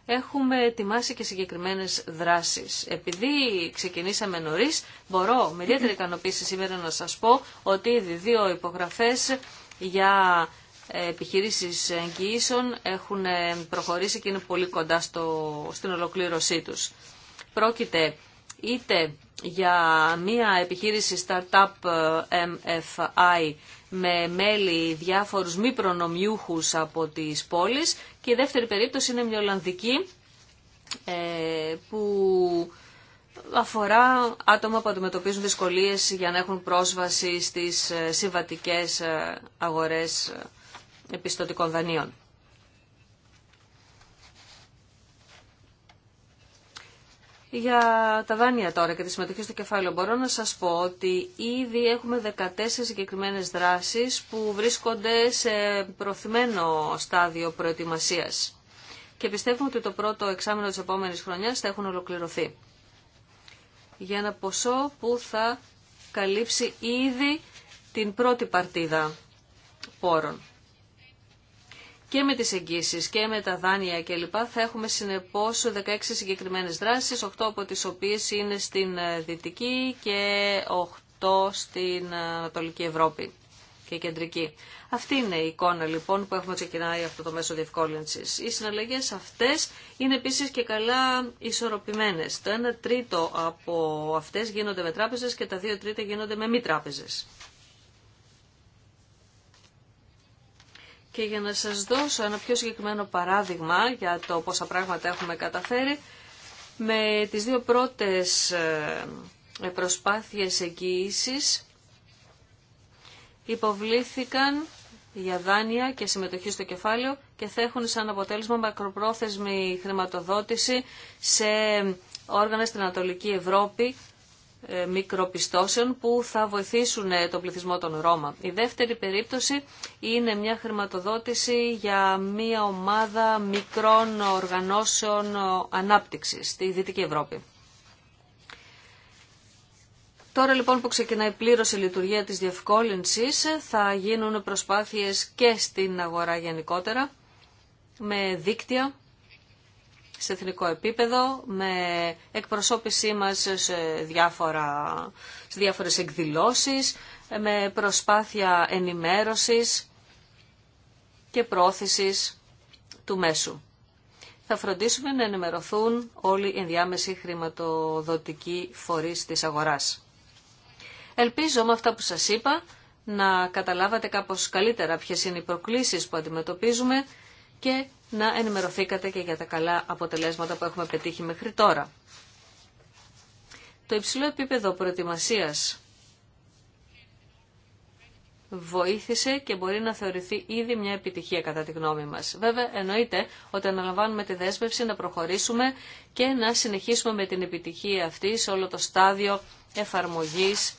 έχουμε ετοιμάσει και συγκεκριμένες δράσεις. Επειδή ξεκινήσαμε νωρίς, μπορώ με ιδιαίτερη ικανοποίηση σήμερα να σας πω ότι ήδη δύο υπογραφές για ε, επιχειρήσεις εγγυήσεων έχουν ε, προχωρήσει και είναι πολύ κοντά στο, στην ολοκλήρωσή τους. Πρόκειται είτε για μία επιχείρηση startup ε, MFI με μέλη διάφορους μη προνομιούχους από τις πόλεις και η δεύτερη περίπτωση είναι μια Ολλανδική ε, που αφορά άτομα που αντιμετωπίζουν δυσκολίες για να έχουν πρόσβαση στις ε, συμβατικές αγορές επιστοτικών δανείων. Για τα δάνεια τώρα και τη συμμετοχή στο κεφάλαιο μπορώ να σας πω ότι ήδη έχουμε 14 συγκεκριμένες δράσεις που βρίσκονται σε προθυμένο στάδιο προετοιμασίας και πιστεύουμε ότι το πρώτο εξάμεινο της επόμενης χρονιάς θα έχουν ολοκληρωθεί για ένα ποσό που θα καλύψει ήδη την πρώτη παρτίδα πόρων και με τις εγγύσεις και με τα δάνεια κλπ. θα έχουμε συνεπώς 16 συγκεκριμένες δράσεις, 8 από τις οποίες είναι στην ε, Δυτική και 8 στην ε, Ανατολική Ευρώπη και Κεντρική. Αυτή είναι η εικόνα λοιπόν που έχουμε ξεκινάει αυτό το μέσο διευκόλυνσης. Οι συναλλαγές αυτές είναι επίσης και καλά ισορροπημένες. Το 1 τρίτο από αυτές γίνονται με τράπεζες και τα 2 τρίτα γίνονται με μη τράπεζες. Και για να σας δώσω ένα πιο συγκεκριμένο παράδειγμα για το πόσα πράγματα έχουμε καταφέρει, με τις δύο πρώτες ε, προσπάθειες εγγύησης υποβλήθηκαν για δάνεια και συμμετοχή στο κεφάλαιο και θα έχουν σαν αποτέλεσμα μακροπρόθεσμη χρηματοδότηση σε όργανα στην Ανατολική Ευρώπη ε, μικροπιστώσεων που θα βοηθήσουν ε, τον πληθυσμό των Ρώμα. Η δεύτερη περίπτωση είναι μια χρηματοδότηση για μια ομάδα μικρών οργανώσεων ε, ανάπτυξης στη Δυτική Ευρώπη. Τώρα λοιπόν που ξεκινάει πλήρως η λειτουργία της διευκόλυνσης θα γίνουν προσπάθειες και στην αγορά γενικότερα με δίκτυα σε εθνικό επίπεδο με εκπροσώπησή μας σε, διάφορα, σε διάφορες εκδηλώσεις, με προσπάθεια ενημέρωσης και πρόθεσης του μέσου. Θα φροντίσουμε να ενημερωθούν όλοι οι ενδιάμεσοι χρηματοδοτικοί φορείς της αγοράς. Ελπίζω με αυτά που σας είπα να καταλάβατε κάπως καλύτερα ποιες είναι οι προκλήσεις που αντιμετωπίζουμε και να ενημερωθήκατε και για τα καλά αποτελέσματα που έχουμε πετύχει μέχρι τώρα. Το υψηλό επίπεδο προετοιμασίας βοήθησε και μπορεί να θεωρηθεί ήδη μια επιτυχία κατά τη γνώμη μας. Βέβαια εννοείται ότι αναλαμβάνουμε τη δέσμευση να προχωρήσουμε και να συνεχίσουμε με την επιτυχία αυτή σε όλο το στάδιο εφαρμογής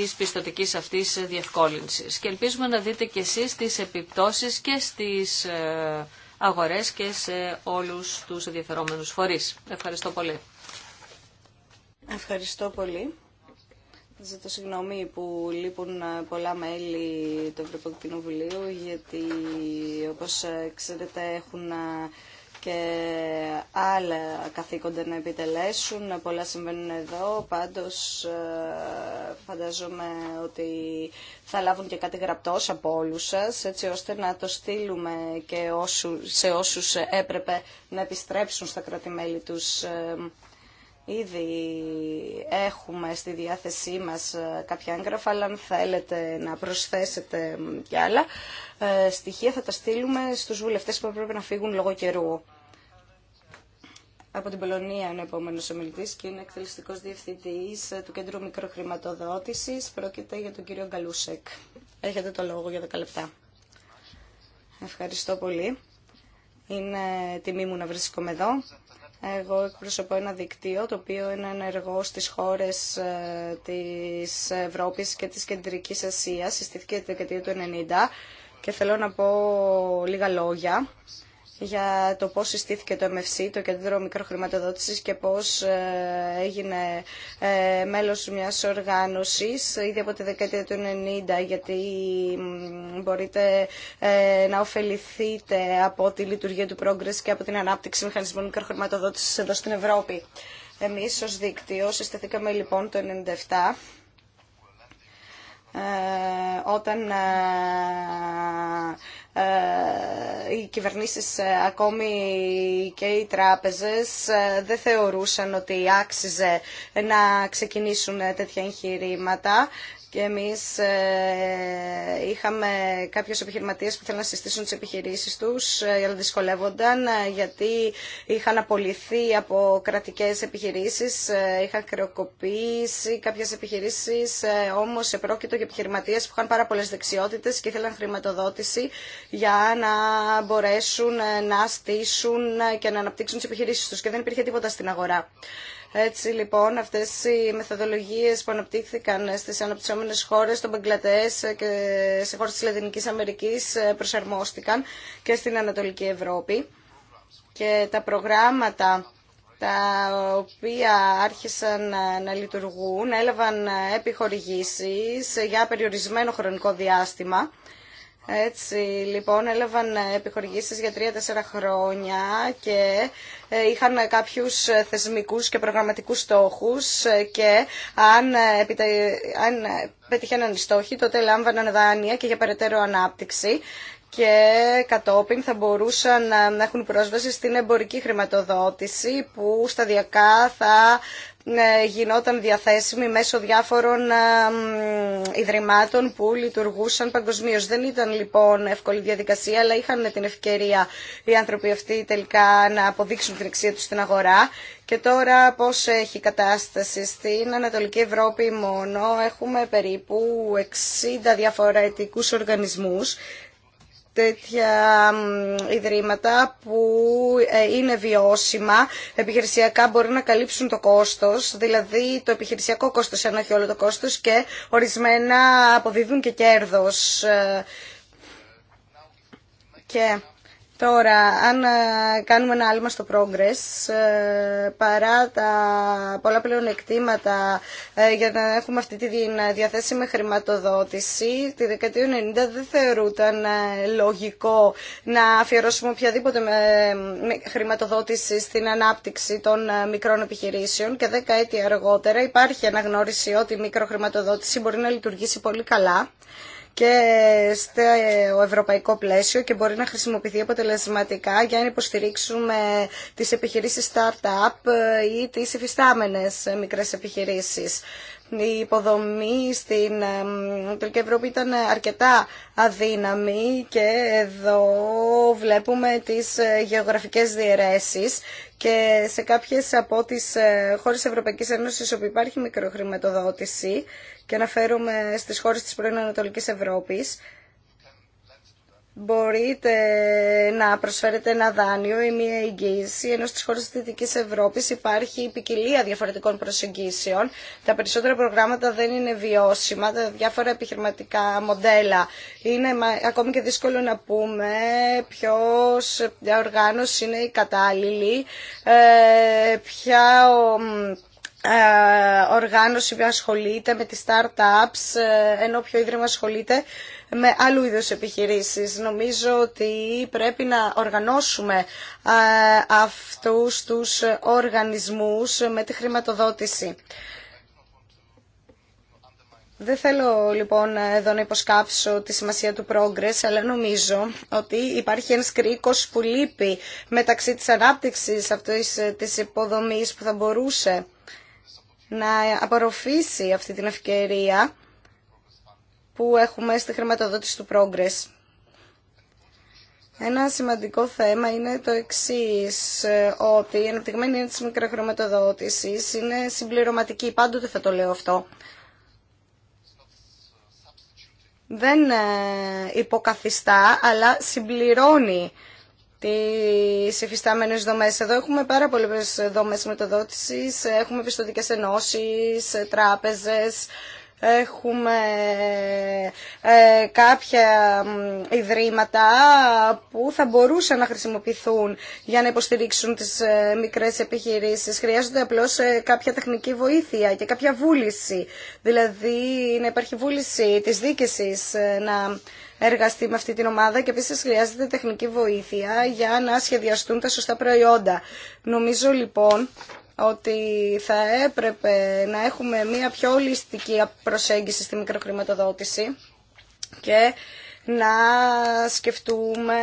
της πιστοτικής αυτής διευκόλυνσης. Και ελπίζουμε να δείτε και εσείς τις επιπτώσεις και στις ε, αγορές και σε όλους τους ενδιαφερόμενους φορείς. Ευχαριστώ πολύ. Ευχαριστώ πολύ. Ζητώ συγγνώμη που λείπουν ε, πολλά μέλη του Ευρωπαϊκού Κοινοβουλίου γιατί όπως ε, ξέρετε έχουν και άλλα καθήκοντα να επιτελέσουν. Πολλά συμβαίνουν εδώ, πάντως ε, φανταζομαι ότι θα λάβουν και κάτι γραπτός από όλους σας, έτσι ώστε να το στείλουμε και σε όσους έπρεπε να επιστρέψουν στα κρατημέλη τους. Ε, Ήδη έχουμε στη διάθεσή μας ε, κάποια έγγραφα, αλλά αν θέλετε να προσθέσετε κι άλλα ε, στοιχεία θα τα στείλουμε στους βουλευτές που πρέπει να φύγουν λόγω καιρού. Από την Πολωνία είναι ο επόμενο ομιλητή και είναι εκτελεστικό διευθυντή ε, του Κέντρου Μικροχρηματοδότηση. Πρόκειται για τον κύριο Γκαλούσεκ. Έχετε το λόγο για 10 λεπτά. Ευχαριστώ πολύ. Είναι τιμή μου να βρίσκομαι εδώ εγώ εκπροσωπώ ένα δικτύο το οποίο είναι ενεργό στις χώρες ε, της Ευρώπης και της Κεντρικής Ασίας. Συστήθηκε τη δεκαετία του 1990 και θέλω να πω λίγα λόγια για το πώς συστήθηκε το MFC, το Κέντρο Μικροχρηματοδότησης και πώς ε, έγινε ε, μέλος μιας οργάνωσης ήδη από τη δεκαετία του 90 γιατί μπορείτε ε, να ωφεληθείτε από τη λειτουργία του Progress και από την ανάπτυξη μηχανισμών μικροχρηματοδότησης εδώ στην Ευρώπη. Εμείς ως δίκτυο συστηθήκαμε λοιπόν το 97 όταν ε, οι κυβερνήσεις ε, ακόμη και οι τράπεζες ε, δεν θεωρούσαν ότι άξιζε να ξεκινήσουν τέτοια εγχειρήματα και εμείς ε, είχαμε κάποιους επιχειρηματίες που θέλουν να συστήσουν τις επιχειρήσεις τους, ε, αλλά δυσκολεύονταν ε, γιατί είχαν απολυθεί από κρατικές επιχειρήσεις, είχαν κρεοκοπήσει κάποιες επιχειρήσεις, όμως επρόκειτο για επιχειρηματίες που είχαν πάρα πολλές δεξιότητες και ήθελαν χρηματοδότηση για να μπορέσουν να στήσουν και να αναπτύξουν τις επιχειρήσεις τους και δεν υπήρχε τίποτα στην αγορά. Έτσι λοιπόν αυτές οι μεθοδολογίες που αναπτύχθηκαν στις αναπτυσσόμενες χώρες, στον Μπαγκλατές και σε χώρες της Λατινικής Αμερικής ε, προσαρμόστηκαν και στην Ανατολική Ευρώπη. Και τα προγράμματα τα οποία άρχισαν να λειτουργούν, έλαβαν επιχορηγήσεις για περιορισμένο χρονικό διάστημα. Έτσι, λοιπόν, έλαβαν επιχορηγήσεις για 3-4 χρόνια και ε, είχαν κάποιους ε, θεσμικούς και προγραμματικούς στόχους ε, και αν, αν πετυχαίναν οι στόχοι τότε λάμβαναν δάνεια και για περαιτέρω ανάπτυξη και κατόπιν θα μπορούσαν να έχουν πρόσβαση στην εμπορική χρηματοδότηση που σταδιακά θα ναι, γινόταν διαθέσιμη μέσω διάφορων ε, ιδρυμάτων που λειτουργούσαν παγκοσμίω. Δεν ήταν λοιπόν εύκολη διαδικασία, αλλά είχαν την ευκαιρία οι άνθρωποι αυτοί τελικά να αποδείξουν την αξία τους στην αγορά. Και τώρα πώς έχει η κατάσταση στην Ανατολική Ευρώπη μόνο έχουμε περίπου 60 διαφορετικούς οργανισμούς τέτοια ιδρύματα που ε, είναι βιώσιμα επιχειρησιακά μπορεί να καλύψουν το κόστος, δηλαδή το επιχειρησιακό κόστος ενώ όχι όλο το κόστος και ορισμένα αποδίδουν και κέρδος. Ε, και Τώρα, αν ε, κάνουμε ένα άλμα στο Progress, ε, παρά τα πολλά πλέον εκτήματα ε, για να έχουμε αυτή τη διαθέσιμη χρηματοδότηση, τη δεκαετία 90 δεν θεωρούταν λογικό να αφιερώσουμε οποιαδήποτε χρηματοδότηση στην ανάπτυξη των μικρών επιχειρήσεων και δέκα έτη αργότερα υπάρχει αναγνώριση ότι η μικροχρηματοδότηση μπορεί να λειτουργήσει πολύ καλά και στο ευρωπαϊκό πλαίσιο και μπορεί να χρησιμοποιηθεί αποτελεσματικά για να υποστηρίξουμε τις επιχειρήσεις startup ή τις υφιστάμενες μικρές επιχειρήσεις η υποδομή στην Ανατολική Ευρώπη ήταν αρκετά αδύναμη και εδώ βλέπουμε τις ε, γεωγραφικές διαιρέσεις και σε κάποιες από τις ε, χώρες Ευρωπαϊκής Ένωσης όπου υπάρχει μικροχρηματοδότηση και αναφέρομαι στις χώρες της πρώην Ανατολικής Ευρώπης μπορείτε να προσφέρετε ένα δάνειο ή μια εγγύηση, ενώ στις χώρες της Δυτικής Ευρώπης υπάρχει ποικιλία διαφορετικών προσεγγίσεων. Τα περισσότερα προγράμματα δεν είναι βιώσιμα, τα διάφορα επιχειρηματικά μοντέλα. Είναι ακόμη και δύσκολο να πούμε ποιος οργάνωση είναι η κατάλληλη, ε, ποια ε, οργάνωση ασχολείται με τις startups, ε, ενώ ποιο ίδρυμα ασχολείται με άλλου είδους επιχειρήσεις. Νομίζω ότι πρέπει να οργανώσουμε αυτούς τους οργανισμούς με τη χρηματοδότηση. Δεν θέλω λοιπόν εδώ να υποσκάψω τη σημασία του progress, αλλά νομίζω ότι υπάρχει ένας κρίκος που λείπει μεταξύ της ανάπτυξης αυτής της υποδομής που θα μπορούσε να απορροφήσει αυτή την ευκαιρία που έχουμε στη χρηματοδότηση του Progress. Ένα σημαντικό θέμα είναι το εξή, ότι η αναπτυγμένη έννοια τη μικροχρηματοδότηση είναι συμπληρωματική. Πάντοτε θα το λέω αυτό. Δεν ε, υποκαθιστά, αλλά συμπληρώνει τις υφιστάμενες δομές. Εδώ έχουμε πάρα πολλέ δομές μετοδότησης, έχουμε πιστοτικές ενώσεις, τράπεζες, Έχουμε ε, κάποια ιδρύματα που θα μπορούσαν να χρησιμοποιηθούν για να υποστηρίξουν τις ε, μικρές επιχειρήσεις. Χρειάζονται απλώς ε, κάποια τεχνική βοήθεια και κάποια βούληση. Δηλαδή να υπάρχει βούληση της δίκησης να εργαστεί με αυτή την ομάδα και επίσης χρειάζεται τεχνική βοήθεια για να σχεδιαστούν τα σωστά προϊόντα. Νομίζω λοιπόν ότι θα έπρεπε να έχουμε μια πιο ολιστική προσέγγιση στη μικροχρηματοδότηση και να σκεφτούμε,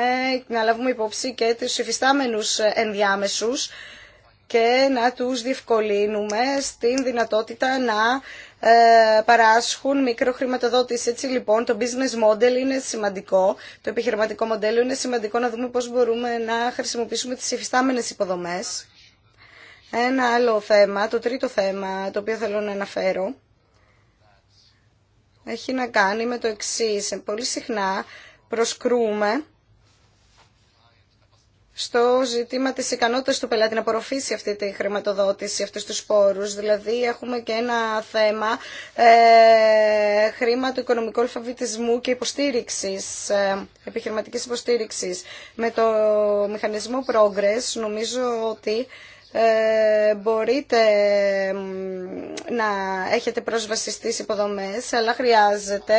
να λάβουμε υπόψη και τους υφιστάμενους ενδιάμεσους και να τους διευκολύνουμε στην δυνατότητα να ε, παράσχουν μικροχρηματοδότηση. Έτσι λοιπόν το business model είναι σημαντικό, το επιχειρηματικό μοντέλο είναι σημαντικό να δούμε πώς μπορούμε να χρησιμοποιήσουμε τις υφιστάμενες υποδομές ένα άλλο θέμα, το τρίτο θέμα το οποίο θέλω να αναφέρω, έχει να κάνει με το εξής. Πολύ συχνά προσκρούμε στο ζήτημα της ικανότητας του πελάτη να απορροφήσει αυτή τη χρηματοδότηση, αυτούς τους πόρους. Δηλαδή έχουμε και ένα θέμα ε, χρήμα του οικονομικού αλφαβητισμού και υποστήριξης, ε, επιχειρηματικής υποστήριξης. Με το μηχανισμό Progress νομίζω ότι ε, μπορείτε να έχετε πρόσβαση στις υποδομές, αλλά χρειάζεται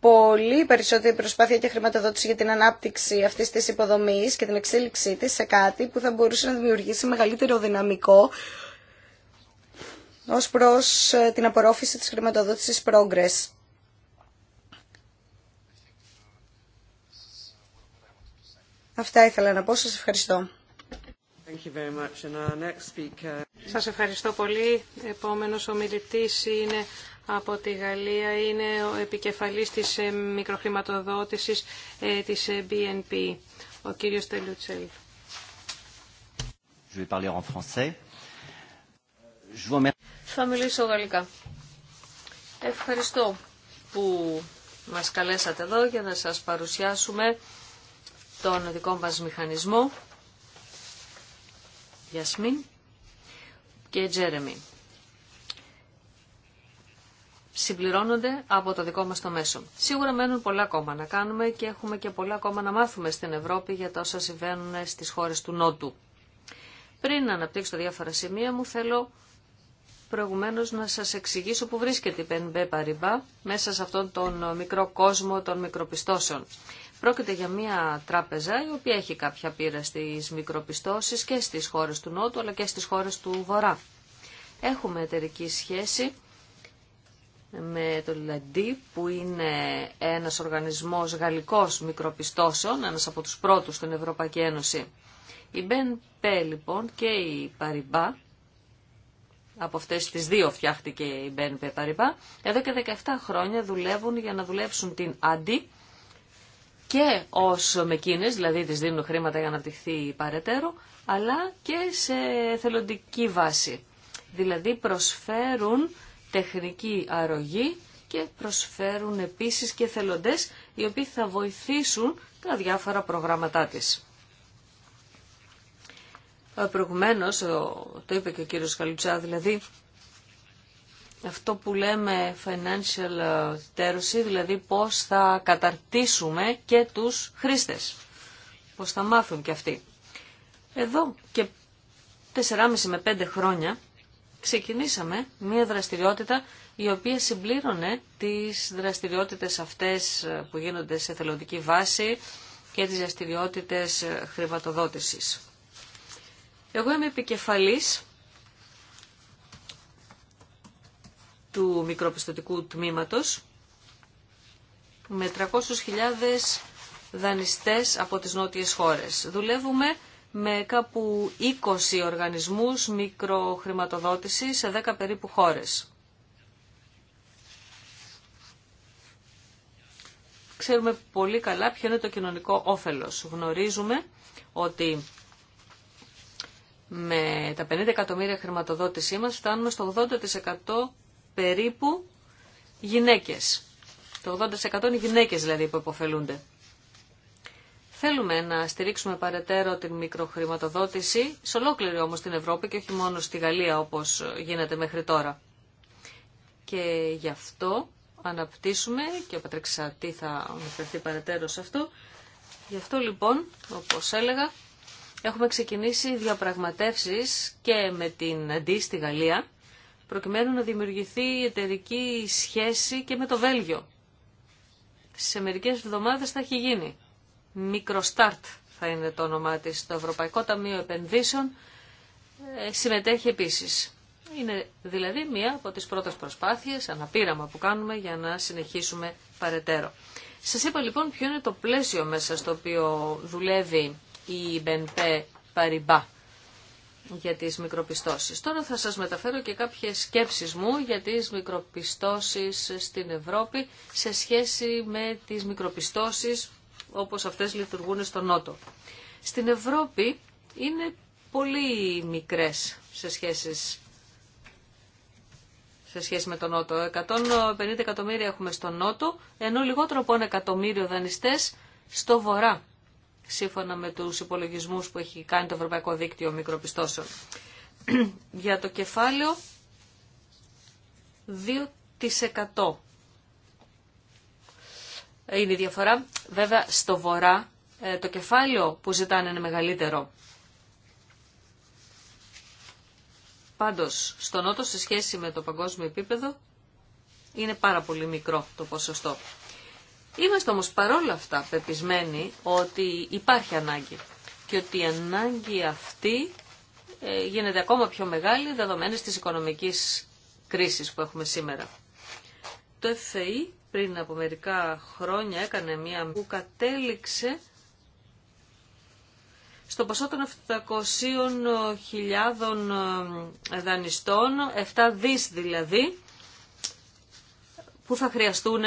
πολύ περισσότερη προσπάθεια και χρηματοδότηση για την ανάπτυξη αυτής της υποδομής και την εξέλιξή της σε κάτι που θα μπορούσε να δημιουργήσει μεγαλύτερο δυναμικό ως προς ε, την απορρόφηση της χρηματοδότησης Progress. Αυτά ήθελα να πω. Σας ευχαριστώ. Σας ευχαριστώ πολύ. Επόμενος ομιλητής είναι από τη Γαλλία, είναι ο επικεφαλής της ε, μικροχρηματοδότησης ε, της ε, BNP, ο κύριος Τελούτσελ. Θα μιλήσω γαλλικά. Ευχαριστώ που μας καλέσατε εδώ για να σας παρουσιάσουμε τον δικό μας μηχανισμό Γιασμίν και Τζέρεμι. Συμπληρώνονται από το δικό μας το μέσο. Σίγουρα μένουν πολλά ακόμα να κάνουμε και έχουμε και πολλά ακόμα να μάθουμε στην Ευρώπη για τα όσα συμβαίνουν στις χώρες του Νότου. Πριν να αναπτύξω τα διάφορα σημεία μου θέλω προηγουμένως να σας εξηγήσω που βρίσκεται η ΠΕΝΜΠΕ Παριμπά μέσα σε αυτόν τον μικρό κόσμο των μικροπιστώσεων. Πρόκειται για μια τράπεζα η οποία έχει κάποια πείρα στις μικροπιστώσεις και στις χώρες του Νότου αλλά και στις χώρες του Βορρά. Έχουμε εταιρική σχέση με το Λαντί που είναι ένας οργανισμός γαλλικός μικροπιστώσεων, ένας από τους πρώτους στην Ευρωπαϊκή Ένωση. Η Μπεν λοιπόν και η Παριμπά, από αυτές τις δύο φτιάχτηκε η Μπεν Παριμπά, εδώ και 17 χρόνια δουλεύουν για να δουλέψουν την Αντί και ως μεκίνες, δηλαδή τις δίνουν χρήματα για να αναπτυχθεί παρετέρω, αλλά και σε θελοντική βάση. Δηλαδή προσφέρουν τεχνική αρρωγή και προσφέρουν επίσης και θελοντές οι οποίοι θα βοηθήσουν τα διάφορα προγράμματά της. Ε, προηγουμένως, το είπε και ο κύριος Καλουτσά, δηλαδή αυτό που λέμε financial ε, literacy, δηλαδή πώς θα καταρτήσουμε και τους χρήστες, πώς θα μάθουν και αυτοί. Εδώ και 4,5 με 5 χρόνια ξεκινήσαμε μία δραστηριότητα η οποία συμπλήρωνε τις δραστηριότητες αυτές ε, που γίνονται σε θελοντική βάση και τις δραστηριότητες ε, χρηματοδότησης. Εγώ είμαι επικεφαλής του μικροπιστωτικού τμήματος με 300.000 δανειστές από τις νότιες χώρες. Δουλεύουμε με κάπου 20 οργανισμούς μικροχρηματοδότησης σε 10 περίπου χώρες. Ξέρουμε πολύ καλά ποιο είναι το κοινωνικό όφελος. Γνωρίζουμε ότι με τα 50 εκατομμύρια χρηματοδότησή μας φτάνουμε στο 80% περίπου γυναίκες. Το 80% είναι γυναίκες δηλαδή που υποφελούνται. Θέλουμε να στηρίξουμε παρετέρω την μικροχρηματοδότηση σε ολόκληρη όμως την Ευρώπη και όχι μόνο στη Γαλλία όπως γίνεται μέχρι τώρα. Και γι' αυτό αναπτύσσουμε, και ο τι θα αναφερθεί παρετέρω σε αυτό, γι' αυτό λοιπόν, όπως έλεγα, έχουμε ξεκινήσει διαπραγματεύσεις και με την Αντί στη Γαλλία, προκειμένου να δημιουργηθεί η εταιρική σχέση και με το Βέλγιο. Σε μερικές εβδομάδες θα έχει γίνει. Μικροστάρτ θα είναι το όνομά της. Το Ευρωπαϊκό Ταμείο Επενδύσεων ε, συμμετέχει επίσης. Είναι δηλαδή μία από τις πρώτες προσπάθειες, αναπήραμα που κάνουμε για να συνεχίσουμε παρετέρω. Σας είπα λοιπόν ποιο είναι το πλαίσιο μέσα στο οποίο δουλεύει η παριμπά για τις μικροπιστώσεις. Τώρα θα σας μεταφέρω και κάποιες σκέψεις μου για τις μικροπιστώσεις στην Ευρώπη σε σχέση με τις μικροπιστώσεις όπως αυτές λειτουργούν στον Νότο. Στην Ευρώπη είναι πολύ μικρές σε σχέσεις σε σχέση με τον Νότο. 150 εκατομμύρια έχουμε στον Νότο, ενώ λιγότερο από ένα εκατομμύριο δανειστές στο Βορρά σύμφωνα με τους υπολογισμούς που έχει κάνει το Ευρωπαϊκό Δίκτυο Μικροπιστώσεων. Για το κεφάλαιο 2% είναι η διαφορά. Βέβαια στο βορρά ε, το κεφάλαιο που ζητάνε είναι μεγαλύτερο. Πάντως, στο νότο σε σχέση με το παγκόσμιο επίπεδο είναι πάρα πολύ μικρό το ποσοστό. Είμαστε όμως παρόλα αυτά πεπισμένοι ότι υπάρχει ανάγκη και ότι η ανάγκη αυτή ε, γίνεται ακόμα πιο μεγάλη δεδομένες της οικονομικής κρίσης που έχουμε σήμερα. Το ΕΦΕΗ πριν από μερικά χρόνια έκανε μία που κατέληξε στο ποσό των 700.000 ε, δανειστών, 7 δις δηλαδή, που θα χρειαστούν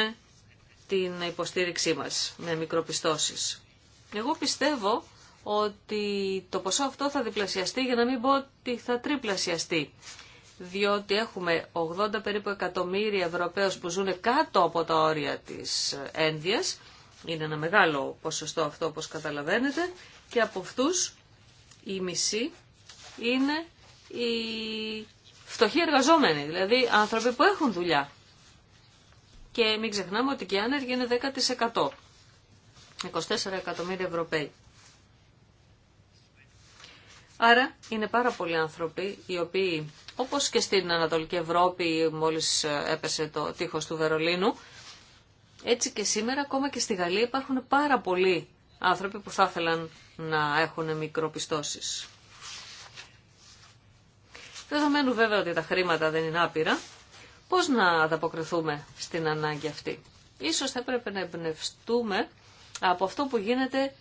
την υποστήριξή μας με μικροπιστώσεις. Εγώ πιστεύω ότι το ποσό αυτό θα διπλασιαστεί για να μην πω ότι θα τριπλασιαστεί διότι έχουμε 80 περίπου εκατομμύρια Ευρωπαίους που ζουν κάτω από τα όρια της ένδυας. Είναι ένα μεγάλο ποσοστό αυτό όπως καταλαβαίνετε και από αυτούς η μισή είναι οι φτωχοί εργαζόμενοι, δηλαδή άνθρωποι που έχουν δουλειά. Και μην ξεχνάμε ότι και οι άνεργοι είναι 10%. 24 εκατομμύρια Ευρωπαίοι. Άρα είναι πάρα πολλοί άνθρωποι οι οποίοι, όπως και στην Ανατολική Ευρώπη μόλις έπεσε το τείχος του Βερολίνου, έτσι και σήμερα ακόμα και στη Γαλλία υπάρχουν πάρα πολλοί άνθρωποι που θα ήθελαν να έχουν μικροπιστώσεις. Δεδομένου βέβαια ότι τα χρήματα δεν είναι άπειρα, Πώς να ανταποκριθούμε στην ανάγκη αυτή. Ίσως θα έπρεπε να εμπνευστούμε από αυτό που γίνεται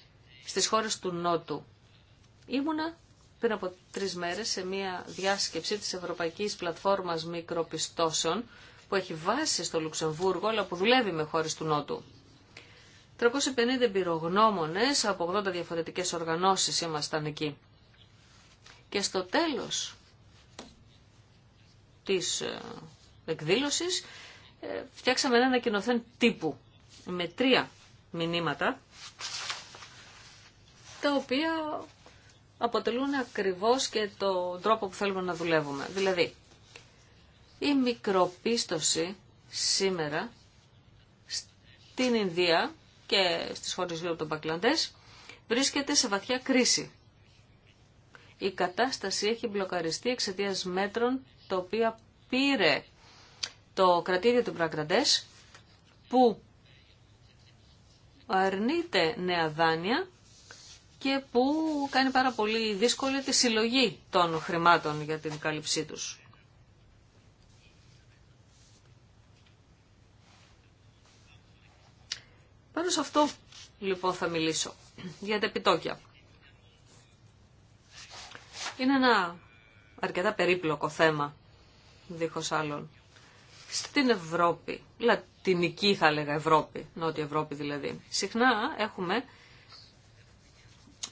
στις χώρες του Νότου. Ήμουνα πριν από τρεις μέρες σε μια διάσκεψη της Ευρωπαϊκής Πλατφόρμας Μικροπιστώσεων που έχει βάση στο Λουξεμβούργο αλλά που δουλεύει με χώρες του Νότου. 350 εμπειρογνώμονες από 80 διαφορετικές οργανώσεις ήμασταν εκεί. Και στο τέλος της ε, Εκδήλωση, ε, φτιάξαμε ένα ανακοινωθέν τύπου με τρία μηνύματα, τα οποία αποτελούν ακριβώς και τον τρόπο που θέλουμε να δουλεύουμε. Δηλαδή, η μικροπίστοση σήμερα στην Ινδία και στις χώρες γύρω από τον βρίσκεται σε βαθιά κρίση. Η κατάσταση έχει μπλοκαριστεί εξαιτίας μέτρων τα οποία πήρε το κρατήριο του Μπραγκραντές που αρνείται νέα δάνεια και που κάνει πάρα πολύ δύσκολη τη συλλογή των χρημάτων για την κάλυψή τους. Πάνω σε αυτό λοιπόν θα μιλήσω για τα επιτόκια. Είναι ένα αρκετά περίπλοκο θέμα δίχως άλλων στην Ευρώπη, λατινική θα έλεγα Ευρώπη, νότια Ευρώπη δηλαδή. Συχνά έχουμε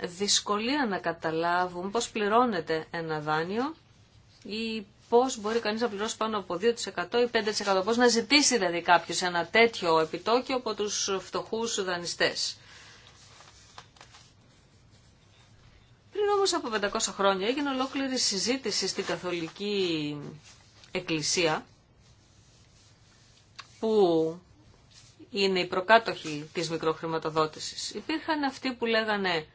δυσκολία να καταλάβουν πώς πληρώνεται ένα δάνειο ή πώς μπορεί κανείς να πληρώσει πάνω από 2% ή 5%. Πώς να ζητήσει δηλαδή κάποιος ένα τέτοιο επιτόκιο από τους φτωχούς δανειστές. Πριν όμως από 500 χρόνια έγινε ολόκληρη συζήτηση στην Καθολική Εκκλησία που είναι οι προκάτοχοι της μικροχρηματοδότησης. Υπήρχαν αυτοί που λέγανε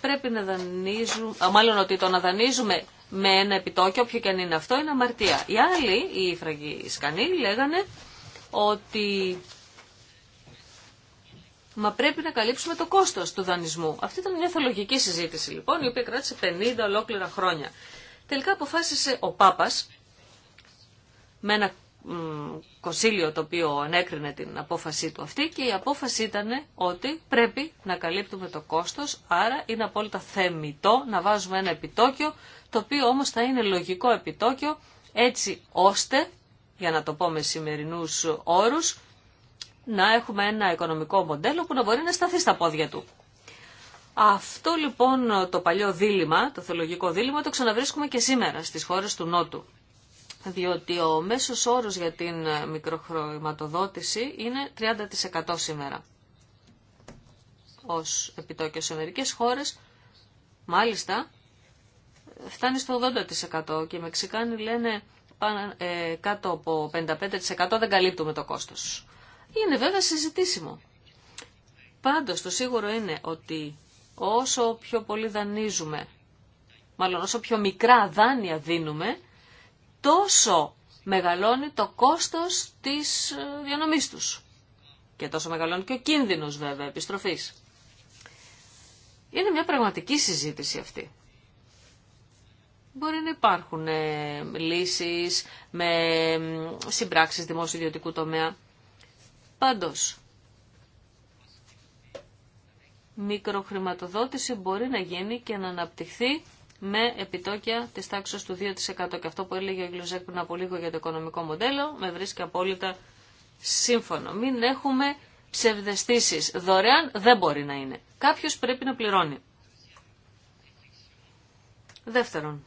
πρέπει να δανείζουμε, α, μάλλον ότι το να δανείζουμε με ένα επιτόκιο, όποιο και αν είναι αυτό, είναι αμαρτία. Οι άλλοι, οι φραγισκανοί, λέγανε ότι μα πρέπει να καλύψουμε το κόστος του δανεισμού. Αυτή ήταν μια θεολογική συζήτηση λοιπόν, η οποία κράτησε 50 ολόκληρα χρόνια. Τελικά αποφάσισε ο Πάπας με ένα κοσίλιο το οποίο ανέκρινε την απόφασή του αυτή και η απόφαση ήταν ότι πρέπει να καλύπτουμε το κόστος, άρα είναι απόλυτα θεμητό να βάζουμε ένα επιτόκιο, το οποίο όμως θα είναι λογικό επιτόκιο, έτσι ώστε, για να το πω με σημερινού όρους, να έχουμε ένα οικονομικό μοντέλο που να μπορεί να σταθεί στα πόδια του. Αυτό λοιπόν το παλιό δίλημα, το θεολογικό δίλημα, το ξαναβρίσκουμε και σήμερα στις χώρες του Νότου διότι ο μέσος όρος για την μικροχρηματοδότηση είναι 30% σήμερα ως επιτόκιο σε μερικές χώρες, μάλιστα φτάνει στο 80% και οι Μεξικάνοι λένε ε, κάτω από 55% δεν καλύπτουμε το κόστος. Είναι βέβαια συζητήσιμο. Πάντως το σίγουρο είναι ότι όσο πιο πολύ δανείζουμε, μάλλον όσο πιο μικρά δάνεια δίνουμε, τόσο μεγαλώνει το κόστος της ε, διανομής τους. Και τόσο μεγαλώνει και ο κίνδυνος βέβαια επιστροφής. Είναι μια πραγματική συζήτηση αυτή. Μπορεί να υπάρχουν ε, λύσεις με συμπράξεις δημόσιο ιδιωτικού τομέα. Πάντως, μικροχρηματοδότηση μπορεί να γίνει και να αναπτυχθεί με επιτόκια τη τάξη του 2%. Και αυτό που έλεγε ο Γκλουζέκ πριν από λίγο για το οικονομικό μοντέλο με βρίσκει απόλυτα σύμφωνο. Μην έχουμε ψευδεστήσεις. Δωρεάν δεν μπορεί να είναι. Κάποιο πρέπει να πληρώνει. Δεύτερον,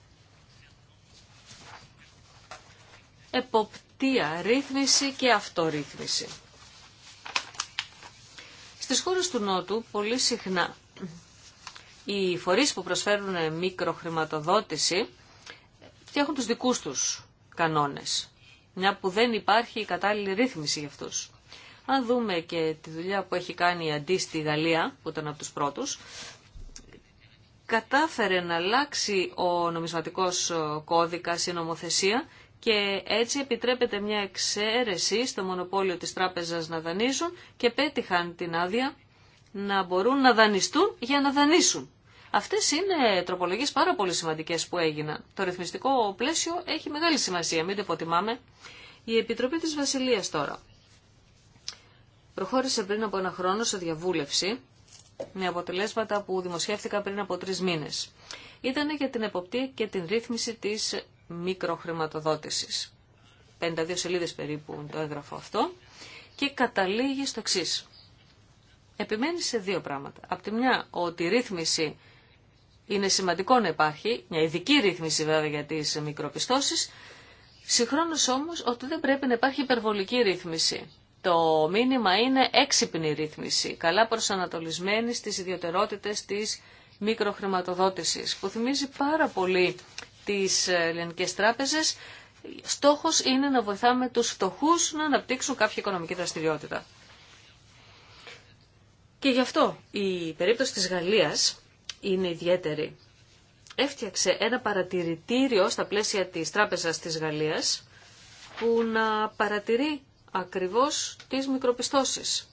εποπτεία, ρύθμιση και αυτορύθμιση. Στις χώρες του Νότου πολύ συχνά οι φορείς που προσφέρουν μικροχρηματοδότηση φτιάχνουν τους δικούς τους κανόνες, μια που δεν υπάρχει η κατάλληλη ρύθμιση για αυτούς. Αν δούμε και τη δουλειά που έχει κάνει η Αντί στη Γαλλία, που ήταν από τους πρώτους, κατάφερε να αλλάξει ο νομισματικός κώδικας, η νομοθεσία και έτσι επιτρέπεται μια εξαίρεση στο μονοπόλιο της τράπεζας να δανείζουν και πέτυχαν την άδεια να μπορούν να δανειστούν για να δανείσουν. Αυτέ είναι τροπολογίες πάρα πολύ σημαντικέ που έγιναν. Το ρυθμιστικό πλαίσιο έχει μεγάλη σημασία, μην το υποτιμάμε. Η Επιτροπή τη Βασιλεία τώρα προχώρησε πριν από ένα χρόνο σε διαβούλευση με αποτελέσματα που δημοσιεύτηκαν πριν από τρει μήνε. Ήταν για την εποπτεία και την ρύθμιση της μικροχρηματοδότησης. 52 σελίδε περίπου το έγγραφο αυτό και καταλήγει στο εξή. Επιμένει σε δύο πράγματα. Απ' τη μια ότι η ρύθμιση είναι σημαντικό να υπάρχει μια ειδική ρύθμιση βέβαια για τις μικροπιστώσεις, συγχρόνως όμως ότι δεν πρέπει να υπάρχει υπερβολική ρύθμιση. Το μήνυμα είναι έξυπνη ρύθμιση, καλά προσανατολισμένη στις ιδιωτερότητες της μικροχρηματοδότησης, που θυμίζει πάρα πολύ τις ε, ελληνικές τράπεζες. Στόχος είναι να βοηθάμε τους φτωχούς να αναπτύξουν κάποια οικονομική δραστηριότητα. Και γι' αυτό η περίπτωση της Γαλλίας είναι ιδιαίτερη. Έφτιαξε ένα παρατηρητήριο στα πλαίσια της Τράπεζας της Γαλλίας που να παρατηρεί ακριβώς τις μικροπιστώσεις.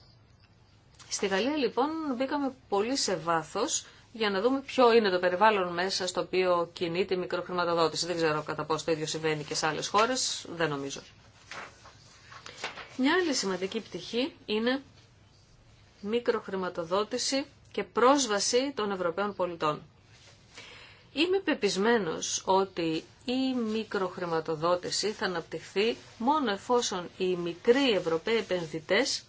Στη Γαλλία λοιπόν μπήκαμε πολύ σε βάθος για να δούμε ποιο είναι το περιβάλλον μέσα στο οποίο κινείται η μικροχρηματοδότηση. Δεν ξέρω κατά πόσο το ίδιο συμβαίνει και σε άλλες χώρες, δεν νομίζω. Μια άλλη σημαντική πτυχή είναι μικροχρηματοδότηση και πρόσβαση των Ευρωπαίων πολιτών. Είμαι πεπισμένος ότι η μικροχρηματοδότηση θα αναπτυχθεί μόνο εφόσον οι μικροί Ευρωπαίοι επενδυτές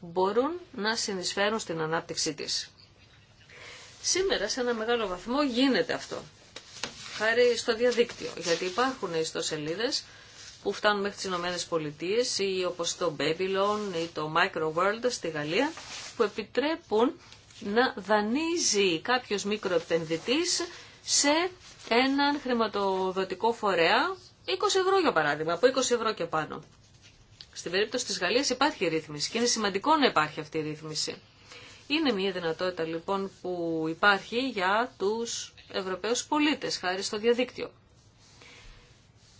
μπορούν να συνεισφέρουν στην ανάπτυξή της. Σήμερα σε ένα μεγάλο βαθμό γίνεται αυτό, χάρη στο διαδίκτυο, γιατί υπάρχουν ιστοσελίδες που φτάνουν μέχρι τις Ηνωμένες Πολιτείες ή όπως το Babylon ή το Microworld στη Γαλλία που επιτρέπουν να δανείζει κάποιος μικροεπενδυτής σε έναν χρηματοδοτικό φορέα 20 ευρώ για παράδειγμα, από 20 ευρώ και πάνω. Στην περίπτωση της Γαλλίας υπάρχει ρύθμιση και είναι σημαντικό να υπάρχει αυτή η ρύθμιση. Είναι μια δυνατότητα λοιπόν που υπάρχει για τους Ευρωπαίους πολίτες χάρη στο διαδίκτυο.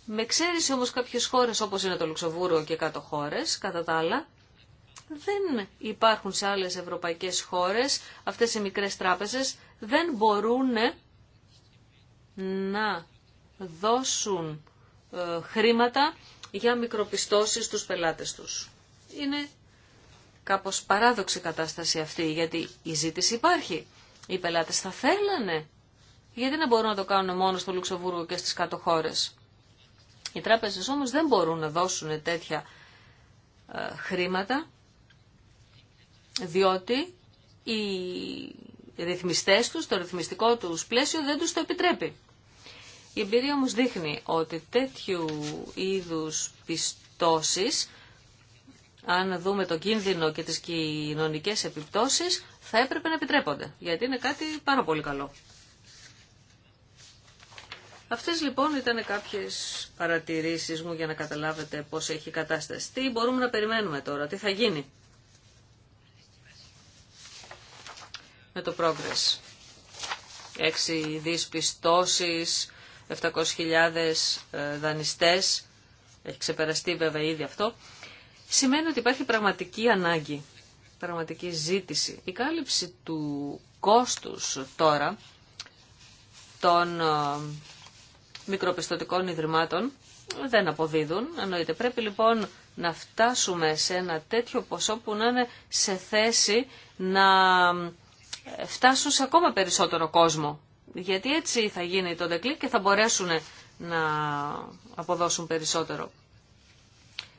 Με ξέρεις όμως κάποιες χώρες όπως είναι το Λουξεμβούργο και κάτω χώρες, κατά τα άλλα, δεν υπάρχουν σε άλλες ευρωπαϊκές χώρες. Αυτές οι μικρές τράπεζες δεν μπορούν ε, να δώσουν ε, χρήματα για μικροπιστώσεις στους πελάτες τους. Είναι κάπως παράδοξη κατάσταση αυτή, γιατί η ζήτηση υπάρχει. Οι πελάτες θα θέλανε. Γιατί να μπορούν να το κάνουν μόνο στο Λουξεμβούργο και στις κάτω χώρες. Οι τράπεζες όμως δεν μπορούν να δώσουν τέτοια ε, χρήματα διότι οι ρυθμιστές τους, το ρυθμιστικό τους πλαίσιο δεν τους το επιτρέπει. Η εμπειρία όμως δείχνει ότι τέτοιου είδους πιστώσεις, αν δούμε το κίνδυνο και τις κοινωνικές επιπτώσεις, θα έπρεπε να επιτρέπονται, γιατί είναι κάτι πάρα πολύ καλό. Αυτές λοιπόν ήταν κάποιες παρατηρήσεις μου για να καταλάβετε πώς έχει η Τι μπορούμε να περιμένουμε τώρα, τι θα γίνει. με το Progress. Έξι δις πιστώσεις, 700.000 ε, δανειστές, έχει ξεπεραστεί βέβαια ήδη αυτό, σημαίνει ότι υπάρχει πραγματική ανάγκη, πραγματική ζήτηση. Η κάλυψη του κόστους τώρα των ε, μικροπιστωτικών ιδρυμάτων δεν αποδίδουν, εννοείται. Πρέπει λοιπόν να φτάσουμε σε ένα τέτοιο ποσό που να είναι σε θέση να φτάσουν σε ακόμα περισσότερο κόσμο. Γιατί έτσι θα γίνει το ντεκλίκ και θα μπορέσουν να αποδώσουν περισσότερο.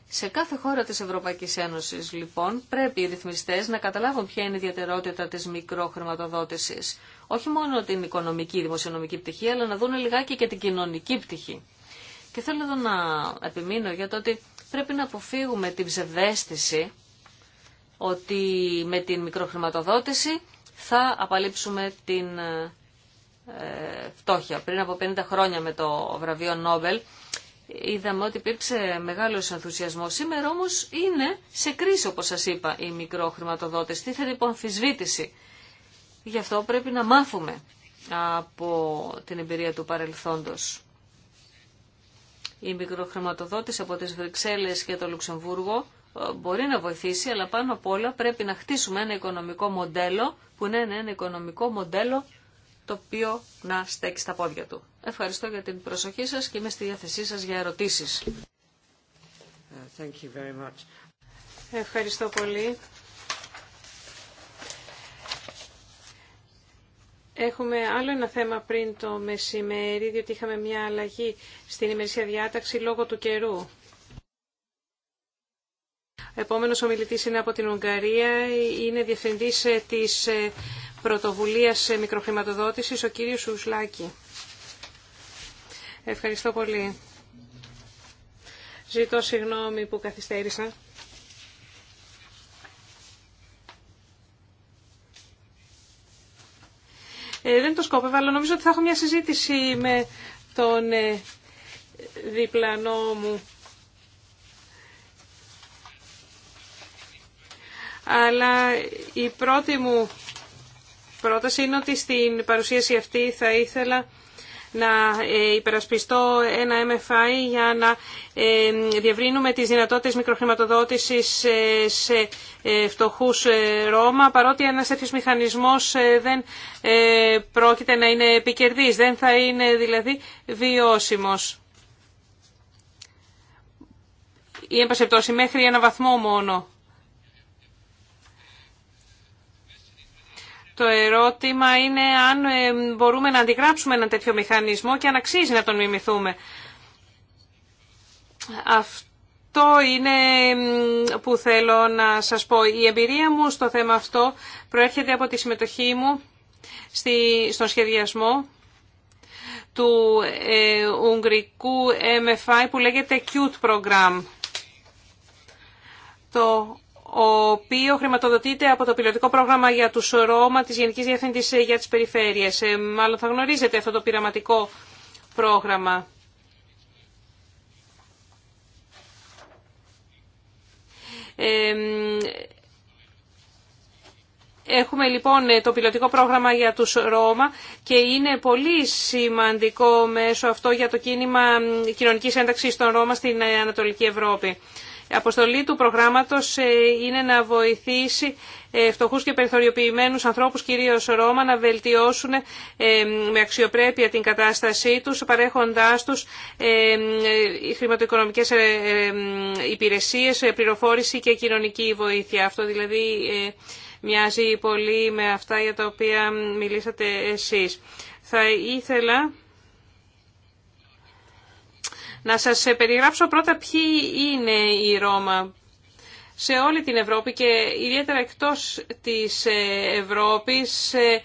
Σε κάθε χώρα της Ευρωπαϊκής Ένωσης, λοιπόν, πρέπει οι ρυθμιστές να καταλάβουν ποια είναι η ιδιαιτερότητα της μικροχρηματοδότησης. Όχι μόνο την οικονομική, δημοσιονομική πτυχή, αλλά να δουν λιγάκι και την κοινωνική πτυχή. Και θέλω εδώ να επιμείνω για το ότι πρέπει να αποφύγουμε την ψευδέστηση ότι με την μικροχρηματοδότηση θα απαλείψουμε την ε, φτώχεια. Πριν από 50 χρόνια με το βραβείο Νόμπελ είδαμε ότι υπήρξε μεγάλο ενθουσιασμός. Σήμερα όμως είναι σε κρίση όπως σας είπα οι Τι θέλει, υπό λοιπόν αμφισβήτηση. Γι' αυτό πρέπει να μάθουμε από την εμπειρία του παρελθόντος. η μικροχρηματοδότηση από τις Βρυξέλλες και το Λουξεμβούργο μπορεί να βοηθήσει, αλλά πάνω απ' όλα πρέπει να χτίσουμε ένα οικονομικό μοντέλο που να είναι ένα οικονομικό μοντέλο το οποίο να στέκει στα πόδια του. Ευχαριστώ για την προσοχή σας και είμαι στη διάθεσή σας για ερωτήσεις. Ε, Ευχαριστώ πολύ. Έχουμε άλλο ένα θέμα πριν το μεσημέρι, διότι είχαμε μια αλλαγή στην ημερησία διάταξη λόγω του καιρού. Επόμενος ομιλητής είναι από την Ουγγαρία, είναι διευθυντής ε, της ε, πρωτοβουλίας ε, μικροχρηματοδότησης, ο κύριος Ουσλάκη. Ευχαριστώ πολύ. Ζητώ συγγνώμη που καθυστέρησα. Ε, δεν το σκόπευα, αλλά νομίζω ότι θα έχω μια συζήτηση με τον διπλανό μου. αλλά η πρώτη μου πρόταση είναι ότι στην παρουσίαση αυτή θα ήθελα να ε, υπερασπιστώ ένα MFI για να ε, διευρύνουμε τις δυνατότητες μικροχρηματοδότησης ε, σε φτωχούς Ρώμα, παρότι ένα τέτοιο μηχανισμός δεν πρόκειται να είναι επικερδής, δεν θα είναι δηλαδή βιώσιμος. Ή, εν μέχρι ένα βαθμό μόνο. Το ερώτημα είναι αν ε, μπορούμε να αντιγράψουμε ένα τέτοιο μηχανισμό και αν αξίζει να τον μιμηθούμε. Αυτό είναι που θέλω να σας πω. Η εμπειρία μου στο θέμα αυτό προέρχεται από τη συμμετοχή μου στον σχεδιασμό του ε, Ουγγρικού MFI που λέγεται CUTE Program. Το ...ο οποίο χρηματοδοτείται από το πιλωτικό πρόγραμμα για τους Ρώμα της Γενικής Διεύθυντης για τις Περιφέρειες. Ε, μάλλον θα γνωρίζετε αυτό το πειραματικό πρόγραμμα. Ε, έχουμε λοιπόν ε, το πιλωτικό πρόγραμμα για τους Ρώμα και είναι πολύ σημαντικό μέσω αυτό για το κίνημα κοινωνικής ένταξης των Ρώμα στην Ανατολική Ευρώπη αποστολή του προγράμματος ε, είναι να βοηθήσει ε, φτωχούς και περιθωριοποιημένους ανθρώπους, κυρίως Ρώμα, να βελτιώσουν ε, με αξιοπρέπεια την κατάστασή τους, παρέχοντάς τους χρηματοοικονομικές υπηρεσίες, πληροφόρηση και κοινωνική βοήθεια. Αυτό δηλαδή μοιάζει πολύ με αυτά για τα οποία μιλήσατε εσείς. Θα ήθελα να σας περιγράψω πρώτα ποιοι είναι οι Ρώμα σε όλη την Ευρώπη και ιδιαίτερα εκτός της Ευρώπης ε,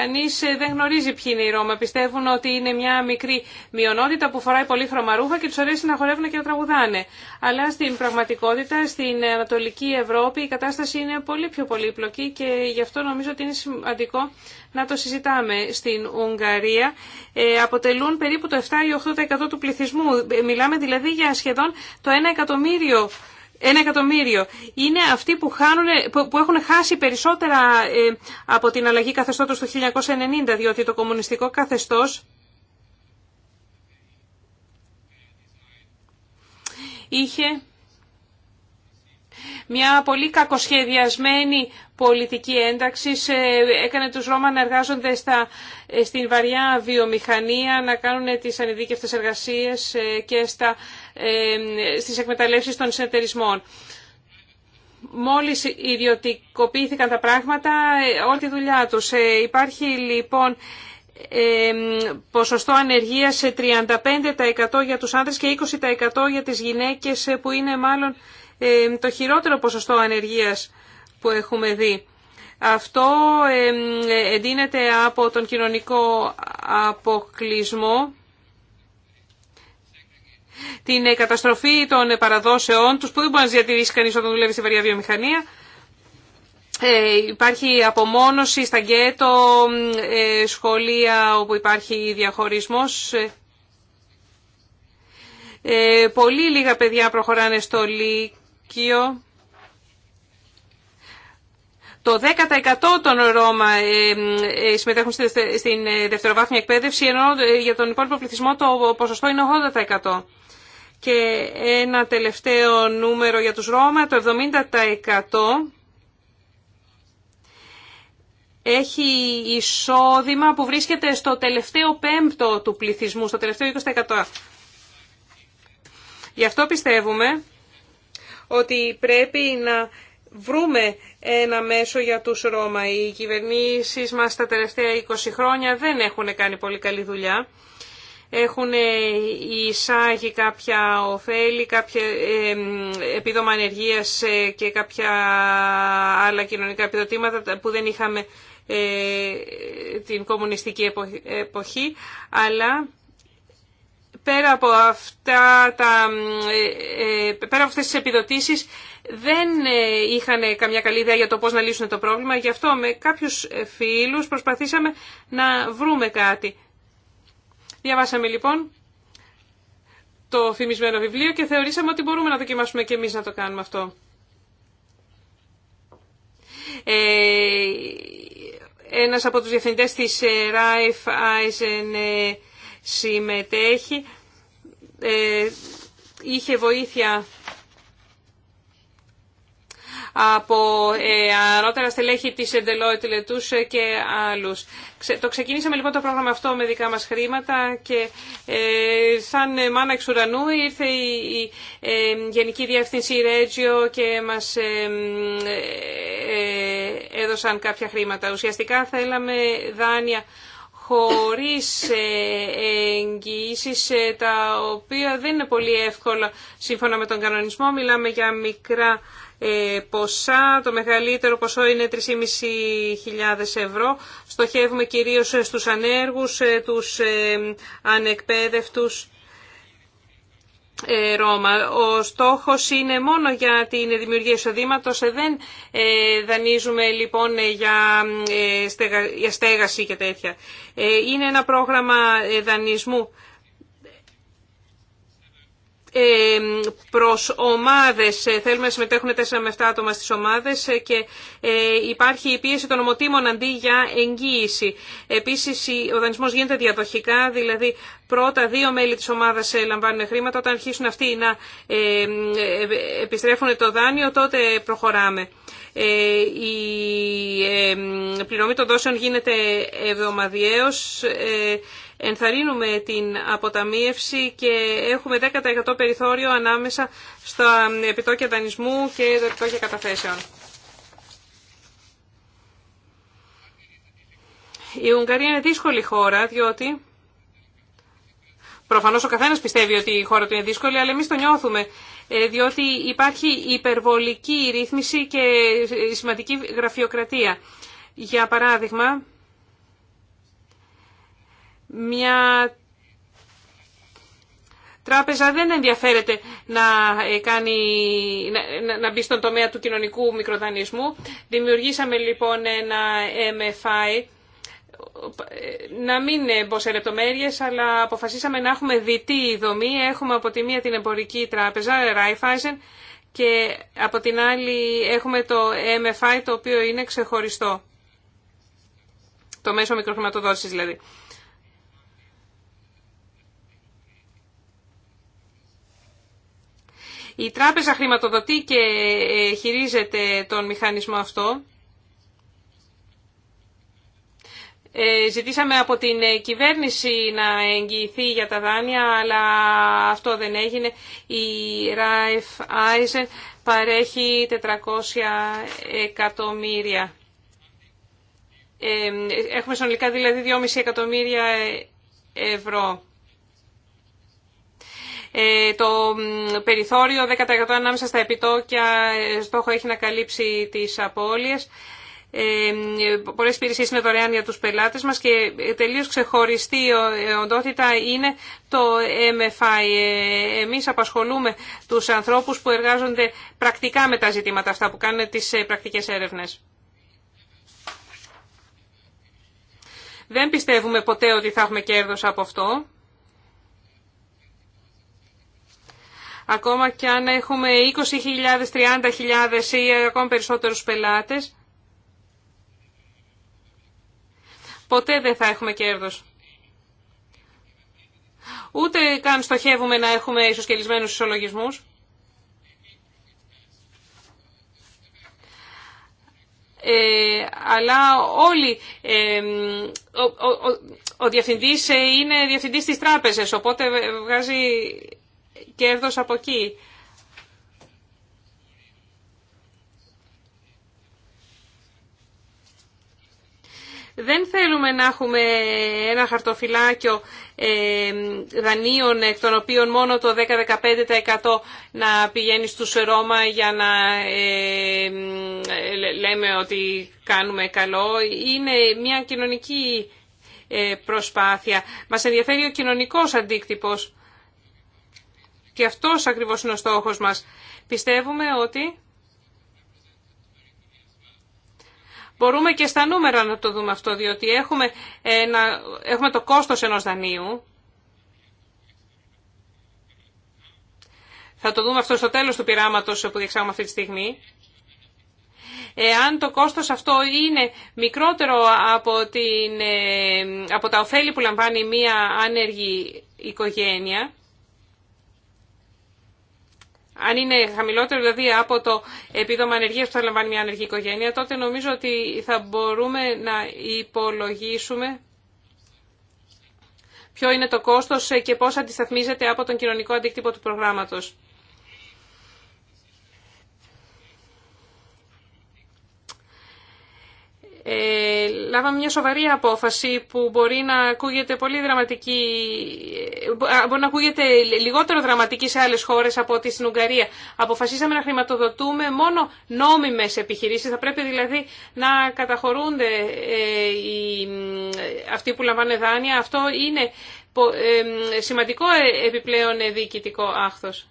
Κανείς ε, δεν γνωρίζει ποιοι είναι οι Ρώμα. Πιστεύουν ότι είναι μια μικρή μειονότητα που φοράει πολύ χρωμαρούχα και τους αρέσει να χορεύουν και να τραγουδάνε. Αλλά στην πραγματικότητα, στην Ανατολική Ευρώπη, η κατάσταση είναι πολύ πιο πολύπλοκη και γι' αυτό νομίζω ότι είναι σημαντικό να το συζητάμε. Στην Ουγγαρία ε, αποτελούν περίπου το 7 ή 8% του πληθυσμού. Ε, μιλάμε δηλαδή για σχεδόν το 1 εκατομμύριο ένα εκατομμύριο είναι αυτοί που, που έχουν χάσει περισσότερα ε, από την αλλαγή καθεστώτος του 1990, διότι το κομμουνιστικό καθεστώς είχε μια πολύ κακοσχεδιασμένη πολιτική ένταξη έκανε τους Ρώμα να εργάζονται στην βαριά βιομηχανία, να κάνουν τις ανειδίκευτες εργασίες ε, και στα στις εκμεταλλεύσεις των συνεταιρισμών. Μόλις ιδιωτικοποιήθηκαν τα πράγματα, ε, όλη τη δουλειά τους. Ε, υπάρχει λοιπόν ποσοστό ανεργίας σε 35% για τους άνδρες και 20% για τις γυναίκες ε, που είναι μάλλον το χειρότερο ποσοστό ανεργίας που έχουμε δει. Αυτό εντείνεται από τον κοινωνικό αποκλεισμό την καταστροφή των παραδόσεών τους που δεν μπορεί να διατηρήσει κανείς όταν δουλεύει στη βαριά βιομηχανία. Ε, υπάρχει απομόνωση στα γκέτο, ε, σχολεία όπου υπάρχει διαχωρισμός. Ε, ε, πολύ λίγα παιδιά προχωράνε στο Λύκειο. Το 10% των Ρώμα ε, συμμετέχουν στην δευτεροβάθμια εκπαίδευση, ενώ για τον υπόλοιπο πληθυσμό το ποσοστό είναι 80%. Και ένα τελευταίο νούμερο για τους Ρώμα, το 70% έχει εισόδημα που βρίσκεται στο τελευταίο πέμπτο του πληθυσμού, στο τελευταίο 20%. Γι' αυτό πιστεύουμε ότι πρέπει να βρούμε ένα μέσο για τους Ρώμα. Οι κυβερνήσεις μας τα τελευταία 20 χρόνια δεν έχουν κάνει πολύ καλή δουλειά έχουν ε, εισάγει κάποια ωφέλη, κάποια ε, επίδομα ανεργίας ε, και κάποια άλλα κοινωνικά επιδοτήματα που δεν είχαμε την κομμουνιστική εποχή, αλλά πέρα από, αυτά τα, πέρα από αυτές τις επιδοτήσεις δεν είχαν καμιά καλή ιδέα για το πώς να λύσουν το πρόβλημα. Γι' αυτό με κάποιους φίλους προσπαθήσαμε να βρούμε κάτι. Διαβάσαμε λοιπόν το φημισμένο βιβλίο και θεωρήσαμε ότι μπορούμε να δοκιμάσουμε και εμείς να το κάνουμε αυτό. Ε, ένας από τους διευθυντές της ε, Ράιφ Άιζεν ε, συμμετέχει. Ε, είχε βοήθεια από ε, ανώτερα στελέχη της Deloitte Λετούς ε, και άλλους. Το ξεκινήσαμε λοιπόν το πρόγραμμα αυτό με δικά μας χρήματα και ε, σαν μάνα εξ ουρανού ήρθε η Γενική Διευθυνσή Ρέτζιο και μας έδωσαν κάποια χρήματα. Ουσιαστικά θέλαμε δάνεια χωρίς εγγυήσεις τα οποία δεν είναι πολύ εύκολα σύμφωνα με τον κανονισμό. Μιλάμε για μικρά ε, ποσά. Το μεγαλύτερο ποσό είναι 3.500 ευρώ. Στοχεύουμε κυρίως στους ανέργους, ε, τους ε, ανεκπαίδευτους Ρώμα. Ο στόχος είναι μόνο για την δημιουργία εισοδήματο. Δεν δανείζουμε λοιπόν για στέγαση και τέτοια. Είναι ένα πρόγραμμα δανεισμού προς ομάδες. Ε, θέλουμε να συμμετέχουν 4 με 7 άτομα στις ομάδες ε, και ε, υπάρχει η πίεση των ομοτήμων αντί για εγγύηση. Επίσης, ο δανεισμός γίνεται διαδοχικά, δηλαδή πρώτα δύο μέλη της ομάδας λαμβάνουν χρήματα. Όταν αρχίσουν αυτοί να επιστρέφουν το δάνειο, τότε προχωράμε. Η πληρωμή των δόσεων γίνεται εβδομαδιαίως ενθαρρύνουμε την αποταμίευση και έχουμε 10% περιθώριο ανάμεσα στα επιτόκια δανεισμού και τα επιτόκια καταθέσεων. Η Ουγγαρία είναι δύσκολη χώρα διότι προφανώς ο καθένας πιστεύει ότι η χώρα του είναι δύσκολη αλλά εμείς το νιώθουμε ε, διότι υπάρχει υπερβολική ρύθμιση και ε, σημαντική γραφειοκρατία. Για παράδειγμα, μια τράπεζα δεν ενδιαφέρεται να, ε, κάνει, να, να μπει στον τομέα του κοινωνικού μικροδανισμού. Δημιουργήσαμε λοιπόν ένα MFI, να μην μπω σε λεπτομέρειε, αλλά αποφασίσαμε να έχουμε διτή δομή. Έχουμε από τη μία την εμπορική τράπεζα, Raiffeisen, και από την άλλη έχουμε το MFI, το οποίο είναι ξεχωριστό. Το μέσο μικροχρηματοδότησης δηλαδή. Η τράπεζα χρηματοδοτεί και ε, χειρίζεται τον μηχανισμό αυτό. Ε, ζητήσαμε από την ε, κυβέρνηση να εγγυηθεί για τα δάνεια, αλλά αυτό δεν έγινε. Η Ράιφ παρέχει 400 εκατομμύρια. Έχουμε συνολικά δηλαδή 2,5 εκατομμύρια ευρώ. Ε, το περιθώριο 10% ανάμεσα στα επιτόκια ε, στόχο έχει να καλύψει τις απώλειες. Ε, Πολλέ υπηρεσίε είναι δωρεάν για του πελάτε μα και τελείω ξεχωριστή οντότητα είναι το MFI. Εμεί απασχολούμε τους ανθρώπου που εργάζονται πρακτικά με τα ζητήματα αυτά, που κάνουν τι πρακτικέ έρευνε. Δεν πιστεύουμε ποτέ ότι θα έχουμε κέρδος από αυτό. Ακόμα και αν έχουμε 20.000, 30.000 ή ακόμα περισσότερους πελάτες, ποτέ δεν θα έχουμε κέρδος. Ούτε καν στοχεύουμε να έχουμε κελισμένους ισολογισμούς. Ε, αλλά όλοι, ο, ο, ο, ε, είναι διευθυντής της τράπεζας, οπότε βγάζει κέρδος από εκεί. Δεν θέλουμε να έχουμε ένα χαρτοφυλάκιο ε, δανείων εκ των οποίων μόνο το 10-15% να πηγαίνει στους Ρώμα για να ε, λέμε ότι κάνουμε καλό. Είναι μια κοινωνική ε, προσπάθεια. Μας ενδιαφέρει ο κοινωνικός αντίκτυπος. Και αυτός ακριβώς είναι ο στόχος μας. Πιστεύουμε ότι μπορούμε και στα νούμερα να το δούμε αυτό, διότι έχουμε, έχουμε το κόστος ενός δανείου. Θα το δούμε αυτό στο τέλος του πειράματος που διεξάγουμε αυτή τη στιγμή. Εάν το κόστος αυτό είναι μικρότερο από, την, ε, από τα ωφέλη που λαμβάνει μία άνεργη οικογένεια, αν είναι χαμηλότερο δηλαδή από το επίδομα ανεργίας που θα λαμβάνει μια ανεργή οικογένεια, τότε νομίζω ότι θα μπορούμε να υπολογίσουμε ποιο είναι το κόστος και πώς αντισταθμίζεται από τον κοινωνικό αντίκτυπο του προγράμματος. ε, λάβαμε μια σοβαρή απόφαση που μπορεί να ακούγεται πολύ δραματική, ε, μπορεί να ακούγεται λιγότερο δραματική σε άλλες χώρες από ότι στην Ουγγαρία. Αποφασίσαμε να χρηματοδοτούμε μόνο νόμιμες επιχειρήσεις, θα πρέπει δηλαδή να καταχωρούνται ε, οι, ε, αυτοί που λαμβάνουν δάνεια. Αυτό είναι ε, σημαντικό επιπλέον διοικητικό άχθος.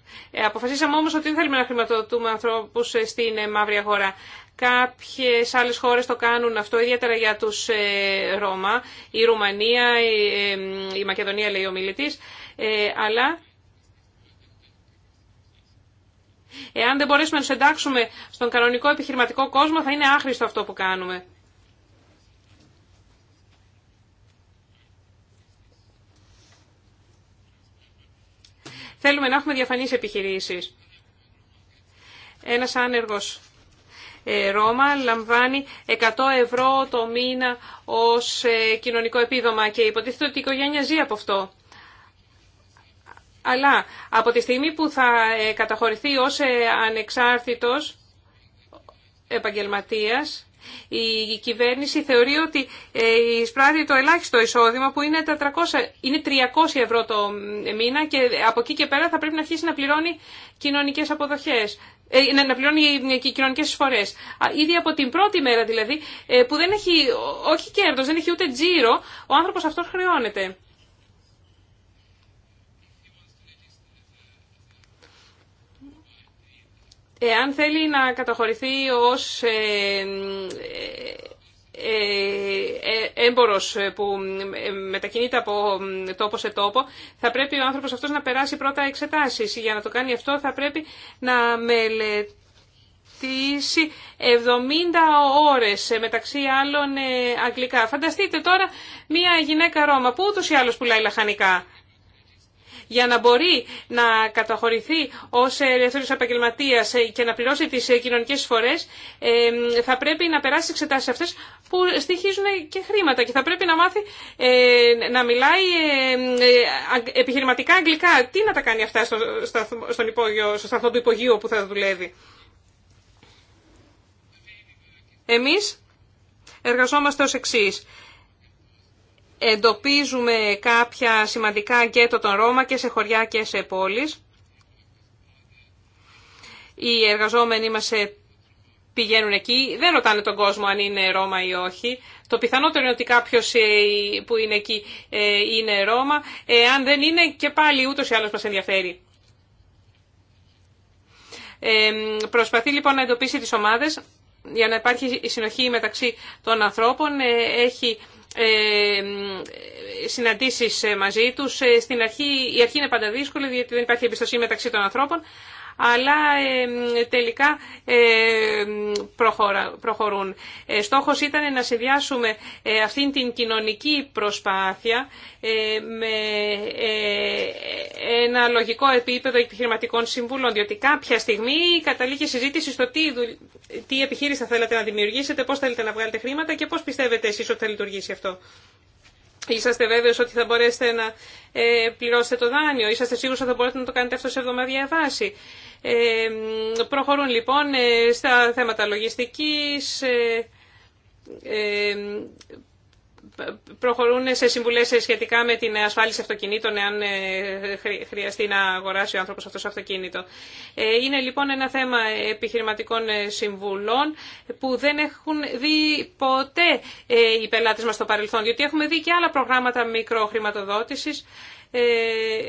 Αποφασίσαμε όμως ότι δεν θέλουμε να χρηματοδοτούμε ανθρώπους στην μαύρη αγορά. Κάποιες άλλες χώρες το κάνουν αυτό, ιδιαίτερα για τους ε, Ρώμα, η Ρουμανία, η Μακεδονία λέει ο μιλητής, ε, αλλά εάν δεν μπορέσουμε να του εντάξουμε στον κανονικό επιχειρηματικό κόσμο θα είναι άχρηστο αυτό που κάνουμε. Θέλουμε να έχουμε διαφανείς επιχειρήσεις. Ένας άνεργος ε, Ρώμα λαμβάνει 100 ευρώ το μήνα ως ε, κοινωνικό επίδομα και υποτίθεται ότι η οικογένεια ζει από αυτό. Αλλά από τη στιγμή που θα ε, καταχωρηθεί ως ανεξάρτητος επαγγελματίας η κυβέρνηση θεωρεί ότι ε, εισπράττει το ελάχιστο εισόδημα που είναι, 400, είναι 300 ευρώ το ε, μήνα και από εκεί και πέρα θα πρέπει να αρχίσει να πληρώνει κοινωνικές αποδοχές ε, να πληρώνει και κοινωνικέ εισφορέ. Ήδη από την πρώτη μέρα δηλαδή, που δεν έχει, όχι κέρδο, δεν έχει ούτε τζίρο, ο άνθρωπο αυτό χρεώνεται. Εάν θέλει να καταχωρηθεί ως ε, ε, ε, έμπορος που μετακινείται από τόπο σε τόπο, θα πρέπει ο άνθρωπος αυτός να περάσει πρώτα εξετάσεις. Για να το κάνει αυτό θα πρέπει να μελετήσει 70 ώρες μεταξύ άλλων αγγλικά. Φανταστείτε τώρα μια γυναίκα Ρώμα που ούτως ή άλλως πουλάει λαχανικά για να μπορεί να καταχωρηθεί ως ελεύθερος επαγγελματία και να πληρώσει τις κοινωνικές φορές, θα πρέπει να περάσει εξετάσεις αυτές που στοιχίζουν και χρήματα και θα πρέπει να μάθει ε, να μιλάει ε, ε, επιχειρηματικά αγγλικά. Τι να τα κάνει αυτά στο, στον υπόγειο, στο σταθμό του υπογείου που θα δουλεύει. Εμείς εργαζόμαστε ως εξής εντοπίζουμε κάποια σημαντικά γκέτο των Ρώμα και σε χωριά και σε πόλεις. Οι εργαζόμενοι μας ε, πηγαίνουν εκεί, δεν ρωτάνε τον κόσμο αν είναι Ρώμα ή όχι. Το πιθανότερο είναι ότι κάποιο ε, που είναι εκεί ε, είναι Ρώμα. Αν δεν είναι και πάλι ούτως ή άλλως μας ενδιαφέρει. Προσπαθεί λοιπόν να εντοπίσει τις ομάδες για να υπάρχει συνοχή μεταξύ των ανθρώπων. Έχει ε, συναντήσεις μαζί τους. Ε, στην αρχή, η αρχή είναι πάντα δύσκολη, διότι δεν υπάρχει εμπιστοσύνη μεταξύ των ανθρώπων, αλλά τελικά προχωρούν. Ε, στόχος ήταν να συνδυάσουμε ε, αυτήν την κοινωνική προσπάθεια ε, με ένα λογικό επίπεδο επιχειρηματικών συμβούλων, διότι κάποια στιγμή καταλήγει η συζήτηση στο τι, τι επιχείρηση θα θέλετε να δημιουργήσετε, πώς θέλετε να βγάλετε χρήματα και πώς πιστεύετε εσείς ότι θα λειτουργήσει αυτό. Είσαστε βέβαιο ότι θα μπορέσετε να ε, πληρώσετε το δάνειο. Είσαστε σίγουροι ότι θα μπορέσετε να το κάνετε αυτό σε εβδομαδιαία βάση. Ε, προχωρούν λοιπόν ε, στα θέματα λογιστικής, προχωρούν σε συμβουλές σχετικά με την ασφάλιση αυτοκινήτων, εάν ε, χρειαστεί να αγοράσει ο άνθρωπος το αυτοκίνητο. Ε, είναι λοιπόν ένα θέμα επιχειρηματικών ε, συμβουλών που δεν έχουν δει ποτέ οι πελάτες μας στο παρελθόν, διότι έχουμε δει και άλλα προγράμματα μικροχρηματοδότησης ε,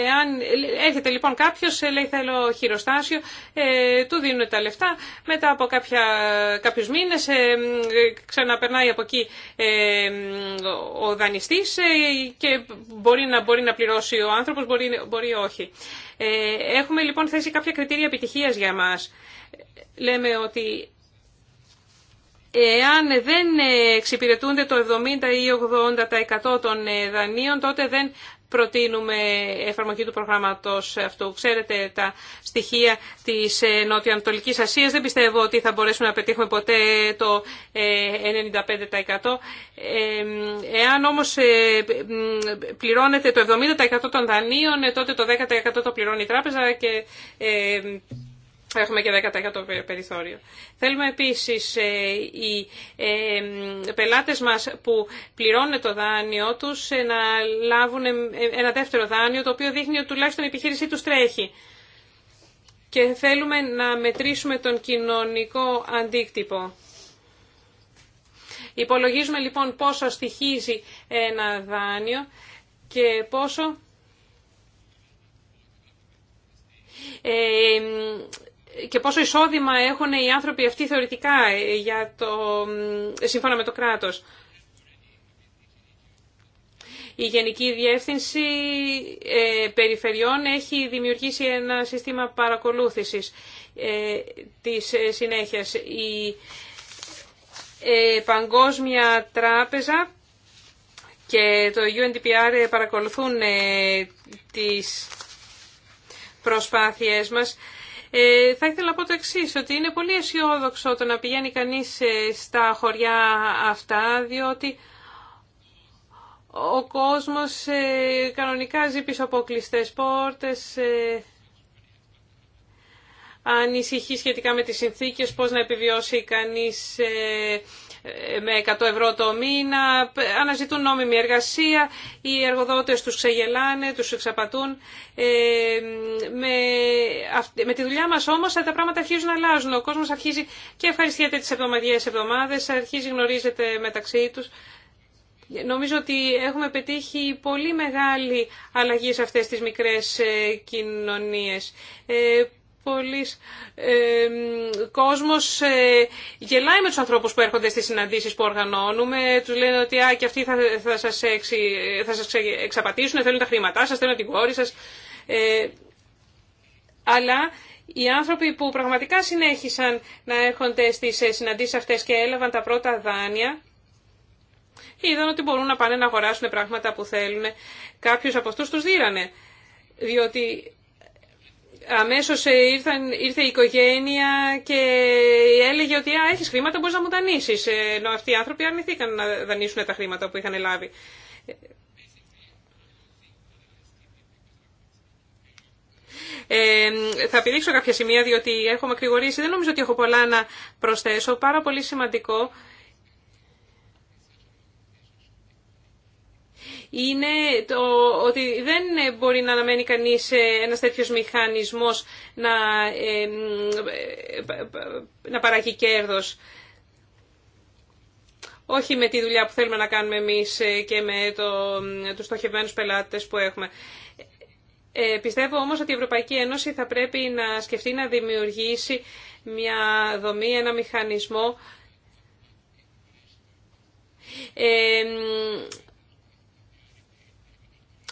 εάν έρχεται λοιπόν κάποιο, ε, λέει θέλω χειροστάσιο, ε, του δίνουν τα λεφτά, μετά από κάποιου μήνε μήνες ε, ξαναπερνάει από εκεί ε, ο δανειστής και μπορεί να, μπορεί να πληρώσει ο άνθρωπος, μπορεί, μπορεί όχι. έχουμε λοιπόν θέσει κάποια κριτήρια επιτυχίας για μας. Λέμε ότι εάν δεν εξυπηρετούνται το 70 ή 80% των δανείων, τότε δεν προτείνουμε εφαρμογή του προγράμματος αυτού. Ξέρετε τα στοιχεία της ε, Νότιο-Ανατολικής Ασίας. Δεν πιστεύω ότι θα μπορέσουμε να πετύχουμε ποτέ το 95%. Ε, εάν όμως ε, πληρώνεται το 70% των δανείων, τότε το 10% το πληρώνει η τράπεζα και Έχουμε και 10% περιθώριο. Θέλουμε επίσης ε, οι ε, πελάτες μας που πληρώνουν το δάνειο τους ε, να λάβουν ένα δεύτερο δάνειο το οποίο δείχνει ότι τουλάχιστον η επιχείρησή τους τρέχει. Και θέλουμε να μετρήσουμε τον κοινωνικό αντίκτυπο. Υπολογίζουμε λοιπόν πόσο στοιχίζει ένα δάνειο και πόσο και πόσο εισόδημα έχουν οι άνθρωποι αυτοί θεωρητικά για το, σύμφωνα με το κράτος. Η Γενική Διεύθυνση ε, Περιφερειών έχει δημιουργήσει ένα σύστημα παρακολούθησης ε, της ε, συνέχειας. Η Παγκόσμια Τράπεζα και το UNDPR παρακολουθούν τις προσπάθειές μας ε, θα ήθελα να πω το εξή, ότι είναι πολύ αισιόδοξο το να πηγαίνει κανείς ε, στα χωριά αυτά, διότι ο κόσμος ε, κανονικά ζει πίσω από κλειστές πόρτες, ε, ανησυχεί σχετικά με τις συνθήκες, πώς να επιβιώσει κανείς με 100 ευρώ το μήνα, αναζητούν νόμιμη εργασία, οι εργοδότες τους ξεγελάνε, τους εξαπατούν. Ε, με, με τη δουλειά μας όμως τα πράγματα αρχίζουν να αλλάζουν. Ο κόσμος αρχίζει και ευχαριστιέται τις εβδομαδιαίες εβδομάδες, αρχίζει γνωρίζεται μεταξύ τους. Νομίζω ότι έχουμε πετύχει πολύ μεγάλη αλλαγή σε αυτές τις μικρές ε, κοινωνίες ε, πολλοί ε, κόσμος γελάει με τους ανθρώπους που έρχονται στις συναντήσεις που οργανώνουμε. Τους λένε ότι α, και αυτοί θα, θα, σας, θα σας εξαπατήσουν, θέλουν τα χρήματά σας, θέλουν την κόρη σα. Ε, αλλά οι άνθρωποι που πραγματικά συνέχισαν να έρχονται στις ε, συναντήσεις αυτές και έλαβαν τα πρώτα δάνεια, είδαν ότι μπορούν να πάνε να αγοράσουν πράγματα που θέλουν. Κάποιους από αυτούς τους δίρανε, διότι αμέσως ήρθαν, ήρθε η οικογένεια και έλεγε ότι «Α, έχεις χρήματα, μπορείς να μου δανείσεις». Ενώ αυτοί οι άνθρωποι αρνηθήκαν να δανείσουν τα χρήματα που είχαν λάβει. Ε, θα επιδείξω κάποια σημεία διότι έχω μακρηγορήσει. Δεν νομίζω ότι έχω πολλά να προσθέσω. Πάρα πολύ σημαντικό είναι το ότι δεν μπορεί να αναμένει κανείς ε, ένας τέτοιος μηχανισμός να, ε, ε, να παράγει κέρδος. Όχι με τη δουλειά που θέλουμε να κάνουμε εμείς και με το, τους στοχευμένους πελάτες που έχουμε. Ε, πιστεύω όμως ότι η Ευρωπαϊκή Ένωση θα πρέπει να σκεφτεί να δημιουργήσει μια δομή, ένα μηχανισμό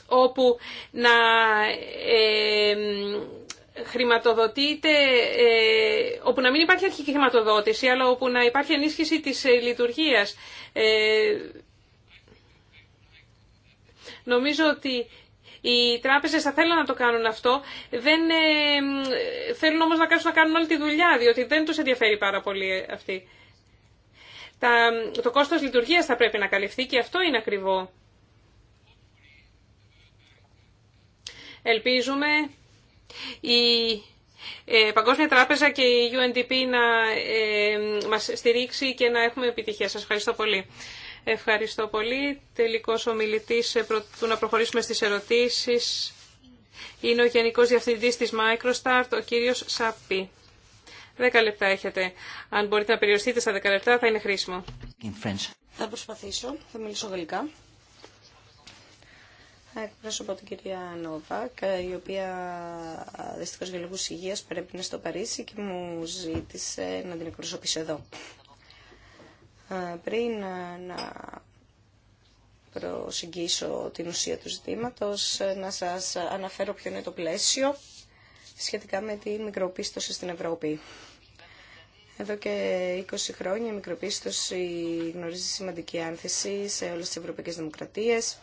όπου να ε, χρηματοδοτείται, ε, όπου να μην υπάρχει αρχική χρηματοδότηση, αλλά όπου να υπάρχει ενίσχυση της ε, λειτουργίας. Νομίζω ότι οι τράπεζες θα θέλουν να το κάνουν αυτό, δεν ε, θέλουν όμω να κάνουν να κάνουν όλη τη δουλειά, διότι δεν τους ενδιαφέρει πάρα πολύ αυτή. Τα, το κόστος λειτουργίας θα πρέπει να καλυφθεί και αυτό είναι ακριβό. Ελπίζουμε η ε, Παγκόσμια Τράπεζα και η UNDP να ε, μας στηρίξει και να έχουμε επιτυχία. Σας ευχαριστώ πολύ. Ευχαριστώ πολύ. Τελικός ομιλητής ε, του να προχωρήσουμε στις ερωτήσεις είναι ο Γενικός Διευθυντής της Microstart, ο κύριος Σαπί. Δέκα λεπτά έχετε. Αν μπορείτε να περιοριστείτε στα δέκα λεπτά θα είναι χρήσιμο. Θα προσπαθήσω, θα μιλήσω γαλλικά εκπρόσωπο την κυρία Νόβακ, η οποία δυστυχώς για λόγους υγείας πρέπει να στο Παρίσι και μου ζήτησε να την εκπροσωπήσω εδώ. Ε, πριν να προσεγγίσω την ουσία του ζητήματος, να σας αναφέρω ποιο είναι το πλαίσιο σχετικά με τη μικροπίστωση στην Ευρώπη. Εδώ και 20 χρόνια η μικροπίστωση γνωρίζει σημαντική άνθηση σε όλες τις ευρωπαϊκές δημοκρατίες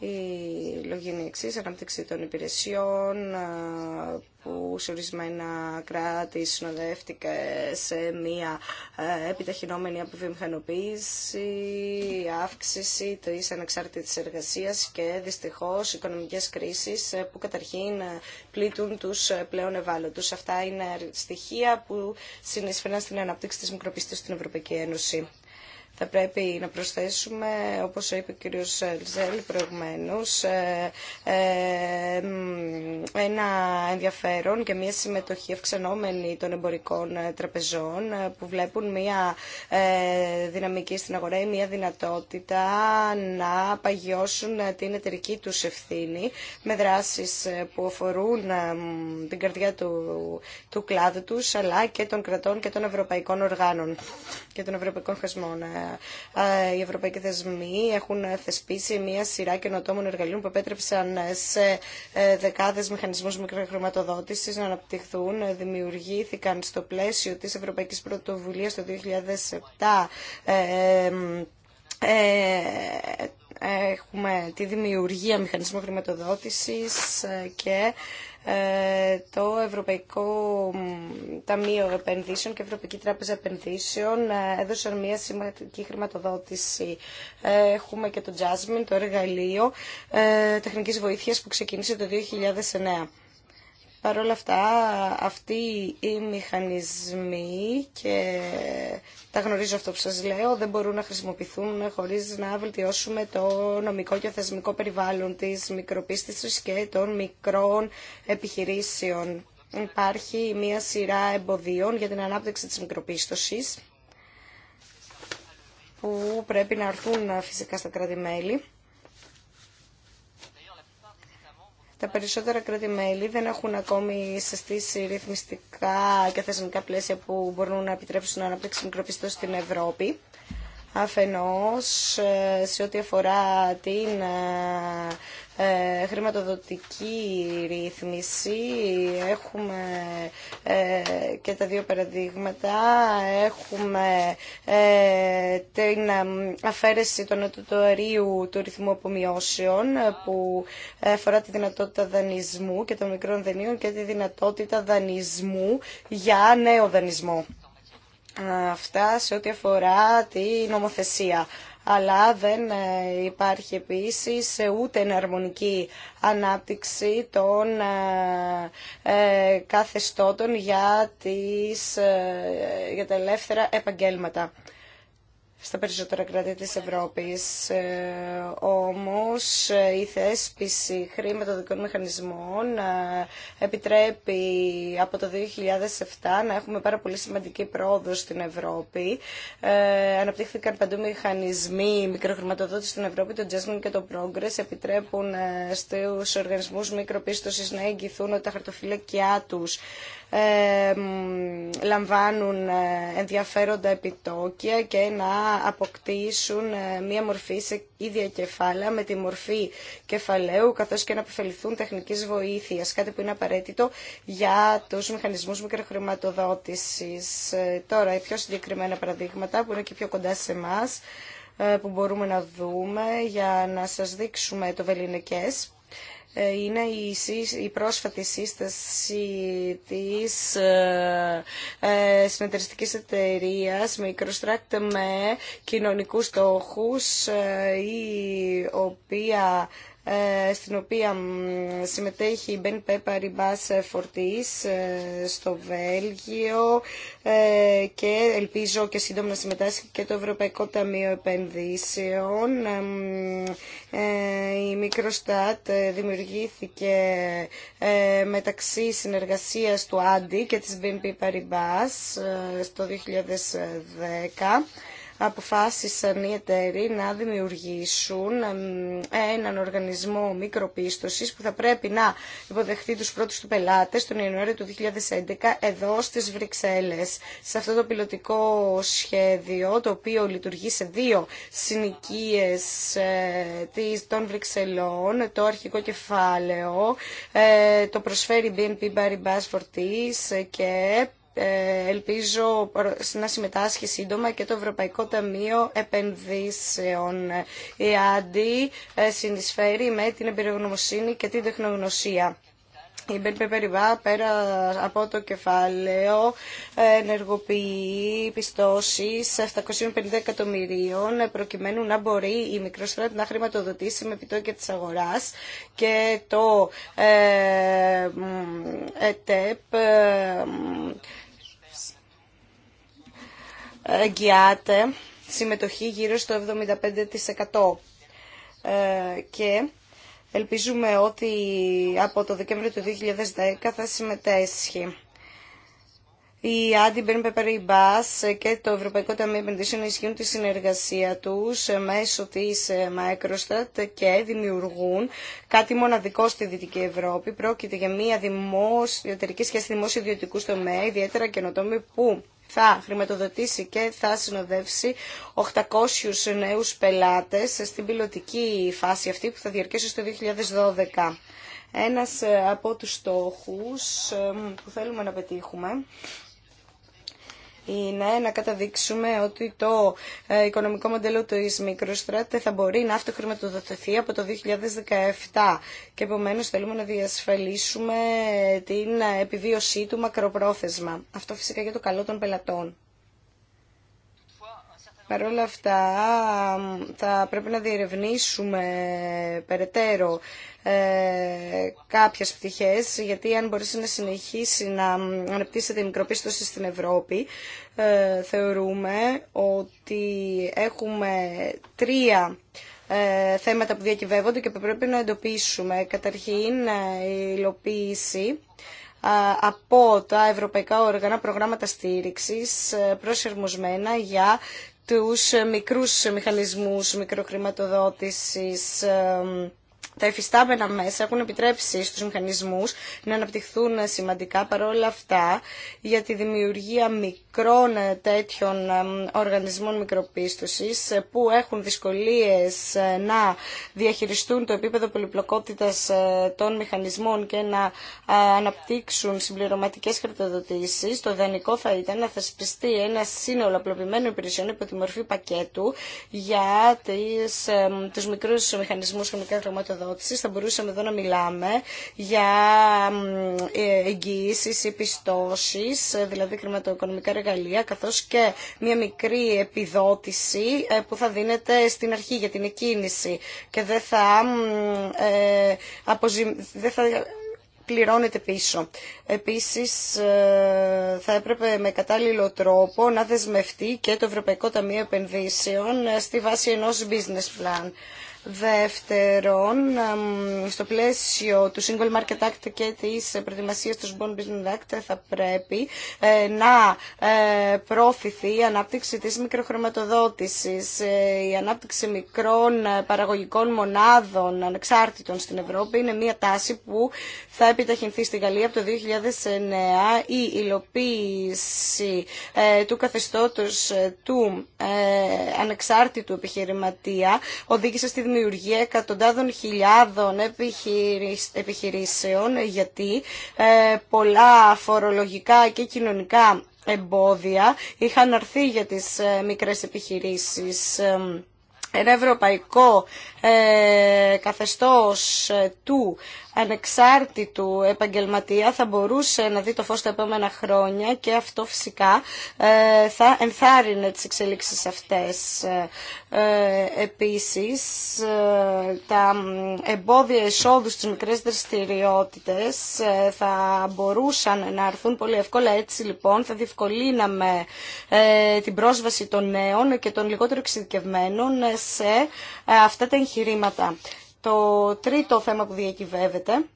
η λογική είναι εξής, ανάπτυξη των υπηρεσιών που σε ορισμένα κράτη συνοδεύτηκε σε μια επιταχυνόμενη αποβιομηχανοποίηση, αύξηση της ανεξάρτητης εργασίας και δυστυχώς οικονομικές κρίσεις ε, που καταρχήν ε, πλήττουν τους ε, πλέον ευάλωτους. Αυτά είναι στοιχεία που συνεισφέραν στην ανάπτυξη της μικροπιστής στην Ευρωπαϊκή Ένωση. Θα πρέπει να προσθέσουμε, όπως είπε ο κ. Ζέλ προηγουμένως, ε, ε, ένα ενδιαφέρον και μια συμμετοχή αυξανόμενη των εμπορικών ε, τραπεζών που βλέπουν μια δυναμική στην αγορά ή μια δυνατότητα να παγιώσουν την εταιρική τους ευθύνη με δράσεις που αφορούν την καρδιά του, του κλάδου τους αλλά και των κρατών και των ευρωπαϊκών οργάνων και των ευρωπαϊκών χασμών. Οι ευρωπαϊκοί θεσμοί έχουν θεσπίσει μια σειρά καινοτόμων εργαλείων που επέτρεψαν σε ε, δεκάδες μηχανισμούς μικροχρηματοδότησης να αναπτυχθούν. Δημιουργήθηκαν στο πλαίσιο της Ευρωπαϊκής Πρωτοβουλίας το 2007 ε, ε, έχουμε τη δημιουργία μηχανισμού χρηματοδότησης και ε, το Ευρωπαϊκό Ταμείο Επενδύσεων και Ευρωπαϊκή Τράπεζα Επενδύσεων ε, έδωσαν μια σημαντική χρηματοδότηση. Ε, έχουμε και το Jasmine, το εργαλείο τεχνικής βοήθειας που ξεκίνησε το 2009. Παρ' όλα αυτά, αυτοί οι μηχανισμοί και τα γνωρίζω αυτό που σας λέω, δεν μπορούν να χρησιμοποιηθούν χωρίς να βελτιώσουμε το νομικό και θεσμικό περιβάλλον της μικροπίστησης και των μικρών επιχειρήσεων. Υπάρχει μία σειρά εμποδίων για την ανάπτυξη της μικροπίστωσης που πρέπει να αρθούν φυσικά στα κρατη Τα περισσότερα κράτη-μέλη δεν έχουν ακόμη συστήσει ρυθμιστικά και θεσμικά πλαίσια που μπορούν να επιτρέψουν να αναπτύξουν μικροπιστό στην Ευρώπη. Αφενός, ε, σε ό,τι αφορά την ε, ε, χρηματοδοτική ρύθμιση. Έχουμε ε, και τα δύο παραδείγματα. Έχουμε ε, την αφαίρεση των ατοτοαρίου του ρυθμού απομειώσεων που αφορά τη δυνατότητα δανεισμού και των μικρών δανείων και τη δυνατότητα δανεισμού για νέο δανεισμό. Αυτά σε ό,τι αφορά τη νομοθεσία αλλά δεν ε, υπάρχει επίσης ούτε εναρμονική ανάπτυξη των ε, ε, καθεστώτων για, τις, για τα ελεύθερα επαγγέλματα στα περισσότερα κράτη της Ευρώπης. Ε, όμως η θέσπιση χρηματοδοτικών μηχανισμών ε, επιτρέπει από το 2007 να έχουμε πάρα πολύ σημαντική πρόοδο στην Ευρώπη. Ε, αναπτύχθηκαν παντού μηχανισμοί μικροχρηματοδότηση στην Ευρώπη, το Jasmine και το Progress επιτρέπουν στους οργανισμούς μικροπίστωσης να εγγυθούν ότι τα χαρτοφυλακιά τους λαμβάνουν ε, ενδιαφέροντα επιτόκια και να αποκτήσουν ε, μία μορφή σε ίδια κεφάλαια με τη μορφή κεφαλαίου καθώς και να αποφεληθούν τεχνικής βοήθειας, κάτι που είναι απαραίτητο για τους μηχανισμούς μικροχρηματοδότησης. Ε, τώρα, οι πιο συγκεκριμένα παραδείγματα που είναι και πιο κοντά σε εμά που μπορούμε να δούμε για να σας δείξουμε το Βελινικές ε, είναι η, πρόσφατη σύσταση της ε, ε, συνεταιριστικής εταιρείας Microstract με κοινωνικούς στόχους η οποία ε, στην οποία συμμετέχει η Μπεν Πέπα ε, Φορτής ε, στο Βέλγιο και ελπίζω και σύντομα να συμμετάσχει και το Ευρωπαϊκό Ταμείο Επενδύσεων. Η Μικροστάτ δημιουργήθηκε μεταξύ συνεργασίας του Άντι και της BNP Paribas στο 2010 αποφάσισαν οι εταίροι να δημιουργήσουν έναν οργανισμό μικροπίστωσης που θα πρέπει να υποδεχτεί τους πρώτους του πελάτες τον Ιανουάριο του 2011 εδώ στις Βρυξέλλες. Σε αυτό το πιλωτικό σχέδιο, το οποίο λειτουργεί σε δύο συνοικίες ε, των Βρυξελών, το αρχικό κεφάλαιο, ε, το προσφέρει BNP Paribas Fortis και ε, ελπίζω να συμμετάσχει σύντομα και το Ευρωπαϊκό Ταμείο Επενδύσεων. Η Άντι ε, συνεισφέρει με την εμπειρογνωμοσύνη και την τεχνογνωσία. Η ΜΠΕ Περιβά πέρα από το κεφάλαιο ενεργοποιεί πιστώσει 750 εκατομμυρίων προκειμένου να μπορεί η μικρόστρατη να χρηματοδοτήσει με επιτόκια τη αγοράς και το ε, ΕΤΕΠ ε, εγγυάται συμμετοχή γύρω στο 75% ε, και ελπίζουμε ότι από το Δεκέμβριο του 2010 θα συμμετέσχει. Η Άντι Μπέρν και το Ευρωπαϊκό Ταμείο Επενδύσεων ισχύουν τη συνεργασία τους μέσω της ε, Microstat και δημιουργούν κάτι μοναδικό στη Δυτική Ευρώπη. Πρόκειται για μια δημόσια, εταιρική σχέση δημόσιο-ιδιωτικού στομέα, ιδιαίτερα καινοτόμη που θα χρηματοδοτήσει και θα συνοδεύσει 800 νέους πελάτες στην πιλωτική φάση αυτή που θα διαρκέσει στο 2012. Ένας ε, από τους στόχους ε, που θέλουμε να πετύχουμε είναι να καταδείξουμε ότι το ε, οικονομικό μοντέλο του Μικρόστρατε θα μπορεί να αυτοχρηματοδοτηθεί από το 2017 και επομένως θέλουμε να διασφαλίσουμε την επιβίωσή του μακροπρόθεσμα. Αυτό φυσικά για το καλό των πελατών. Παρ' όλα αυτά θα πρέπει να διερευνήσουμε περαιτέρω ε, κάποιες πτυχές γιατί αν μπορέσει να συνεχίσει να αναπτύσσεται η μικροπίστωση στην Ευρώπη ε, θεωρούμε ότι έχουμε τρία ε, θέματα που διακυβεύονται και που πρέπει να εντοπίσουμε. Καταρχήν ε, η υλοποίηση ε, από τα ευρωπαϊκά όργανα προγράμματα στήριξης προσερμοσμένα για τους ε, μικρούς μηχανισμούς μικροχρηματοδότησης τα εφιστάμενα μέσα έχουν επιτρέψει στους μηχανισμούς να αναπτυχθούν σημαντικά παρόλα αυτά για τη δημιουργία μικρών τέτοιων οργανισμών μικροπίστωσης ε, που έχουν δυσκολίες ε, να διαχειριστούν το επίπεδο πολυπλοκότητας ε, των μηχανισμών και να αναπτύξουν συμπληρωματικές χρηματοδοτήσεις. Το δανεικό θα ήταν να θεσπιστεί ένα σύνολο απλοποιημένων υπηρεσιών υπό τη μορφή πακέτου για τις, τους μικρούς μηχανισμούς χρηματοδοτήσεις θα μπορούσαμε εδώ να μιλάμε για ε, εγγυήσει ή πιστώσει, ε, δηλαδή χρηματοοικονομικά εργαλεία, καθώς και μια μικρή επιδότηση ε, που θα δίνεται στην αρχή για την εκκίνηση και δεν θα, ε, δεν θα πληρώνεται πίσω. Επίσης θα έπρεπε με κατάλληλο τρόπο να δεσμευτεί και το Ευρωπαϊκό Ταμείο Επενδύσεων στη βάση ενός business plan. Δεύτερον, στο πλαίσιο του Single Market Act και της προετοιμασίας του Bond Business Act θα πρέπει ε, να ε, προωθηθεί η ανάπτυξη της μικροχρηματοδότησης. Ε, η ανάπτυξη μικρών παραγωγικών μονάδων ανεξάρτητων στην Ευρώπη είναι μια τάση που θα επιταχυνθεί στη Γαλλία από το 2009 η υλοποίηση του καθεστώτος του ανεξάρτητου επιχειρηματία οδήγησε στη δημιουργία εκατοντάδων χιλιάδων επιχειρήσεων γιατί ε, πολλά φορολογικά και κοινωνικά εμπόδια είχαν αρθεί για τις ε, μικρές επιχειρήσεις ένα ευρωπαϊκό ε, καθεστώς ε, του ανεξάρτητου επαγγελματία θα μπορούσε να δει το φως τα επόμενα χρόνια και αυτό φυσικά ε, θα ενθάρρυνε τις εξελίξεις αυτές. Ε, επίσης, ε, τα εμπόδια εισόδου στις μικρές δραστηριότητες θα μπορούσαν να έρθουν πολύ εύκολα. Έτσι λοιπόν θα διευκολύναμε την πρόσβαση των νέων και των λιγότερο εξειδικευμένων σε αυτά τα εγχειρήματα. Το τρίτο θέμα που διακυβεύεται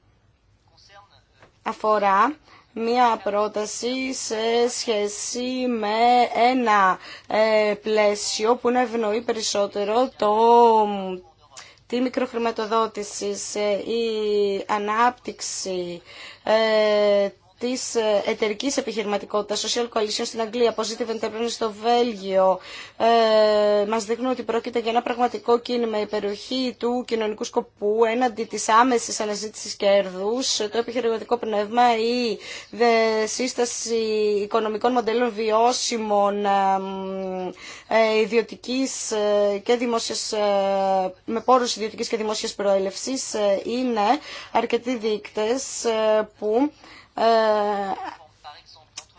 αφορά μία πρόταση σε σχέση με ένα ε, πλαίσιο που να ευνοεί περισσότερο το τη μικροχρηματοδότηση, η ανάπτυξη ε, Τη ε, εταιρική επιχειρηματικότητα, Social Coalition στην Αγγλία, Positive Entrepreneur στο Βέλγιο, ε, μας δείχνουν ότι πρόκειται για ένα πραγματικό κίνημα η περιοχή του κοινωνικού σκοπού έναντι τη άμεση αναζήτηση κέρδου, το επιχειρηματικό πνεύμα ή σύσταση οικονομικών μοντέλων βιώσιμων ε, ε, ε ιδιωτικής και δημόσιας, με πόρου ιδιωτική και δημόσιας προέλευσης είναι αρκετοί δείκτες που ε,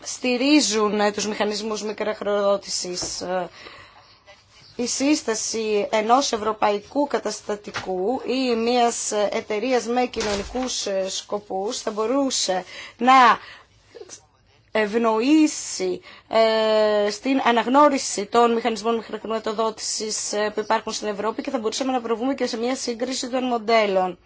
στηρίζουν ε, τους μηχανισμούς μικροχρεοδότησης. Ε, η σύσταση ενός ευρωπαϊκού καταστατικού ή μιας εταιρείας με κοινωνικούς σκοπούς θα μπορούσε να ευνοήσει στην αναγνώριση των μηχανισμών μικροχρηματοδότησης που υπάρχουν στην Ευρώπη και θα μπορούσαμε να προβούμε και σε μια σύγκριση των μοντέλων.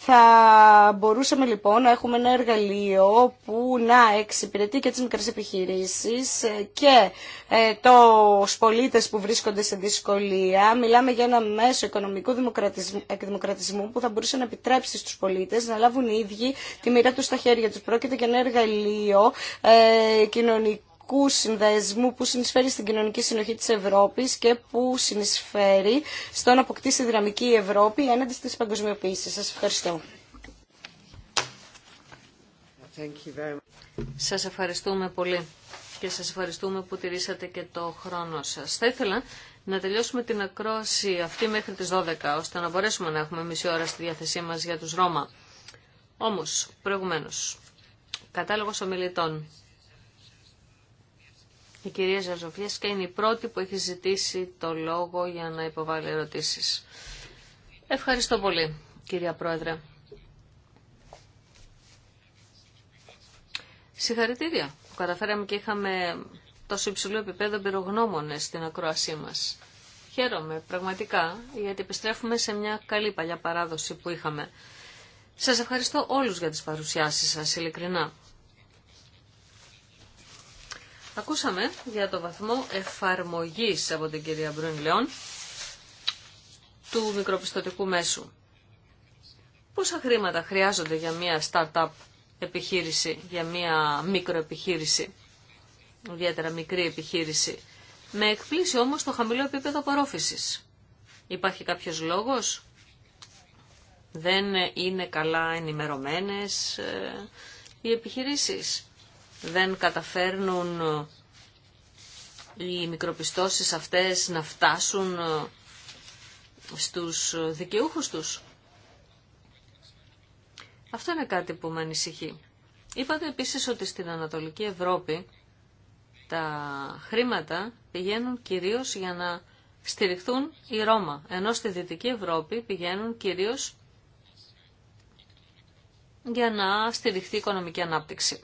Θα μπορούσαμε λοιπόν να έχουμε ένα εργαλείο που να εξυπηρετεί και τις μικρές επιχειρήσεις ε, και ε, τους πολίτες που βρίσκονται σε δυσκολία. Μιλάμε για ένα μέσο οικονομικού δημοκρατισμού, που θα μπορούσε να επιτρέψει στους πολίτες να λάβουν οι ίδιοι τη μοίρα τους στα χέρια τους. Πρόκειται για ένα εργαλείο ε, κοινωνικό ευρωπαϊκού συνδέσμου που συνεισφέρει στην κοινωνική συνοχή της Ευρώπης και που συνεισφέρει στο να αποκτήσει δυναμική η Ευρώπη έναντι της παγκοσμιοποίησης. Σας ευχαριστώ. Σας ευχαριστούμε πολύ και σας ευχαριστούμε που τηρήσατε και το χρόνο σας. Θα ήθελα να τελειώσουμε την ακρόαση αυτή μέχρι τις 12, ώστε να μπορέσουμε να έχουμε μισή ώρα στη διάθεσή μας για τους Ρώμα. Όμως, προηγουμένως, κατάλογος ομιλητών. Η κυρία Ζαζοφιέσκα είναι η πρώτη που έχει ζητήσει το λόγο για να υποβάλει ερωτήσεις. Ευχαριστώ πολύ, κυρία Πρόεδρε. Συγχαρητήρια που καταφέραμε και είχαμε τόσο υψηλό επίπεδο πυρογνώμονε στην ακρόασή μα. Χαίρομαι πραγματικά γιατί επιστρέφουμε σε μια καλή παλιά παράδοση που είχαμε. Σας ευχαριστώ όλους για τις παρουσιάσεις σας, ειλικρινά. Ακούσαμε για το βαθμό εφαρμογής από την κυρία Μπρουν Λεόν του μικροπιστωτικού μέσου. Πόσα χρήματα χρειάζονται για μια startup επιχείρηση, για μια μικροεπιχείρηση, ιδιαίτερα μικρή επιχείρηση. Με εκπλήσει όμως το χαμηλό επίπεδο απορρόφησης. Υπάρχει κάποιος λόγος, δεν είναι καλά ενημερωμένες ε, οι επιχειρήσεις δεν καταφέρνουν ε, οι μικροπιστώσεις αυτές να φτάσουν ε, στους δικαιούχους τους. Αυτό είναι κάτι που με ανησυχεί. Είπατε επίσης ότι στην Ανατολική Ευρώπη τα χρήματα πηγαίνουν κυρίως για να στηριχθούν οι Ρώμα, ενώ στη Δυτική Ευρώπη πηγαίνουν κυρίως για να στηριχθεί η οικονομική ανάπτυξη.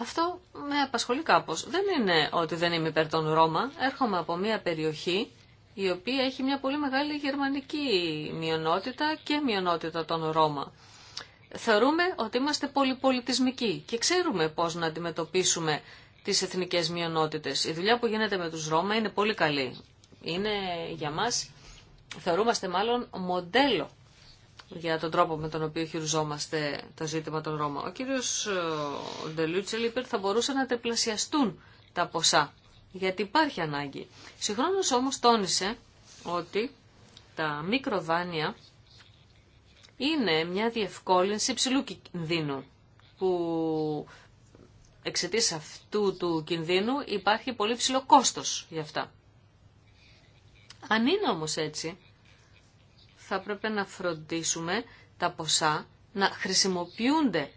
Αυτό με απασχολεί κάπω. Δεν είναι ότι δεν είμαι υπέρ των Ρώμα. Έρχομαι από μια περιοχή η οποία έχει μια πολύ μεγάλη γερμανική μειονότητα και μειονότητα των Ρώμα. Θεωρούμε ότι είμαστε πολυπολιτισμικοί και ξέρουμε πώς να αντιμετωπίσουμε τις εθνικές μειονότητες. Η δουλειά που γίνεται με τους Ρώμα είναι πολύ καλή. Είναι για μας, θεωρούμαστε μάλλον μοντέλο για τον τρόπο με τον οποίο χειριζόμαστε τα ζήτημα των Ρώμα. Ο κύριος ε, Ντελούτσελ είπε ότι θα μπορούσαν να τεπλασιαστούν τα ποσά, γιατί υπάρχει ανάγκη. Συγχρόνως όμως τόνισε ότι τα μικροδάνεια είναι μια διευκόλυνση υψηλού κινδύνου που εξαιτίας αυτού του κινδύνου υπάρχει πολύ ψηλό κόστος για αυτά. Αν είναι όμως έτσι, θα πρέπει να φροντίσουμε τα ποσά να χρησιμοποιούνται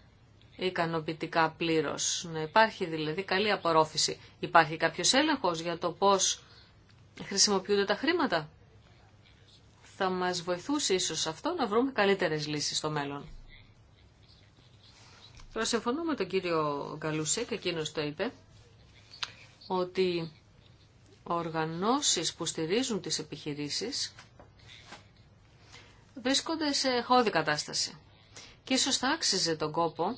ικανοποιητικά πλήρως. Να υπάρχει δηλαδή καλή απορρόφηση. Υπάρχει κάποιος έλεγχος για το πώς χρησιμοποιούνται τα χρήματα. Θα μας βοηθούσε ίσως αυτό να βρούμε καλύτερες λύσεις στο μέλλον. Τώρα με τον κύριο Γκαλούσε και εκείνος το είπε ότι οργανώσεις που στηρίζουν τις επιχειρήσεις βρίσκονται σε χώδη κατάσταση. Και ίσως θα άξιζε τον κόπο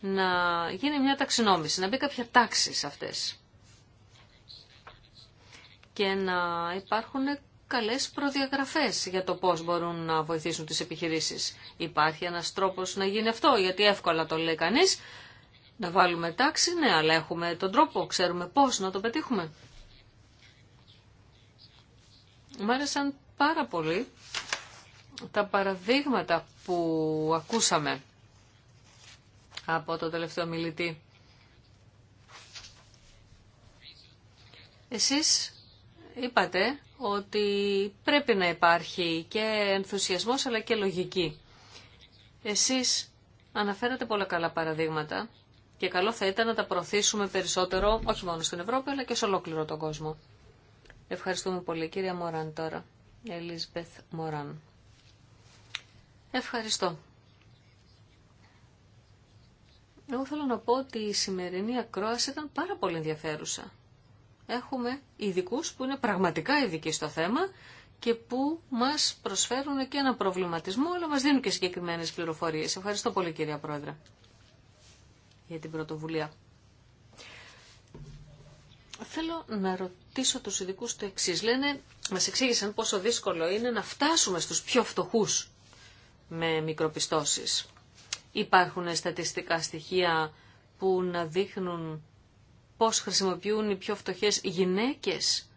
να γίνει μια ταξινόμηση, να μπει κάποια τάξη σε αυτές. Και να υπάρχουν καλές προδιαγραφές για το πώς μπορούν να βοηθήσουν τις επιχειρήσεις. Υπάρχει ένας τρόπος να γίνει αυτό, γιατί εύκολα το λέει κανείς. Να βάλουμε τάξη, ναι, αλλά έχουμε τον τρόπο, ξέρουμε πώς να το πετύχουμε. Μ' άρεσαν πάρα πολύ τα παραδείγματα που ακούσαμε από το τελευταίο μιλητή. Εσείς είπατε ότι πρέπει να υπάρχει και ενθουσιασμός αλλά και λογική. Εσείς αναφέρατε πολλά καλά παραδείγματα και καλό θα ήταν να τα προωθήσουμε περισσότερο όχι μόνο στην Ευρώπη αλλά και σε ολόκληρο τον κόσμο. Ευχαριστούμε πολύ κυρία Μωράν τώρα. Ελίζπεθ Μωράν. Ευχαριστώ. Εγώ θέλω να πω ότι η σημερινή ακρόαση ήταν πάρα πολύ ενδιαφέρουσα. Έχουμε ειδικού που είναι πραγματικά ειδικοί στο θέμα και που μας προσφέρουν και ένα προβληματισμό, αλλά μας δίνουν και συγκεκριμένες πληροφορίες. Ευχαριστώ πολύ κυρία Πρόεδρε για την πρωτοβουλία. Θέλω να ρωτήσω τους ειδικού το εξή. Λένε, μας εξήγησαν πόσο δύσκολο είναι να φτάσουμε στους πιο φτωχούς με μικροπιστώσεις. Υπάρχουν στατιστικά στοιχεία που να δείχνουν πώς χρησιμοποιούν οι πιο φτωχές γυναίκες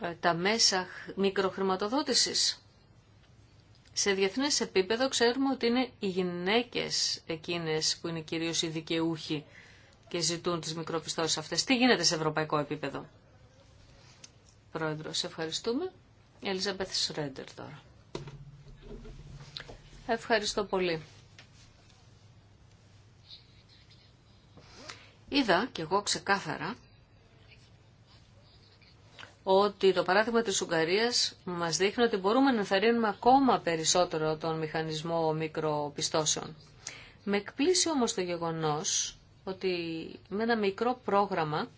ε, τα μέσα μικροχρηματοδότησης. Σε διεθνές επίπεδο ξέρουμε ότι είναι οι γυναίκες εκείνες που είναι κυρίως οι δικαιούχοι και ζητούν τις μικροπιστώσεις αυτές. Τι γίνεται σε ευρωπαϊκό επίπεδο. Πρόεδρο, ευχαριστούμε. Η Ελίζα Σρέντερ τώρα. Ευχαριστώ πολύ. Είδα και εγώ ξεκάθαρα ότι το παράδειγμα της Ουγγαρίας μας δείχνει ότι μπορούμε να ενθαρρύνουμε ακόμα περισσότερο τον μηχανισμό μικροπιστώσεων. Με εκπλήσει όμως το γεγονός ότι με ένα μικρό πρόγραμμα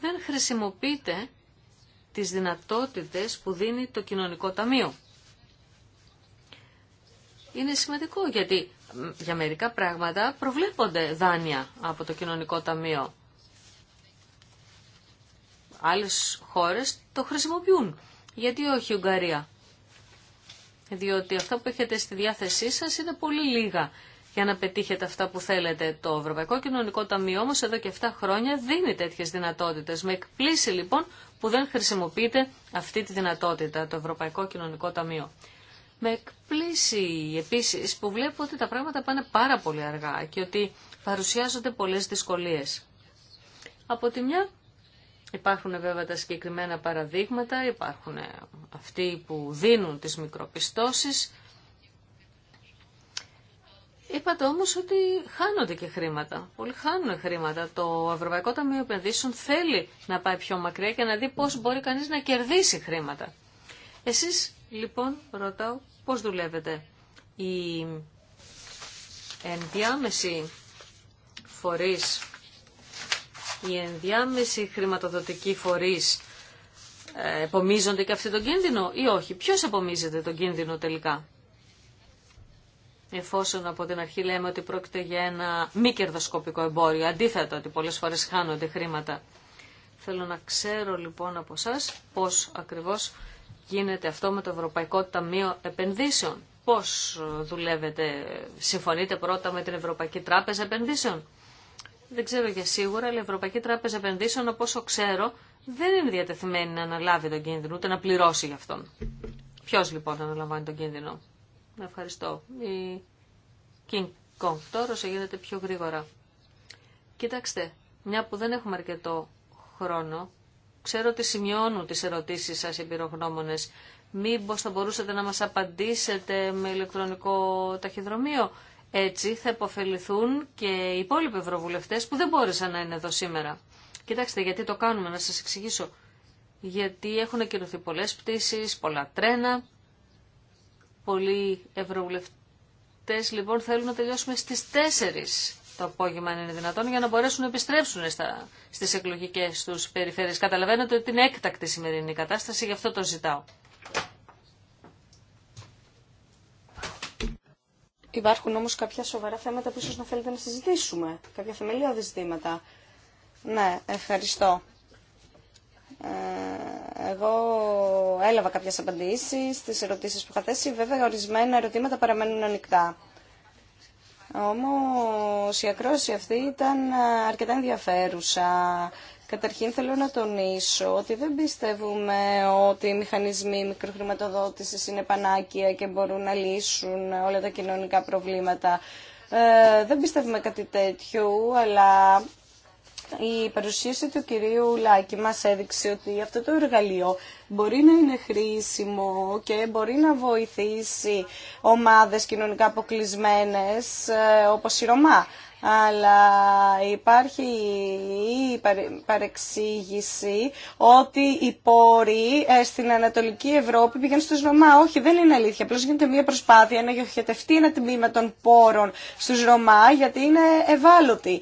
δεν χρησιμοποιείται τις δυνατότητες που δίνει το κοινωνικό ταμείο είναι σημαντικό γιατί για μερικά πράγματα προβλέπονται δάνεια από το κοινωνικό ταμείο. Άλλες χώρες το χρησιμοποιούν. Γιατί όχι η Ουγγαρία. Διότι αυτά που έχετε στη διάθεσή σας είναι πολύ λίγα για να πετύχετε αυτά που θέλετε. Το Ευρωπαϊκό Κοινωνικό Ταμείο όμως εδώ και 7 χρόνια δίνει τέτοιες δυνατότητες. Με εκπλήσει λοιπόν που δεν χρησιμοποιείτε αυτή τη δυνατότητα, το Ευρωπαϊκό Κοινωνικό Ταμείο. Με εκπλήσει επίση που βλέπω ότι τα πράγματα πάνε πάρα πολύ αργά και ότι παρουσιάζονται πολλές δυσκολίε. Από τη μια υπάρχουν βέβαια τα συγκεκριμένα παραδείγματα, υπάρχουν αυτοί που δίνουν τις μικροπιστώσεις. Είπατε όμως ότι χάνονται και χρήματα. Πολλοί χάνουν χρήματα. Το Ευρωπαϊκό Ταμείο Επενδύσεων θέλει να πάει πιο μακριά και να δει πώς μπορεί κανείς να κερδίσει χρήματα. Εσείς λοιπόν ρωτάω Πώς δουλεύετε. η ενδιάμεση φορείς, η ενδιάμεση χρηματοδοτική φορείς ε, επομίζονται και αυτοί τον κίνδυνο ή όχι. Ποιος επομίζεται τον κίνδυνο τελικά. Εφόσον από την αρχή λέμε ότι πρόκειται για ένα μη κερδοσκοπικό εμπόριο, αντίθετα ότι πολλές φορές χάνονται χρήματα. Θέλω να ξέρω λοιπόν από εσά πώς ακριβώς γίνεται αυτό με το Ευρωπαϊκό Ταμείο Επενδύσεων. Πώς ε, δουλεύετε, συμφωνείτε πρώτα με την Ευρωπαϊκή Τράπεζα Επενδύσεων. Δεν ξέρω για σίγουρα, αλλά η Ευρωπαϊκή Τράπεζα Επενδύσεων, από όσο ξέρω, δεν είναι διατεθειμένη να αναλάβει τον κίνδυνο, ούτε να πληρώσει γι' αυτόν. Ποιος λοιπόν αναλαμβάνει τον κίνδυνο. Ευχαριστώ. Η King Kong τώρα σε γίνεται πιο γρήγορα. Κοιτάξτε, μια που δεν έχουμε αρκετό χρόνο, Ξέρω ότι σημειώνουν τις ερωτήσεις σας οι εμπειρογνώμονες. Μήπως θα μπορούσατε να μας απαντήσετε με ηλεκτρονικό ταχυδρομείο. Έτσι θα υποφεληθούν και οι υπόλοιποι ευρωβουλευτές που δεν μπόρεσαν να είναι εδώ σήμερα. Κοιτάξτε γιατί το κάνουμε, να σας εξηγήσω. Γιατί έχουν ακυρωθεί πολλές πτήσεις, πολλά τρένα. Πολλοί ευρωβουλευτές λοιπόν θέλουν να τελειώσουμε στις 4 το απόγευμα, αν είναι δυνατόν, για να μπορέσουν να επιστρέψουν στα, στις εκλογικές τους περιφέρειες. Καταλαβαίνετε ότι είναι έκτακτη η σημερινή κατάσταση, γι' αυτό το ζητάω. Υπάρχουν όμως κάποια σοβαρά θέματα που ίσως να θέλετε να συζητήσουμε, κάποια θεμελιώδη ζητήματα. Ναι, ευχαριστώ. Ε, εγώ έλαβα κάποιες απαντήσεις στις ερωτήσεις που είχα θέσει. Βέβαια, ορισμένα ερωτήματα παραμένουν ανοιχτά. Όμως η ακρόαση αυτή ήταν ε, αρκετά ενδιαφέρουσα. Καταρχήν θέλω να τονίσω ότι δεν πιστεύουμε ότι οι μηχανισμοί μικροχρηματοδότησης είναι πανάκια και μπορούν να λύσουν όλα τα κοινωνικά προβλήματα. Ε, δεν πιστεύουμε κάτι τέτοιο, αλλά η παρουσίαση του κυρίου Λάκη μας έδειξε ότι αυτό το εργαλείο μπορεί να είναι χρήσιμο και μπορεί να βοηθήσει ομάδες κοινωνικά αποκλεισμένες ε, όπως η Ρωμά. Αλλά υπάρχει η παρεξήγηση ότι οι πόροι ε, στην Ανατολική Ευρώπη πήγαν στους Ρωμά. Όχι, δεν είναι αλήθεια. Απλώς γίνεται μια προσπάθεια να γιοχετευτεί ένα τμήμα των πόρων στους Ρωμά γιατί είναι ευάλωτοι.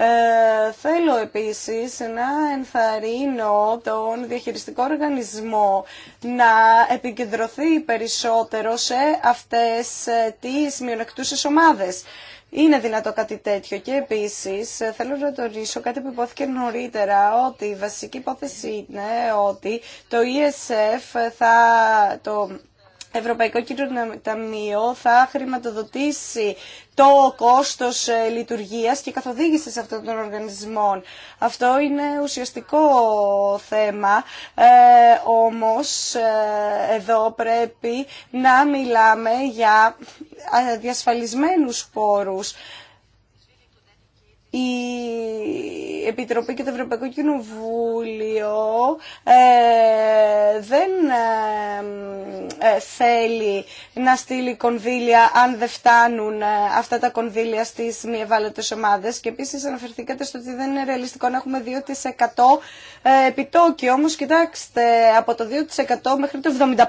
Ε, θέλω επίσης να ενθαρρύνω τον διαχειριστικό οργανισμό να επικεντρωθεί περισσότερο σε αυτές ε, τις μειονεκτούσες ομάδες. Είναι δυνατό κάτι τέτοιο και επίσης ε, θέλω να τονίσω κάτι που υπόθηκε νωρίτερα ότι η βασική υπόθεση είναι ότι το ESF θα, το Ευρωπαϊκό Κοινωνικό Ταμείο θα χρηματοδοτήσει το κόστος ε, λειτουργίας και καθοδήγησης αυτών των οργανισμών. Αυτό είναι ουσιαστικό θέμα, ε, όμως ε, εδώ πρέπει να μιλάμε για ε, διασφαλισμένους πόρους η Επιτροπή και το Ευρωπαϊκό Κοινοβούλιο ε, δεν ε, ε, θέλει να στείλει κονδύλια αν δεν φτάνουν ε, αυτά τα κονδύλια στις μη ευάλωτες ομάδες και επίσης αναφερθήκατε στο ότι δεν είναι ρεαλιστικό να έχουμε 2% επιτόκιο όμως κοιτάξτε από το 2% μέχρι το 75%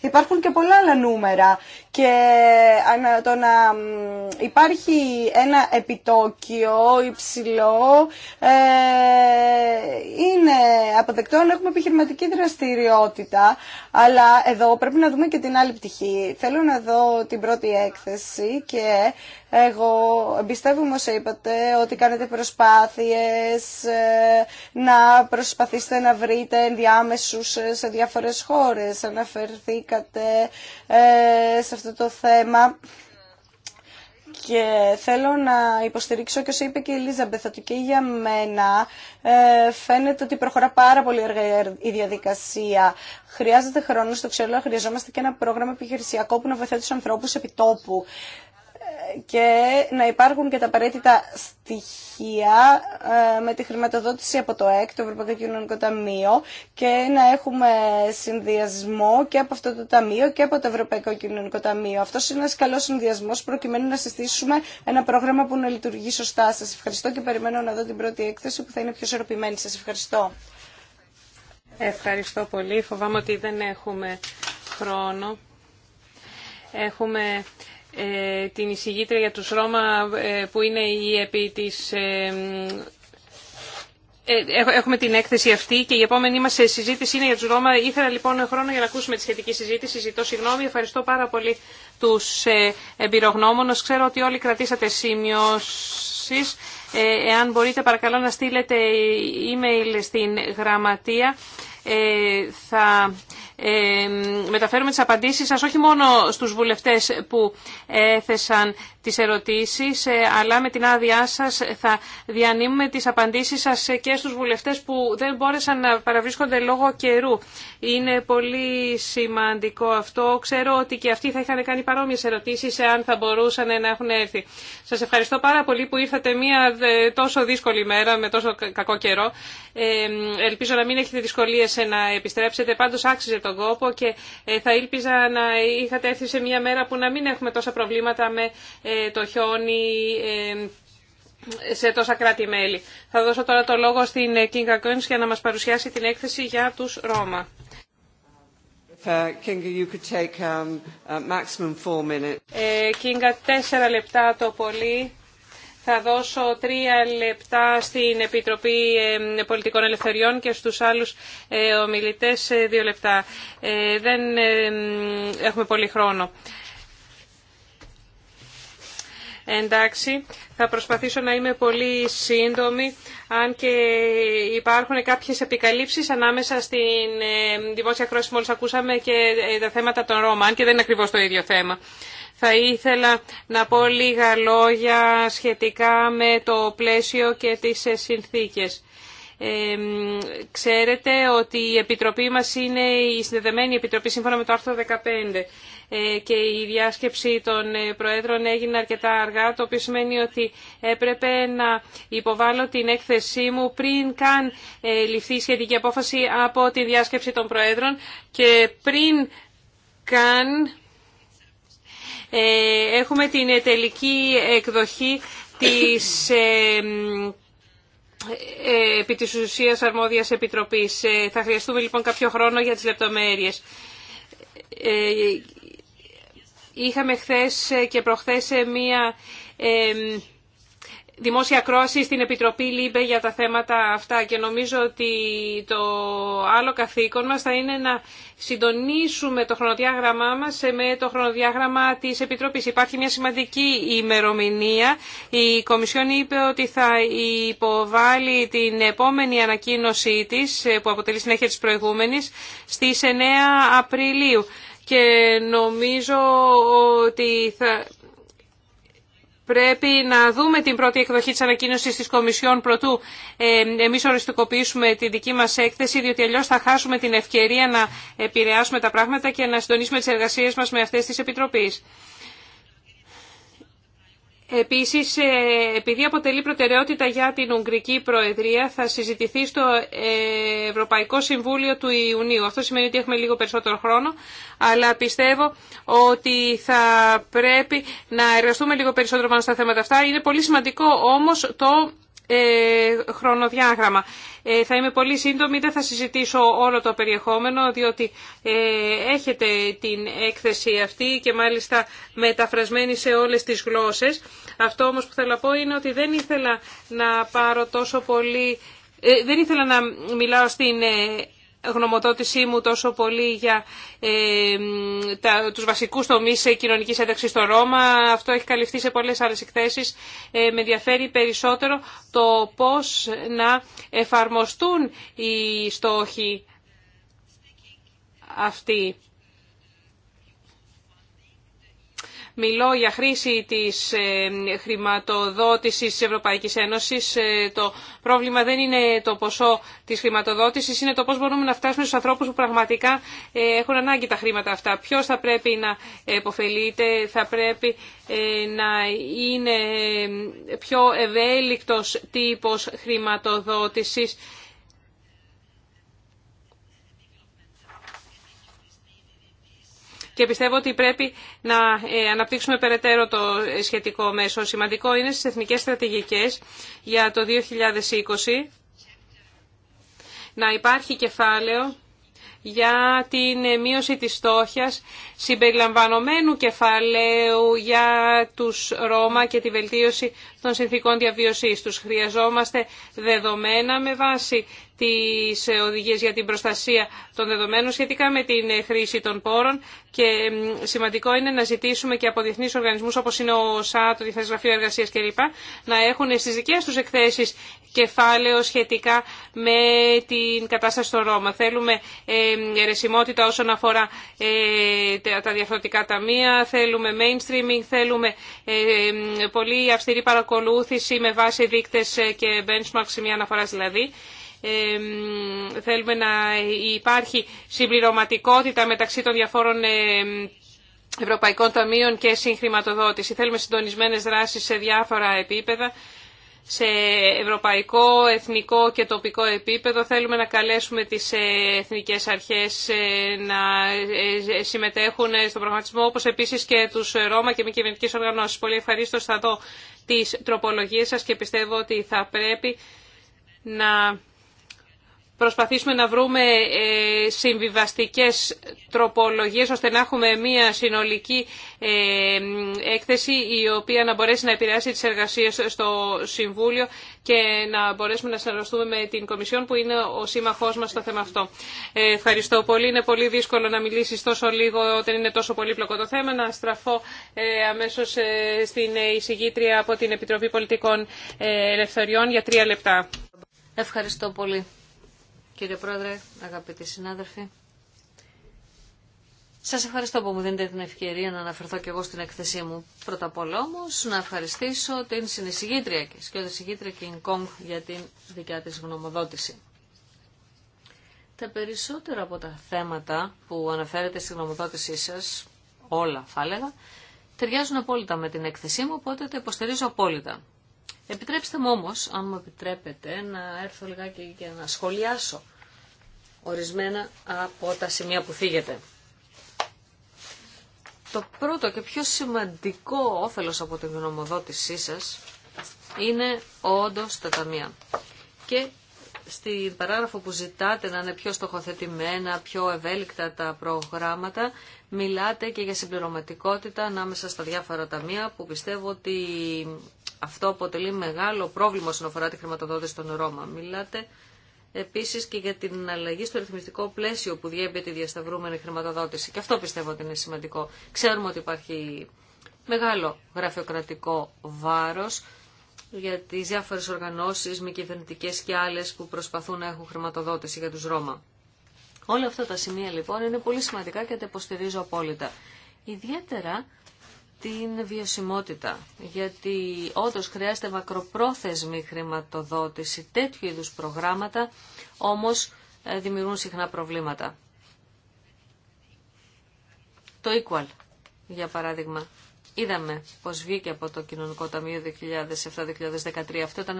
υπάρχουν και πολλά άλλα νούμερα και το να υπάρχει ένα επιτόκιο υψηλό ε, είναι αποδεκτό να έχουμε επιχειρηματική δραστηριότητα, αλλά εδώ πρέπει να δούμε και την άλλη πτυχή. Θέλω να δω την πρώτη έκθεση και εγώ εμπιστεύομαι όσο είπατε ότι κάνετε προσπάθειες ε, να προσπαθήσετε να βρείτε ενδιάμεσους σε διάφορες χώρες. Αναφερθήκατε ε, σε αυτό το θέμα. Και θέλω να υποστηρίξω και όσο είπε και η Ελίζα ότι και για μένα ε, φαίνεται ότι προχωρά πάρα πολύ αργά η διαδικασία. Χρειάζεται χρόνο, στο ξέρω, χρειαζόμαστε και ένα πρόγραμμα επιχειρησιακό που να βοηθάει του ανθρώπου επί και να υπάρχουν και τα απαραίτητα στοιχεία ε, με τη χρηματοδότηση από το ΕΚ, το Ευρωπαϊκό Κοινωνικό Ταμείο και να έχουμε συνδυασμό και από αυτό το Ταμείο και από το Ευρωπαϊκό Κοινωνικό Ταμείο. Αυτός είναι ένας καλός συνδυασμός προκειμένου να συστήσουμε ένα πρόγραμμα που να λειτουργεί σωστά. Σας ευχαριστώ και περιμένω να δω την πρώτη έκθεση που θα είναι πιο ισορροπημένη. Σας ευχαριστώ. Ευχαριστώ πολύ. Φοβάμαι ότι δεν έχουμε χρόνο. Έχουμε ε, την εισηγήτρια για τους Ρώμα ε, που είναι η επί της... Ε, έχουμε την έκθεση αυτή και η επόμενή μας συζήτηση είναι για τους Ρώμα. Ήθελα λοιπόν χρόνο για να ακούσουμε τη σχετική συζήτηση. Ζητώ συγγνώμη. Ευχαριστώ πάρα πολύ τους εμπειρογνώμονες. Ξέρω ότι όλοι κρατήσατε σημειώσεις. Εάν μπορείτε παρακαλώ να στείλετε email στην γραμματεία θα ε, μεταφέρουμε τις απαντήσεις σας όχι μόνο στους βουλευτές που έθεσαν τις ερωτήσεις, ε, αλλά με την άδειά σας θα διανύμουμε τις απαντήσεις σας και στους βουλευτές που δεν μπόρεσαν να παραβρίσκονται λόγω καιρού. Είναι πολύ σημαντικό αυτό. Ξέρω ότι και αυτοί θα είχαν κάνει παρόμοιες ερωτήσεις αν θα μπορούσαν να έχουν έρθει. Σας ευχαριστώ πάρα πολύ που ήρθατε μία τόσο δύσκολη μέρα με τόσο κακό καιρό. Ε, ελπίζω να μην έχετε δυσκολίες να επιστρέψετε. Πάντως άξιζε τον κόπο και ε, θα ήλπιζα να είχατε έρθει σε μία μέρα που να μην έχουμε τόσα προβλήματα με το χιόνι ε, σε τόσα κράτη-μέλη. Θα δώσω τώρα το λόγο στην Κίνγκα ε, Κόνης για να μας παρουσιάσει την έκθεση για τους Ρώμα. Κίνγκα, uh, um, uh, ε, τέσσερα λεπτά το πολύ. Θα δώσω τρία λεπτά στην Επιτροπή Πολιτικών Ελευθεριών και στους άλλους ομιλητές δύο λεπτά. Δεν έχουμε πολύ χρόνο. Εντάξει, θα προσπαθήσω να είμαι πολύ σύντομη, αν και υπάρχουν κάποιες επικαλύψεις ανάμεσα στην ε, δημόσια κρόση μόλις ακούσαμε και ε, τα θέματα των Ρώμα, αν και δεν είναι ακριβώς το ίδιο θέμα. Θα ήθελα να πω λίγα λόγια σχετικά με το πλαίσιο και τις ε, συνθήκες. Ε, ξέρετε ότι η Επιτροπή μας είναι η συνδεδεμένη Επιτροπή σύμφωνα με το άρθρο 15. Ε, και η διάσκεψη των ε, Προέδρων έγινε αρκετά αργά, το οποίο σημαίνει ότι έπρεπε να υποβάλω την έκθεσή μου πριν καν ε, ληφθεί η σχετική απόφαση από τη διάσκεψη των Προέδρων και πριν καν έχουμε την τελική εκδοχή της επί της ουσίας αρμόδιας επιτροπής. Θα χρειαστούμε λοιπόν κάποιο χρόνο για τις λεπτομέρειες. Είχαμε χθε και προχθές μία δημόσια κρόαση στην Επιτροπή ΛΥΜΠΕ για τα θέματα αυτά και νομίζω ότι το άλλο καθήκον μας θα είναι να συντονίσουμε το χρονοδιάγραμμά μας με το χρονοδιάγραμμα της Επιτροπής. Υπάρχει μια σημαντική ημερομηνία. Η Κομισιόν είπε ότι θα υποβάλει την επόμενη ανακοίνωσή της που αποτελεί συνέχεια της προηγούμενης στις 9 Απριλίου και νομίζω ότι θα πρέπει να δούμε την πρώτη εκδοχή της ανακοίνωσης της Κομισιόν πρωτού ε, εμείς οριστικοποιήσουμε τη δική μας έκθεση, διότι αλλιώς θα χάσουμε την ευκαιρία να επηρεάσουμε τα πράγματα και να συντονίσουμε τις εργασίες μας με αυτές τις επιτροπές. Επίσης, ε, επειδή αποτελεί προτεραιότητα για την Ουγγρική Προεδρία, θα συζητηθεί στο ε, Ευρωπαϊκό Συμβούλιο του Ιουνίου. Αυτό σημαίνει ότι έχουμε λίγο περισσότερο χρόνο, αλλά πιστεύω ότι θα πρέπει να εργαστούμε λίγο περισσότερο πάνω στα θέματα αυτά. Είναι πολύ σημαντικό όμως το ε, χρονοδιάγραμμα. Ε, θα είμαι πολύ σύντομη, δεν θα συζητήσω όλο το περιεχόμενο, διότι ε, έχετε την έκθεση αυτή και μάλιστα μεταφρασμένη σε όλες τις γλώσσες. Αυτό όμως που θέλω να πω είναι ότι δεν ήθελα να πάρω τόσο πολύ... Δεν ήθελα να μιλάω στην γνωμοδότησή μου τόσο πολύ για ε, τα, τους βασικούς τομείς κοινωνικής ένταξης στο Ρώμα. Αυτό έχει καλυφθεί σε πολλές άλλες εκθέσεις. Ε, με ενδιαφέρει περισσότερο το πώς να εφαρμοστούν οι στόχοι αυτοί. Μιλώ για χρήση της ε, χρηματοδότησης της Ευρωπαϊκής Ένωσης. Ε, το πρόβλημα δεν είναι το ποσό της χρηματοδότησης, είναι το πώς μπορούμε να φτάσουμε στους ανθρώπους που πραγματικά ε, έχουν ανάγκη τα χρήματα αυτά. Ποιος θα πρέπει να υποφελείται, θα πρέπει να είναι πιο ευέλικτος τύπος χρηματοδότησης και πιστεύω ότι πρέπει να ε, αναπτύξουμε περαιτέρω το σχετικό μέσο. Σημαντικό είναι στις εθνικές στρατηγικές για το 2020 να υπάρχει κεφάλαιο για την μείωση της στόχιας συμπεριλαμβανομένου κεφαλαίου για τους Ρώμα και τη βελτίωση των συνθήκων διαβίωσής τους. Χρειαζόμαστε δεδομένα με βάση τις οδηγίες για την προστασία των δεδομένων σχετικά με την χρήση των πόρων και σημαντικό είναι να ζητήσουμε και από διεθνείς οργανισμούς όπως είναι ο ΣΑ, το Διεθνές Γραφείο Εργασίας κλπ. να έχουν στις δικές τους εκθέσεις κεφάλαιο σχετικά με την κατάσταση στο Ρώμα. Θέλουμε ερεσιμότητα όσον αφορά ε, τα διαφορετικά ταμεία, θέλουμε mainstreaming, θέλουμε πολύ αυστηρή παρακολούθηση με βάση δείκτες ε, και benchmarks, μια αναφορά δηλαδή θέλουμε να υπάρχει συμπληρωματικότητα μεταξύ των διαφόρων Ευρωπαϊκών Ταμείων και συγχρηματοδότηση. Θέλουμε συντονισμένες δράσεις σε διάφορα επίπεδα σε ευρωπαϊκό, εθνικό και τοπικό επίπεδο. Θέλουμε να καλέσουμε τις ε, εθνικές αρχές ε, να ε, συμμετέχουν στον προγραμματισμό, όπως επίσης και τους Ρώμα και μη κυβερνητικές οργανώσεις. Πολύ ευχαρίστως θα δω τις τροπολογίες σας και πιστεύω ότι θα πρέπει να προσπαθήσουμε να βρούμε ε, συμβιβαστικές τροπολογίες ώστε να έχουμε μια συνολική ε, έκθεση η οποία να μπορέσει να επηρεάσει τις εργασίες στο Συμβούλιο και να μπορέσουμε να συνεργαστούμε με την Κομισιόν που είναι ο σύμμαχός μας στο θέμα αυτό. Ε, ευχαριστώ πολύ. Είναι πολύ δύσκολο να μιλήσεις τόσο λίγο όταν είναι τόσο πολύπλοκο το θέμα. Να στραφώ αμέσως στην εισηγήτρια από την Επιτροπή Πολιτικών Ελευθεριών για τρία λεπτά. Ευχαριστώ πολύ. Κύριε Πρόεδρε, αγαπητοί συνάδελφοι, σας ευχαριστώ που μου δίνετε την ευκαιρία να αναφερθώ και εγώ στην εκθεσή μου. Πρώτα απ' όλα όμως να ευχαριστήσω την συνεισηγήτρια και σκιώδη Κιν Kong για την δικιά της γνωμοδότηση. Τα περισσότερα από τα θέματα που αναφέρετε στη γνωμοδότησή σας, όλα θα έλεγα, ταιριάζουν απόλυτα με την έκθεσή μου, οπότε τα υποστηρίζω απόλυτα. Επιτρέψτε μου όμως, αν μου επιτρέπετε, να έρθω λιγάκι και να σχολιάσω ορισμένα από τα σημεία που θίγεται. Το πρώτο και πιο σημαντικό όφελος από την γνωμοδότησή σας είναι όντως τα ταμεία. Και στην παράγραφο που ζητάτε να είναι πιο στοχοθετημένα, πιο ευέλικτα τα προγράμματα, μιλάτε και για συμπληρωματικότητα ανάμεσα στα διάφορα ταμεία που πιστεύω ότι αυτό αποτελεί μεγάλο πρόβλημα όσον αφορά τη χρηματοδότηση των Ρώμα. Μιλάτε επίσης και για την αλλαγή στο ρυθμιστικό πλαίσιο που διέπει τη διασταυρούμενη χρηματοδότηση. Και αυτό πιστεύω ότι είναι σημαντικό. Ξέρουμε ότι υπάρχει μεγάλο γραφειοκρατικό βάρος για τις διάφορες οργανώσεις, μη κυβερνητικέ και άλλες που προσπαθούν να έχουν χρηματοδότηση για τους Ρώμα. Όλα αυτά τα σημεία λοιπόν είναι πολύ σημαντικά και τα υποστηρίζω απόλυτα. Ιδιαίτερα την βιωσιμότητα, γιατί όντως χρειάζεται μακροπρόθεσμη χρηματοδότηση. Τέτοιου είδους προγράμματα όμως ε, δημιουργούν συχνά προβλήματα. Το Equal, για παράδειγμα, είδαμε πως βγήκε από το Κοινωνικό Ταμείο 2007-2013. Αυτό ήταν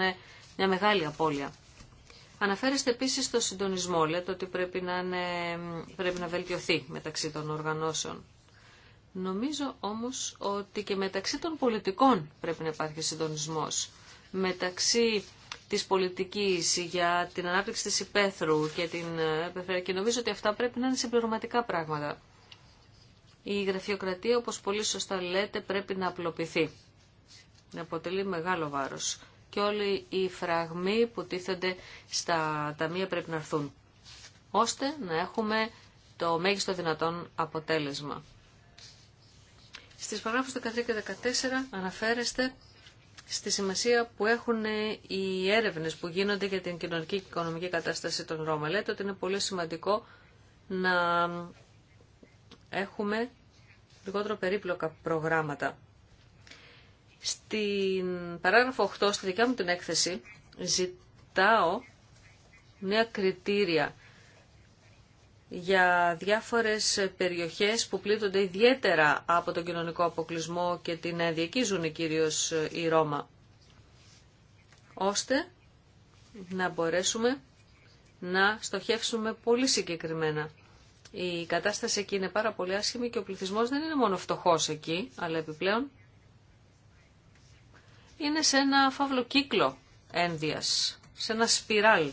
μια μεγάλη απώλεια. Αναφέρεστε επίσης στο συντονισμό, λέτε ότι πρέπει πρέπει να βελτιωθεί μεταξύ των οργανώσεων. Νομίζω όμως ότι και μεταξύ των πολιτικών πρέπει να υπάρχει συντονισμός. Μεταξύ της πολιτικής για την ανάπτυξη της υπαίθρου και την ε, και νομίζω ότι αυτά πρέπει να είναι συμπληρωματικά πράγματα. Η γραφειοκρατία, όπως πολύ σωστά λέτε, πρέπει να απλοποιηθεί. Να αποτελεί μεγάλο βάρος. Και όλοι οι φραγμοί που τίθενται στα ταμεία πρέπει να έρθουν. Ώστε να έχουμε το μέγιστο δυνατόν αποτέλεσμα. Στις παράγραφους 13 και 14 αναφέρεστε στη σημασία που έχουν οι έρευνες που γίνονται για την κοινωνική και οικονομική κατάσταση των Ρώμα. Λέτε ότι είναι πολύ σημαντικό να έχουμε λιγότερο περίπλοκα προγράμματα. Στην παράγραφο 8, στη δικιά μου την έκθεση, ζητάω νέα κριτήρια για διάφορες περιοχές που πλήττονται ιδιαίτερα από τον κοινωνικό αποκλεισμό και την διεκίζουν κυρίως ε, η Ρώμα, ώστε να μπορέσουμε να στοχεύσουμε πολύ συγκεκριμένα. Η κατάσταση εκεί είναι πάρα πολύ άσχημη και ο πληθυσμός δεν είναι μόνο φτωχός εκεί, αλλά επιπλέον είναι σε ένα φαύλο κύκλο ένδυας, σε ένα σπιράλ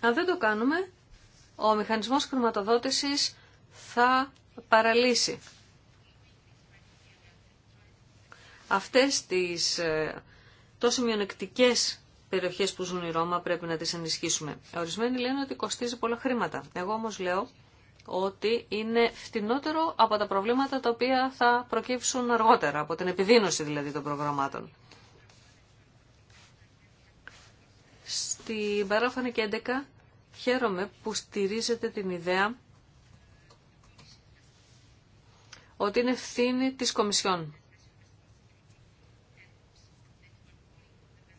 αν δεν το κάνουμε, ο μηχανισμός χρηματοδότησης θα παραλύσει. Αυτές τις ε, τόσο μειονεκτικές περιοχές που ζουν οι Ρώμα πρέπει να τις ενισχύσουμε. Ορισμένοι λένε ότι κοστίζει πολλά χρήματα. Εγώ όμως λέω ότι είναι φτηνότερο από τα προβλήματα τα οποία θα προκύψουν αργότερα, από την επιδείνωση δηλαδή των προγραμμάτων. Στην και 11 χαίρομαι που στηρίζετε την ιδέα ότι είναι ευθύνη της Κομισιόν.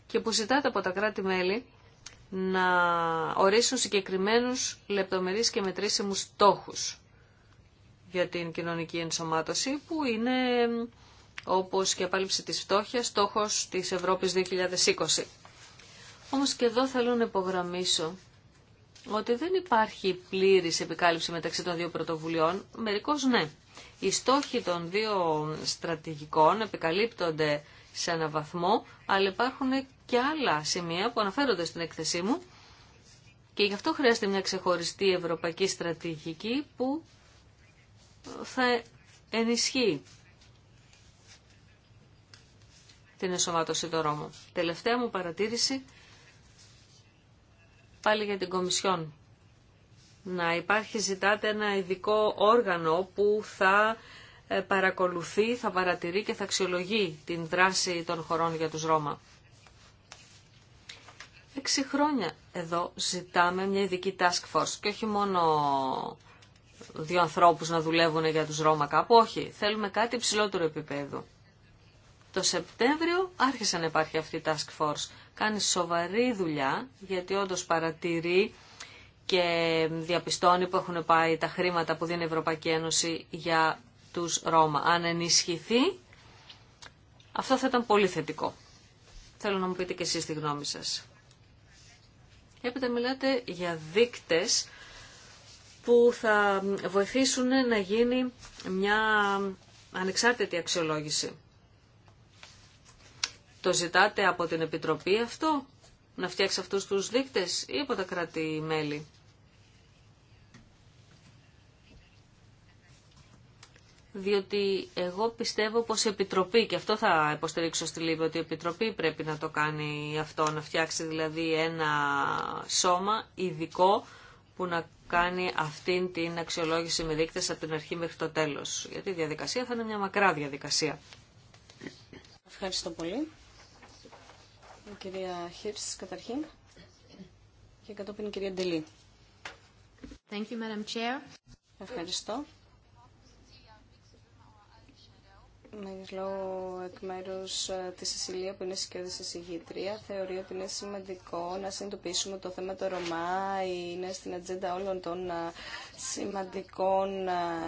Και που ζητάτε από τα κράτη-μέλη να ορίσουν συγκεκριμένους λεπτομερείς και μετρήσιμους στόχους για την κοινωνική ενσωμάτωση που είναι όπως και απάλληψη της φτώχειας στόχος της Ευρώπης 2020. Όμως και εδώ θέλω να υπογραμμίσω ότι δεν υπάρχει πλήρης επικάλυψη μεταξύ των δύο πρωτοβουλειών, μερικώς ναι. Οι στόχοι των δύο στρατηγικών επικαλύπτονται σε ένα βαθμό, αλλά υπάρχουν και άλλα σημεία που αναφέρονται στην έκθεσή μου και γι' αυτό χρειάζεται μια ξεχωριστή ευρωπαϊκή στρατηγική που θα ενισχύει την ενσωμάτωση των Ρώμων. Τελευταία μου παρατήρηση Πάλι για την Κομισιόν. Να υπάρχει, ζητάτε, ένα ειδικό όργανο που θα ε, παρακολουθεί, θα παρατηρεί και θα αξιολογεί την δράση των χωρών για τους Ρώμα. Έξι χρόνια εδώ ζητάμε μια ειδική task force και όχι μόνο δύο ανθρώπους να δουλεύουν για τους Ρώμα κάπου. Όχι, θέλουμε κάτι υψηλότερο επίπεδο. Το Σεπτέμβριο άρχισε να υπάρχει αυτή η task force κάνει σοβαρή δουλειά, γιατί όντω παρατηρεί και διαπιστώνει που έχουν πάει τα χρήματα που δίνει η Ευρωπαϊκή Ένωση για τους Ρώμα. Αν ενισχυθεί, αυτό θα ήταν πολύ θετικό. Θέλω να μου πείτε και εσείς τη γνώμη σας. Έπειτα μιλάτε για δίκτες που θα βοηθήσουν να γίνει μια ανεξάρτητη αξιολόγηση. Το ζητάτε από την Επιτροπή αυτό, να φτιάξει αυτούς τους δείκτες ή από τα κράτη-μέλη. διότι εγώ πιστεύω πως η Επιτροπή, και αυτό θα υποστηρίξω στη Λίβη, ότι η Επιτροπή πρέπει να το κάνει αυτό, να φτιάξει δηλαδή ένα σώμα ειδικό που να κάνει αυτήν την αξιολόγηση με δείκτες από την αρχή μέχρι το τέλος. Γιατί η διαδικασία θα είναι μια μακρά διαδικασία. Ευχαριστώ πολύ. Η κυρία Χίρς καταρχήν και κατόπιν η κυρία Ντελή. Thank you, Madam Chair. Ευχαριστώ. Μιλώ εκ μέρου ε, τη Σεσιλία που είναι σκιώδη συγγητρία. Θεωρεί ότι είναι σημαντικό να συνειδητοποιήσουμε το θέμα το Ρωμά είναι στην ατζέντα όλων των ε, σημαντικών ε,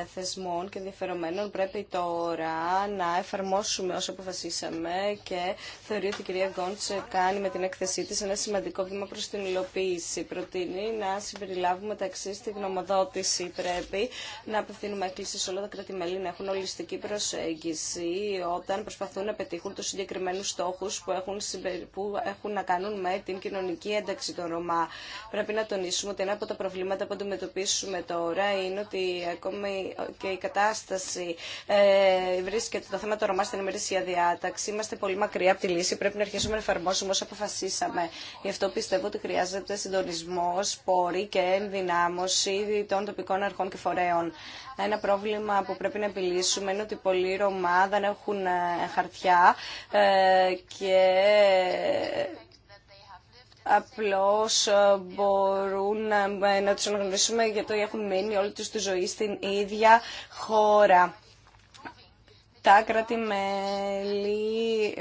ε, θεσμών και ενδιαφερομένων. Πρέπει τώρα να εφαρμόσουμε όσο αποφασίσαμε και θεωρεί ότι η κυρία Γκόντς κάνει με την έκθεσή της ένα σημαντικό βήμα προς την υλοποίηση. Προτείνει να συμπεριλάβουμε τα εξή στη γνωμοδότηση. Πρέπει να απευθύνουμε έκκληση σε όλα τα κρατημέλη να έχουν ολιστική προσέγγιση όταν προσπαθούν να πετύχουν τους συγκεκριμένους στόχους που έχουν, που έχουν να κάνουν με την κοινωνική ένταξη των Ρωμά. Πρέπει να τονίσουμε ότι ένα από τα προβλήματα που αντιμετωπίσουμε τώρα είναι ότι ακόμη και η κατάσταση ε, βρίσκεται το θέμα των Ρωμά στην ημερήσια διάταξη. Είμαστε πολύ μακριά από τη λύση. Πρέπει να αρχίσουμε να εφαρμόσουμε όσα αποφασίσαμε. Γι' αυτό πιστεύω ότι χρειάζεται συντονισμό, πόροι και ενδυνάμωση των τοπικών αρχών και φορέων. Ένα πρόβλημα που πρέπει να επιλύσουμε είναι ότι πολλοί Ρωμά δεν έχουν ε, χαρτιά ε, και απλώς ε, μπορούν να τους αναγνωρίσουμε γιατί έχουν μείνει όλη τους τη ζωή στην ίδια χώρα τα κράτη-μέλη,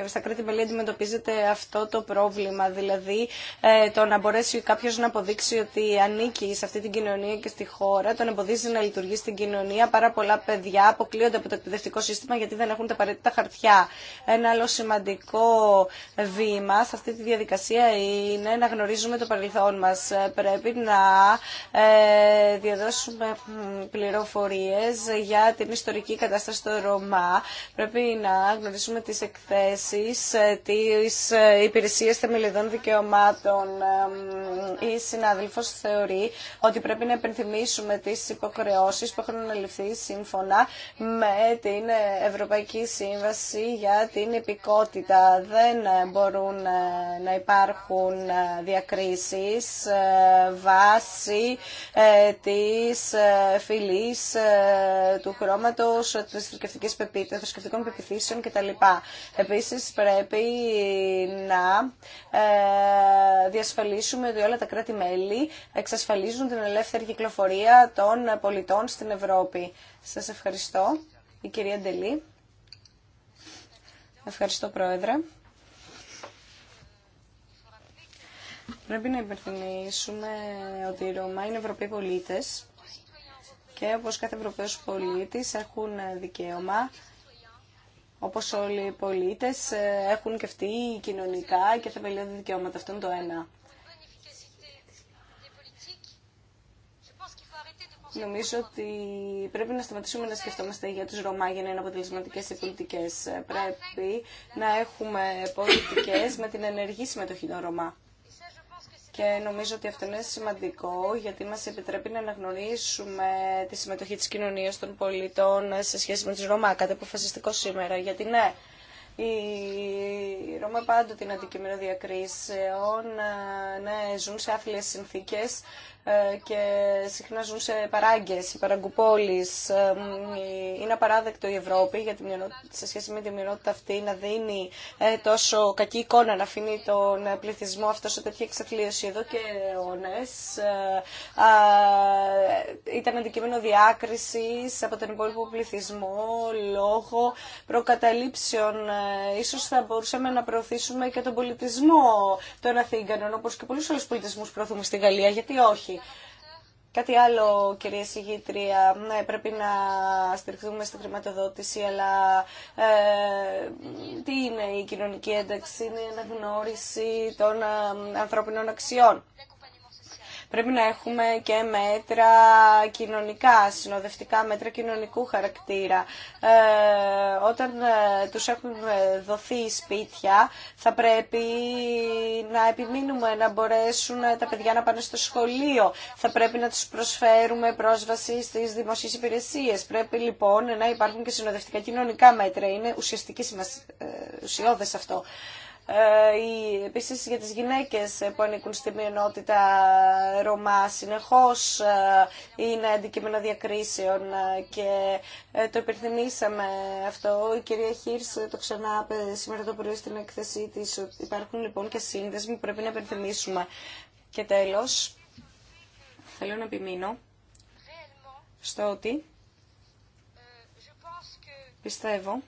στα κράτη-μέλη αντιμετωπίζεται αυτό το πρόβλημα, δηλαδή ε, το να μπορέσει κάποιο να αποδείξει ότι ανήκει σε αυτή την κοινωνία και στη χώρα, τον εμποδίζει να λειτουργεί στην κοινωνία. Πάρα πολλά παιδιά αποκλείονται από το εκπαιδευτικό σύστημα γιατί δεν έχουν τα απαραίτητα χαρτιά. Ένα άλλο σημαντικό βήμα σε αυτή τη διαδικασία είναι να γνωρίζουμε το παρελθόν μα. Ε, πρέπει να ε, διαδώσουμε πληροφορίε για την ιστορική κατάσταση στο Ρωμά Πρέπει να γνωρίσουμε τις εκθέσεις ε, της ε, Υπηρεσίας Θεμελιδών Δικαιωμάτων. Η συνάδελφος θεωρεί ότι πρέπει να επενθυμίσουμε τις υποχρεώσεις που έχουν αναλυφθεί σύμφωνα με την Ευρωπαϊκή Σύμβαση για την επικότητα. Δεν μπορούν ε, να υπάρχουν διακρίσεις βάσει της φυλής του χρώματος της θρησκευτικής πεπίτης θρησκευτικών πεπιθήσεων κτλ. Επίσης πρέπει να ε, διασφαλίσουμε ότι όλα τα κράτη-μέλη εξασφαλίζουν την ελεύθερη κυκλοφορία των πολιτών στην Ευρώπη. Σας ευχαριστώ. Η κυρία Ντελή. Ευχαριστώ, Πρόεδρε. Πρέπει να υπενθυμίσουμε ότι οι Ρωμά είναι Ευρωπαίοι πολίτες και όπως κάθε Ευρωπαίος πολίτης έχουν δικαίωμα όπως όλοι οι πολίτες ε, έχουν και αυτοί κοινωνικά και θεμελιώδη δικαιώματα. Αυτό είναι το ένα. Νομίζω ότι πρέπει να σταματήσουμε να σκεφτόμαστε για τους Ρωμά για να είναι αποτελεσματικές οι πολιτικές. Ε, πρέπει να έχουμε πολιτικές με την ενεργή συμμετοχή των Ρωμά και νομίζω ότι αυτό είναι σημαντικό γιατί μας επιτρέπει να αναγνωρίσουμε τη συμμετοχή της κοινωνίας των πολιτών σε σχέση με τους Ρωμά, κάτι αποφασιστικό σήμερα, γιατί ναι, η Ρώμα πάντοτε είναι αντικείμενο διακρίσεων, ε, ναι, ζουν σε άθλιες συνθήκες ε, και συχνά ζουν σε παράγκες, παραγκουπόλει. Ε, είναι απαράδεκτο η Ευρώπη για τη σε σχέση με τη μειονότητα αυτή να δίνει ε, τόσο κακή εικόνα, να αφήνει τον πληθυσμό αυτό σε τέτοια εξαθλίωση εδώ και αιώνε. Ήταν αντικείμενο διάκριση από τον υπόλοιπο πληθυσμό λόγω προκαταλήψεων. Σω θα μπορούσαμε να προωθήσουμε και τον πολιτισμό των Αθήγανων, όπω και πολλού άλλου πολιτισμούς προωθούμε στη Γαλλία, γιατί όχι. Κάτι άλλο, κυρία Συγήτρια, ναι, πρέπει να στηριχθούμε στη χρηματοδότηση, αλλά ε, τι είναι η κοινωνική ένταξη, είναι η αναγνώριση των ε, ανθρωπινών αξιών. Πρέπει να έχουμε και μέτρα κοινωνικά, συνοδευτικά μέτρα κοινωνικού χαρακτήρα. Ε, όταν ε, τους έχουν ε, δοθεί σπίτια, θα πρέπει να επιμείνουμε να μπορέσουν τα παιδιά να πάνε στο σχολείο. Θα πρέπει να τους προσφέρουμε πρόσβαση στις δημοσίες υπηρεσίες. Πρέπει λοιπόν να υπάρχουν και συνοδευτικά κοινωνικά μέτρα. Είναι ουσιαστική ουσιώδες αυτό. Ε, επίσης για τις γυναίκες ε, που ανήκουν στη μειονότητα Ρωμά συνεχώς ε, είναι αντικείμενο διακρίσεων και το υπενθυμίσαμε αυτό. Η κυρία Χίρς το ξανά σήμερα το πρωί στην έκθεσή της. Υπάρχουν λοιπόν και σύνδεσμοι που πρέπει να υπενθυμίσουμε. Και τέλος, θέλω να επιμείνω στο ότι πιστεύω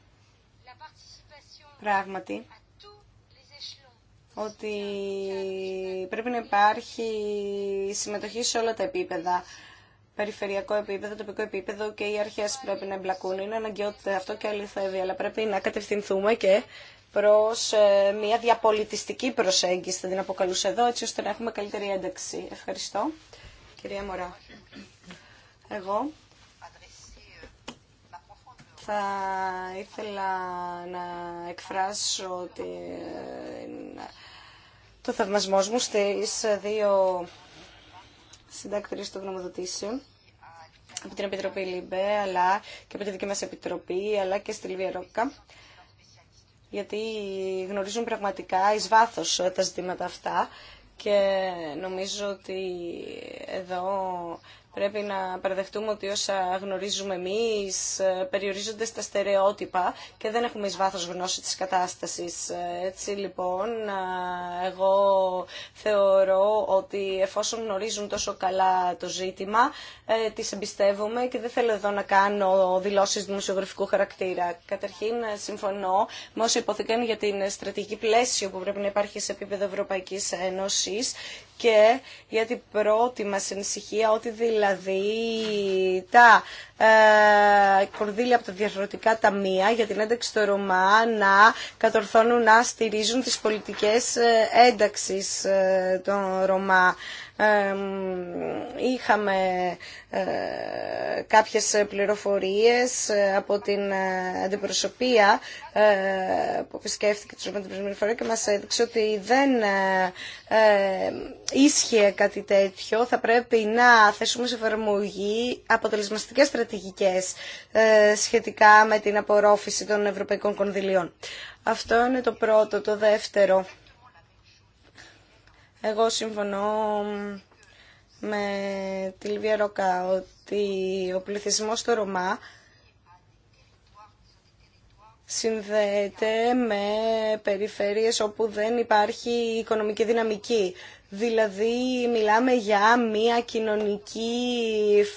πράγματι ότι πρέπει να υπάρχει συμμετοχή σε όλα τα επίπεδα. Περιφερειακό επίπεδο, τοπικό επίπεδο και οι αρχέ πρέπει να εμπλακούν. Είναι αναγκαιότητα αυτό και αληθεύει, αλλά πρέπει να κατευθυνθούμε και προ ε, μια διαπολιτιστική προσέγγιση, θα την αποκαλούσε εδώ, έτσι ώστε να έχουμε καλύτερη ένταξη. Ευχαριστώ. Κυρία Μωρά. Εγώ θα ήθελα να εκφράσω το θαυμασμό μου στις δύο συντάκτηρες των γνωμοδοτήσεων από την Επιτροπή ΛΥΜΠΕ, αλλά και από τη δική μας Επιτροπή, αλλά και στη Λιβία Ρόκα, γιατί γνωρίζουν πραγματικά εις βάθος τα ζητήματα αυτά και νομίζω ότι εδώ Πρέπει να παραδεχτούμε ότι όσα γνωρίζουμε εμείς ε, περιορίζονται στα στερεότυπα και δεν έχουμε εις βάθος γνώση της κατάστασης. Ε, έτσι λοιπόν, εγώ θεωρώ ότι εφόσον γνωρίζουν τόσο καλά το ζήτημα, ε, τις εμπιστεύομαι και δεν θέλω εδώ να κάνω δηλώσεις δημοσιογραφικού χαρακτήρα. Καταρχήν, συμφωνώ με όσοι υποθήκαν για την στρατηγική πλαίσιο που πρέπει να υπάρχει σε επίπεδο Ευρωπαϊκής Ένωσης και για την πρώτη μας ενσυχία ότι δηλαδή τα ε, κορδίλια από τα διαφορετικά ταμεία για την ένταξη στο Ρωμά να κατορθώνουν να στηρίζουν τις πολιτικές ε, ένταξης ε, των Ρωμά είχαμε ε, κάποιες πληροφορίες ε, από την ε, αντιπροσωπεία που επισκέφθηκε τους την προηγούμενη φορά και μας έδειξε ότι δεν ίσχυε κάτι τέτοιο. Θα πρέπει να θέσουμε σε εφαρμογή αποτελεσματικές στρατηγικές σχετικά με την απορρόφηση των ευρωπαϊκών κονδυλίων. Αυτό είναι το πρώτο. Το δεύτερο εγώ συμφωνώ με τη Λιβία Ροκά ότι ο πληθυσμός στο Ρωμά συνδέεται με περιφέρειες όπου δεν υπάρχει οικονομική δυναμική. Δηλαδή μιλάμε για μια κοινωνική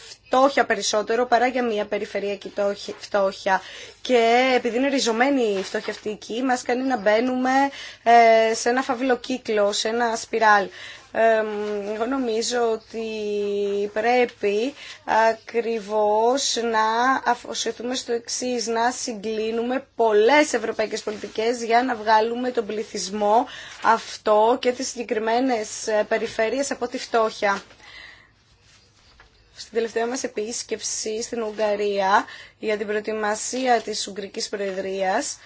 φτώχεια περισσότερο παρά για μια περιφερειακή φτώχεια. Και επειδή είναι ριζωμένη η φτώχεια αυτή εκεί, μας κάνει να μπαίνουμε ε, σε ένα φαυλοκύκλο, σε ένα σπιράλ εγώ νομίζω ότι πρέπει ακριβώς να αφοσιωθούμε στο εξή να συγκλίνουμε πολλές ευρωπαϊκές πολιτικές για να βγάλουμε τον πληθυσμό αυτό και τις συγκεκριμένες περιφέρειες από τη φτώχεια. Στην τελευταία μας επίσκεψη στην Ουγγαρία για την προετοιμασία της Ουγγρικής Προεδρίας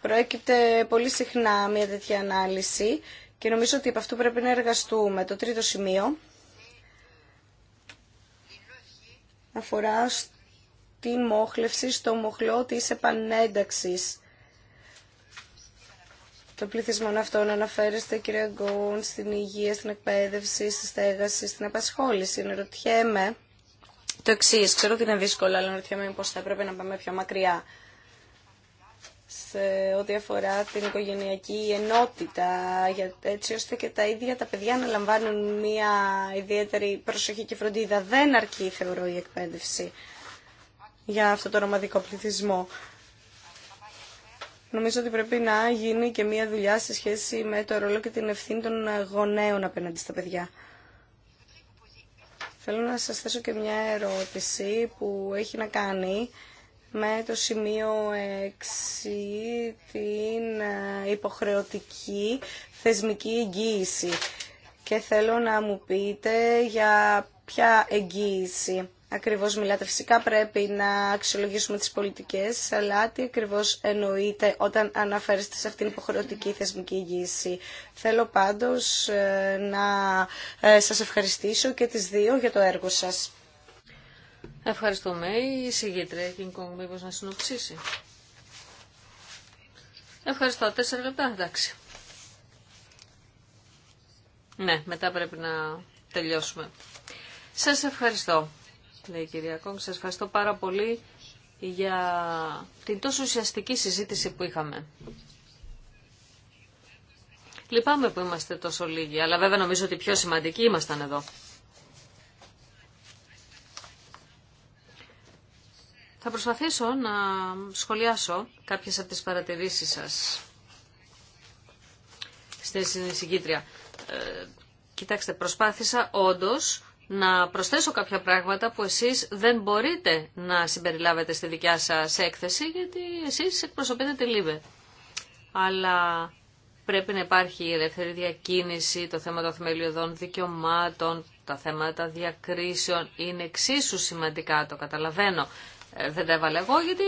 Προέκυπτε πολύ συχνά μια τέτοια ανάλυση και νομίζω ότι από αυτού πρέπει να εργαστούμε. Το τρίτο σημείο αφορά τη μόχλευση, στο μοχλό της επανένταξης. Το πληθυσμό αυτών αναφέρεστε, κύριε Αγκόν, στην υγεία, στην εκπαίδευση, στη στέγαση, στην απασχόληση. Αναρωτιέμαι το εξή. Ξέρω ότι είναι δύσκολο, αλλά αναρωτιέμαι πώ θα έπρεπε να πάμε πιο μακριά. Ε, ό,τι αφορά την οικογενειακή ενότητα, έτσι ώστε και τα ίδια τα παιδιά να λαμβάνουν μια ιδιαίτερη προσοχή και φροντίδα. Δεν αρκεί, θεωρώ, η εκπαίδευση για αυτό το ρομαδικό πληθυσμό. Νομίζω ότι πρέπει να γίνει και μια δουλειά σε σχέση με το ρόλο και την ευθύνη των γονέων απέναντι στα παιδιά. Θέλω να σας θέσω και μια ερώτηση που έχει να κάνει με το σημείο 6 την ε, υποχρεωτική θεσμική εγγύηση. Και θέλω να μου πείτε για ποια εγγύηση ακριβώς μιλάτε. Φυσικά πρέπει να αξιολογήσουμε τις πολιτικές, αλλά τι ακριβώς εννοείται όταν αναφέρεστε σε αυτήν την υποχρεωτική θεσμική εγγύηση. Θέλω πάντως ε, να ε, σας ευχαριστήσω και τις δύο για το έργο σας. Ευχαριστούμε. Η συγγήτρια Κόγκ, μήπως να συνοψίσει. Ευχαριστώ. Τέσσερα λεπτά, εντάξει. Ναι, μετά πρέπει να τελειώσουμε. Σας ευχαριστώ, λέει η κυρία Κόγκ. Σας ευχαριστώ πάρα πολύ για την τόσο ουσιαστική συζήτηση που είχαμε. Λυπάμαι που είμαστε τόσο λίγοι, αλλά βέβαια νομίζω ότι πιο σημαντικοί ήμασταν εδώ. Θα προσπαθήσω να σχολιάσω κάποιες από τις παρατηρήσεις σας στην συγκήτρια. Ε, κοιτάξτε, προσπάθησα όντως να προσθέσω κάποια πράγματα που εσείς δεν μπορείτε να συμπεριλάβετε στη δικιά σας έκθεση, γιατί εσείς εκπροσωπείτε τη ΛΥΒΕ. Αλλά πρέπει να υπάρχει η ελεύθερη διακίνηση, το θέμα των θεμελιωδών δικαιωμάτων, τα θέματα διακρίσεων είναι εξίσου σημαντικά, το καταλαβαίνω. Ε, δεν τα έβαλα εγώ γιατί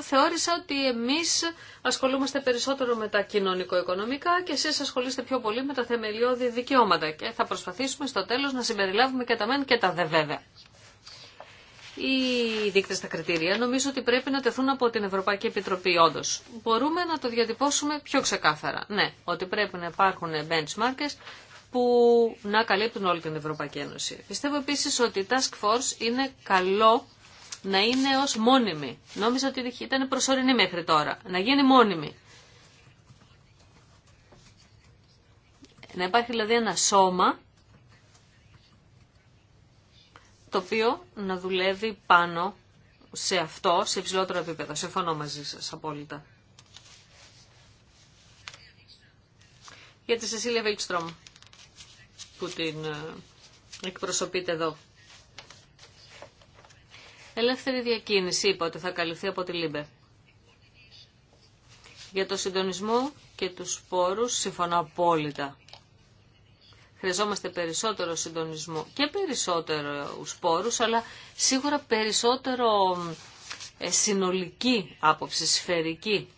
θεώρησα ότι εμείς ασχολούμαστε περισσότερο με τα κοινωνικο-οικονομικά και εσείς ασχολείστε πιο πολύ με τα θεμελιώδη δικαιώματα και θα προσπαθήσουμε στο τέλος να συμπεριλάβουμε και τα μεν και τα δε βέβαια. Οι δείκτε στα κριτήρια νομίζω ότι πρέπει να τεθούν από την Ευρωπαϊκή Επιτροπή όντω. Μπορούμε να το διατυπώσουμε πιο ξεκάθαρα. Ναι, ότι πρέπει να υπάρχουν benchmarks που να καλύπτουν όλη την Ευρωπαϊκή Ένωση. Πιστεύω επίση ότι η Task Force είναι καλό να είναι ως μόνιμη. Νόμιζα ότι ήταν προσωρινή μέχρι τώρα. Να γίνει μόνιμη. Να υπάρχει δηλαδή ένα σώμα το οποίο να δουλεύει πάνω σε αυτό, σε υψηλότερο επίπεδο. Συμφωνώ μαζί σας απόλυτα. Για τη Σεσίλια Βίλκστρομ που την ε, εκπροσωπείτε εδώ. Ελεύθερη διακίνηση είπα ότι θα καλυφθεί από τη ΛΥΜΠΕ. Για το συντονισμό και τους πόρους συμφωνώ απόλυτα. Χρειαζόμαστε περισσότερο συντονισμό και περισσότερο πόρους, αλλά σίγουρα περισσότερο ε, συνολική άποψη, σφαιρική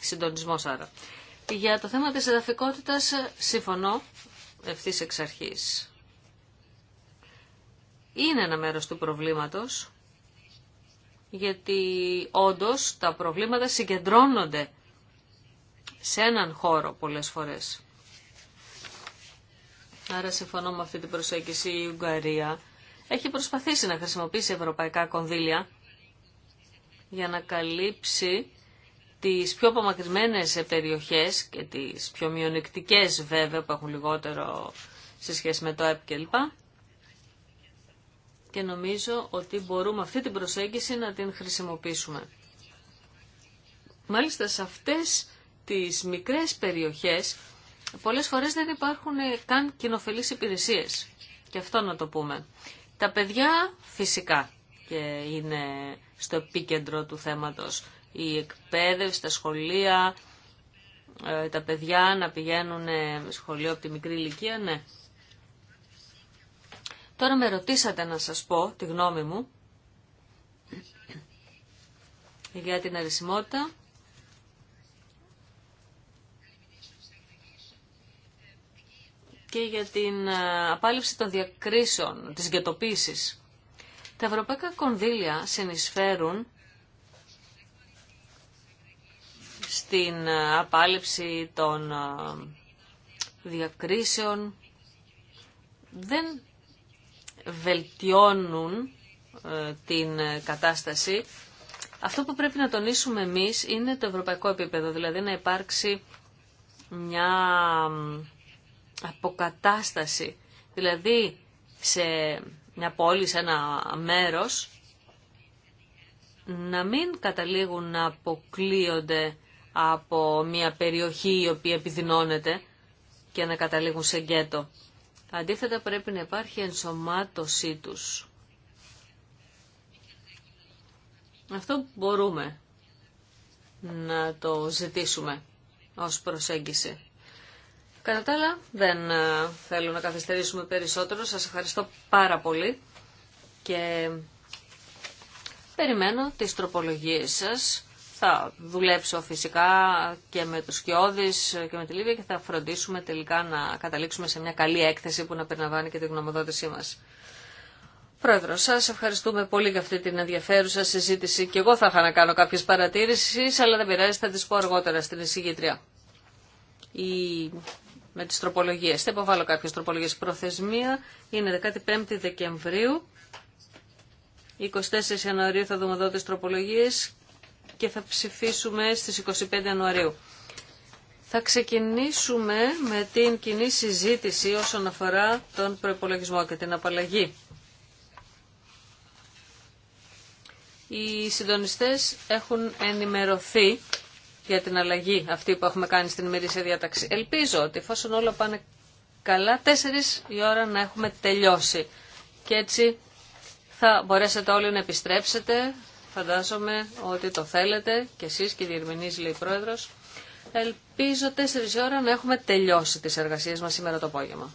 συντονισμό. άρα. Για το θέμα της εδαφικότητας συμφωνώ ευθύς εξ αρχής. Είναι ένα μέρος του προβλήματος γιατί όντως τα προβλήματα συγκεντρώνονται σε έναν χώρο πολλές φορές. Άρα συμφωνώ με αυτή την προσέγγιση η Ουγγαρία έχει προσπαθήσει να χρησιμοποιήσει ευρωπαϊκά κονδύλια για να καλύψει τις πιο απομακρυσμένες περιοχές και τις πιο μειονεκτικές βέβαια που έχουν λιγότερο σε σχέση με το ΕΠ κλπ και νομίζω ότι μπορούμε αυτή την προσέγγιση να την χρησιμοποιήσουμε. Μάλιστα σε αυτές τις μικρές περιοχές πολλές φορές δεν υπάρχουν καν κοινοφελείς υπηρεσίες. Και αυτό να το πούμε. Τα παιδιά φυσικά και είναι στο επίκεντρο του θέματος. Η εκπαίδευση, τα σχολεία, ε, τα παιδιά να πηγαίνουν ε, σχολείο από τη μικρή ηλικία, ναι, Τώρα με ρωτήσατε να σας πω τη γνώμη μου για την αρισιμότητα. και για την ε, απάλληψη των διακρίσεων, της γετοποίησης. Τα ευρωπαϊκά κονδύλια συνεισφέρουν στην ε, απάλληψη των ε, διακρίσεων. Δεν βελτιώνουν ε, την κατάσταση. Αυτό που πρέπει να τονίσουμε εμείς είναι το ευρωπαϊκό επίπεδο, δηλαδή να υπάρξει μια αποκατάσταση. Δηλαδή σε μια πόλη, σε ένα μέρος, να μην καταλήγουν να αποκλείονται από μια περιοχή η οποία επιδεινώνεται και να καταλήγουν σε γκέτο. Αντίθετα πρέπει να υπάρχει ενσωμάτωσή τους. Αυτό μπορούμε να το ζητήσουμε ως προσέγγιση. Κατά τα άλλα, δεν ε, θέλω να καθυστερήσουμε περισσότερο. Σας ευχαριστώ πάρα πολύ και περιμένω τις τροπολογίες σας θα δουλέψω φυσικά και με τους Κιώδης και με τη Λίβια και θα φροντίσουμε τελικά να καταλήξουμε σε μια καλή έκθεση που να περιλαμβάνει και την γνωμοδότησή μας. Πρόεδρο, σα ευχαριστούμε πολύ για αυτή την ενδιαφέρουσα συζήτηση. Και εγώ θα είχα να κάνω κάποιε παρατήρησει, αλλά δεν πειράζει, θα τι πω αργότερα στην εισηγήτρια. Η... Με τι τροπολογίε. Θα υποβάλω κάποιε τροπολογίε. Προθεσμία είναι Δεκεμβρίου. 24 Ιανουαρίου θα δούμε εδώ τι τροπολογίε και θα ψηφίσουμε στις 25 Ιανουαρίου. Θα ξεκινήσουμε με την κοινή συζήτηση όσον αφορά τον προπολογισμό και την απαλλαγή. Οι συντονιστές έχουν ενημερωθεί για την αλλαγή αυτή που έχουμε κάνει στην ημερήσια διάταξη. Ελπίζω ότι εφόσον όλα πάνε καλά, τέσσερις η ώρα να έχουμε τελειώσει. Και έτσι θα μπορέσετε όλοι να επιστρέψετε Φαντάζομαι ότι το θέλετε και εσείς και διερμηνείς λέει η Πρόεδρος. Ελπίζω 4 ώρα να έχουμε τελειώσει τις εργασίες μας σήμερα το απόγευμα.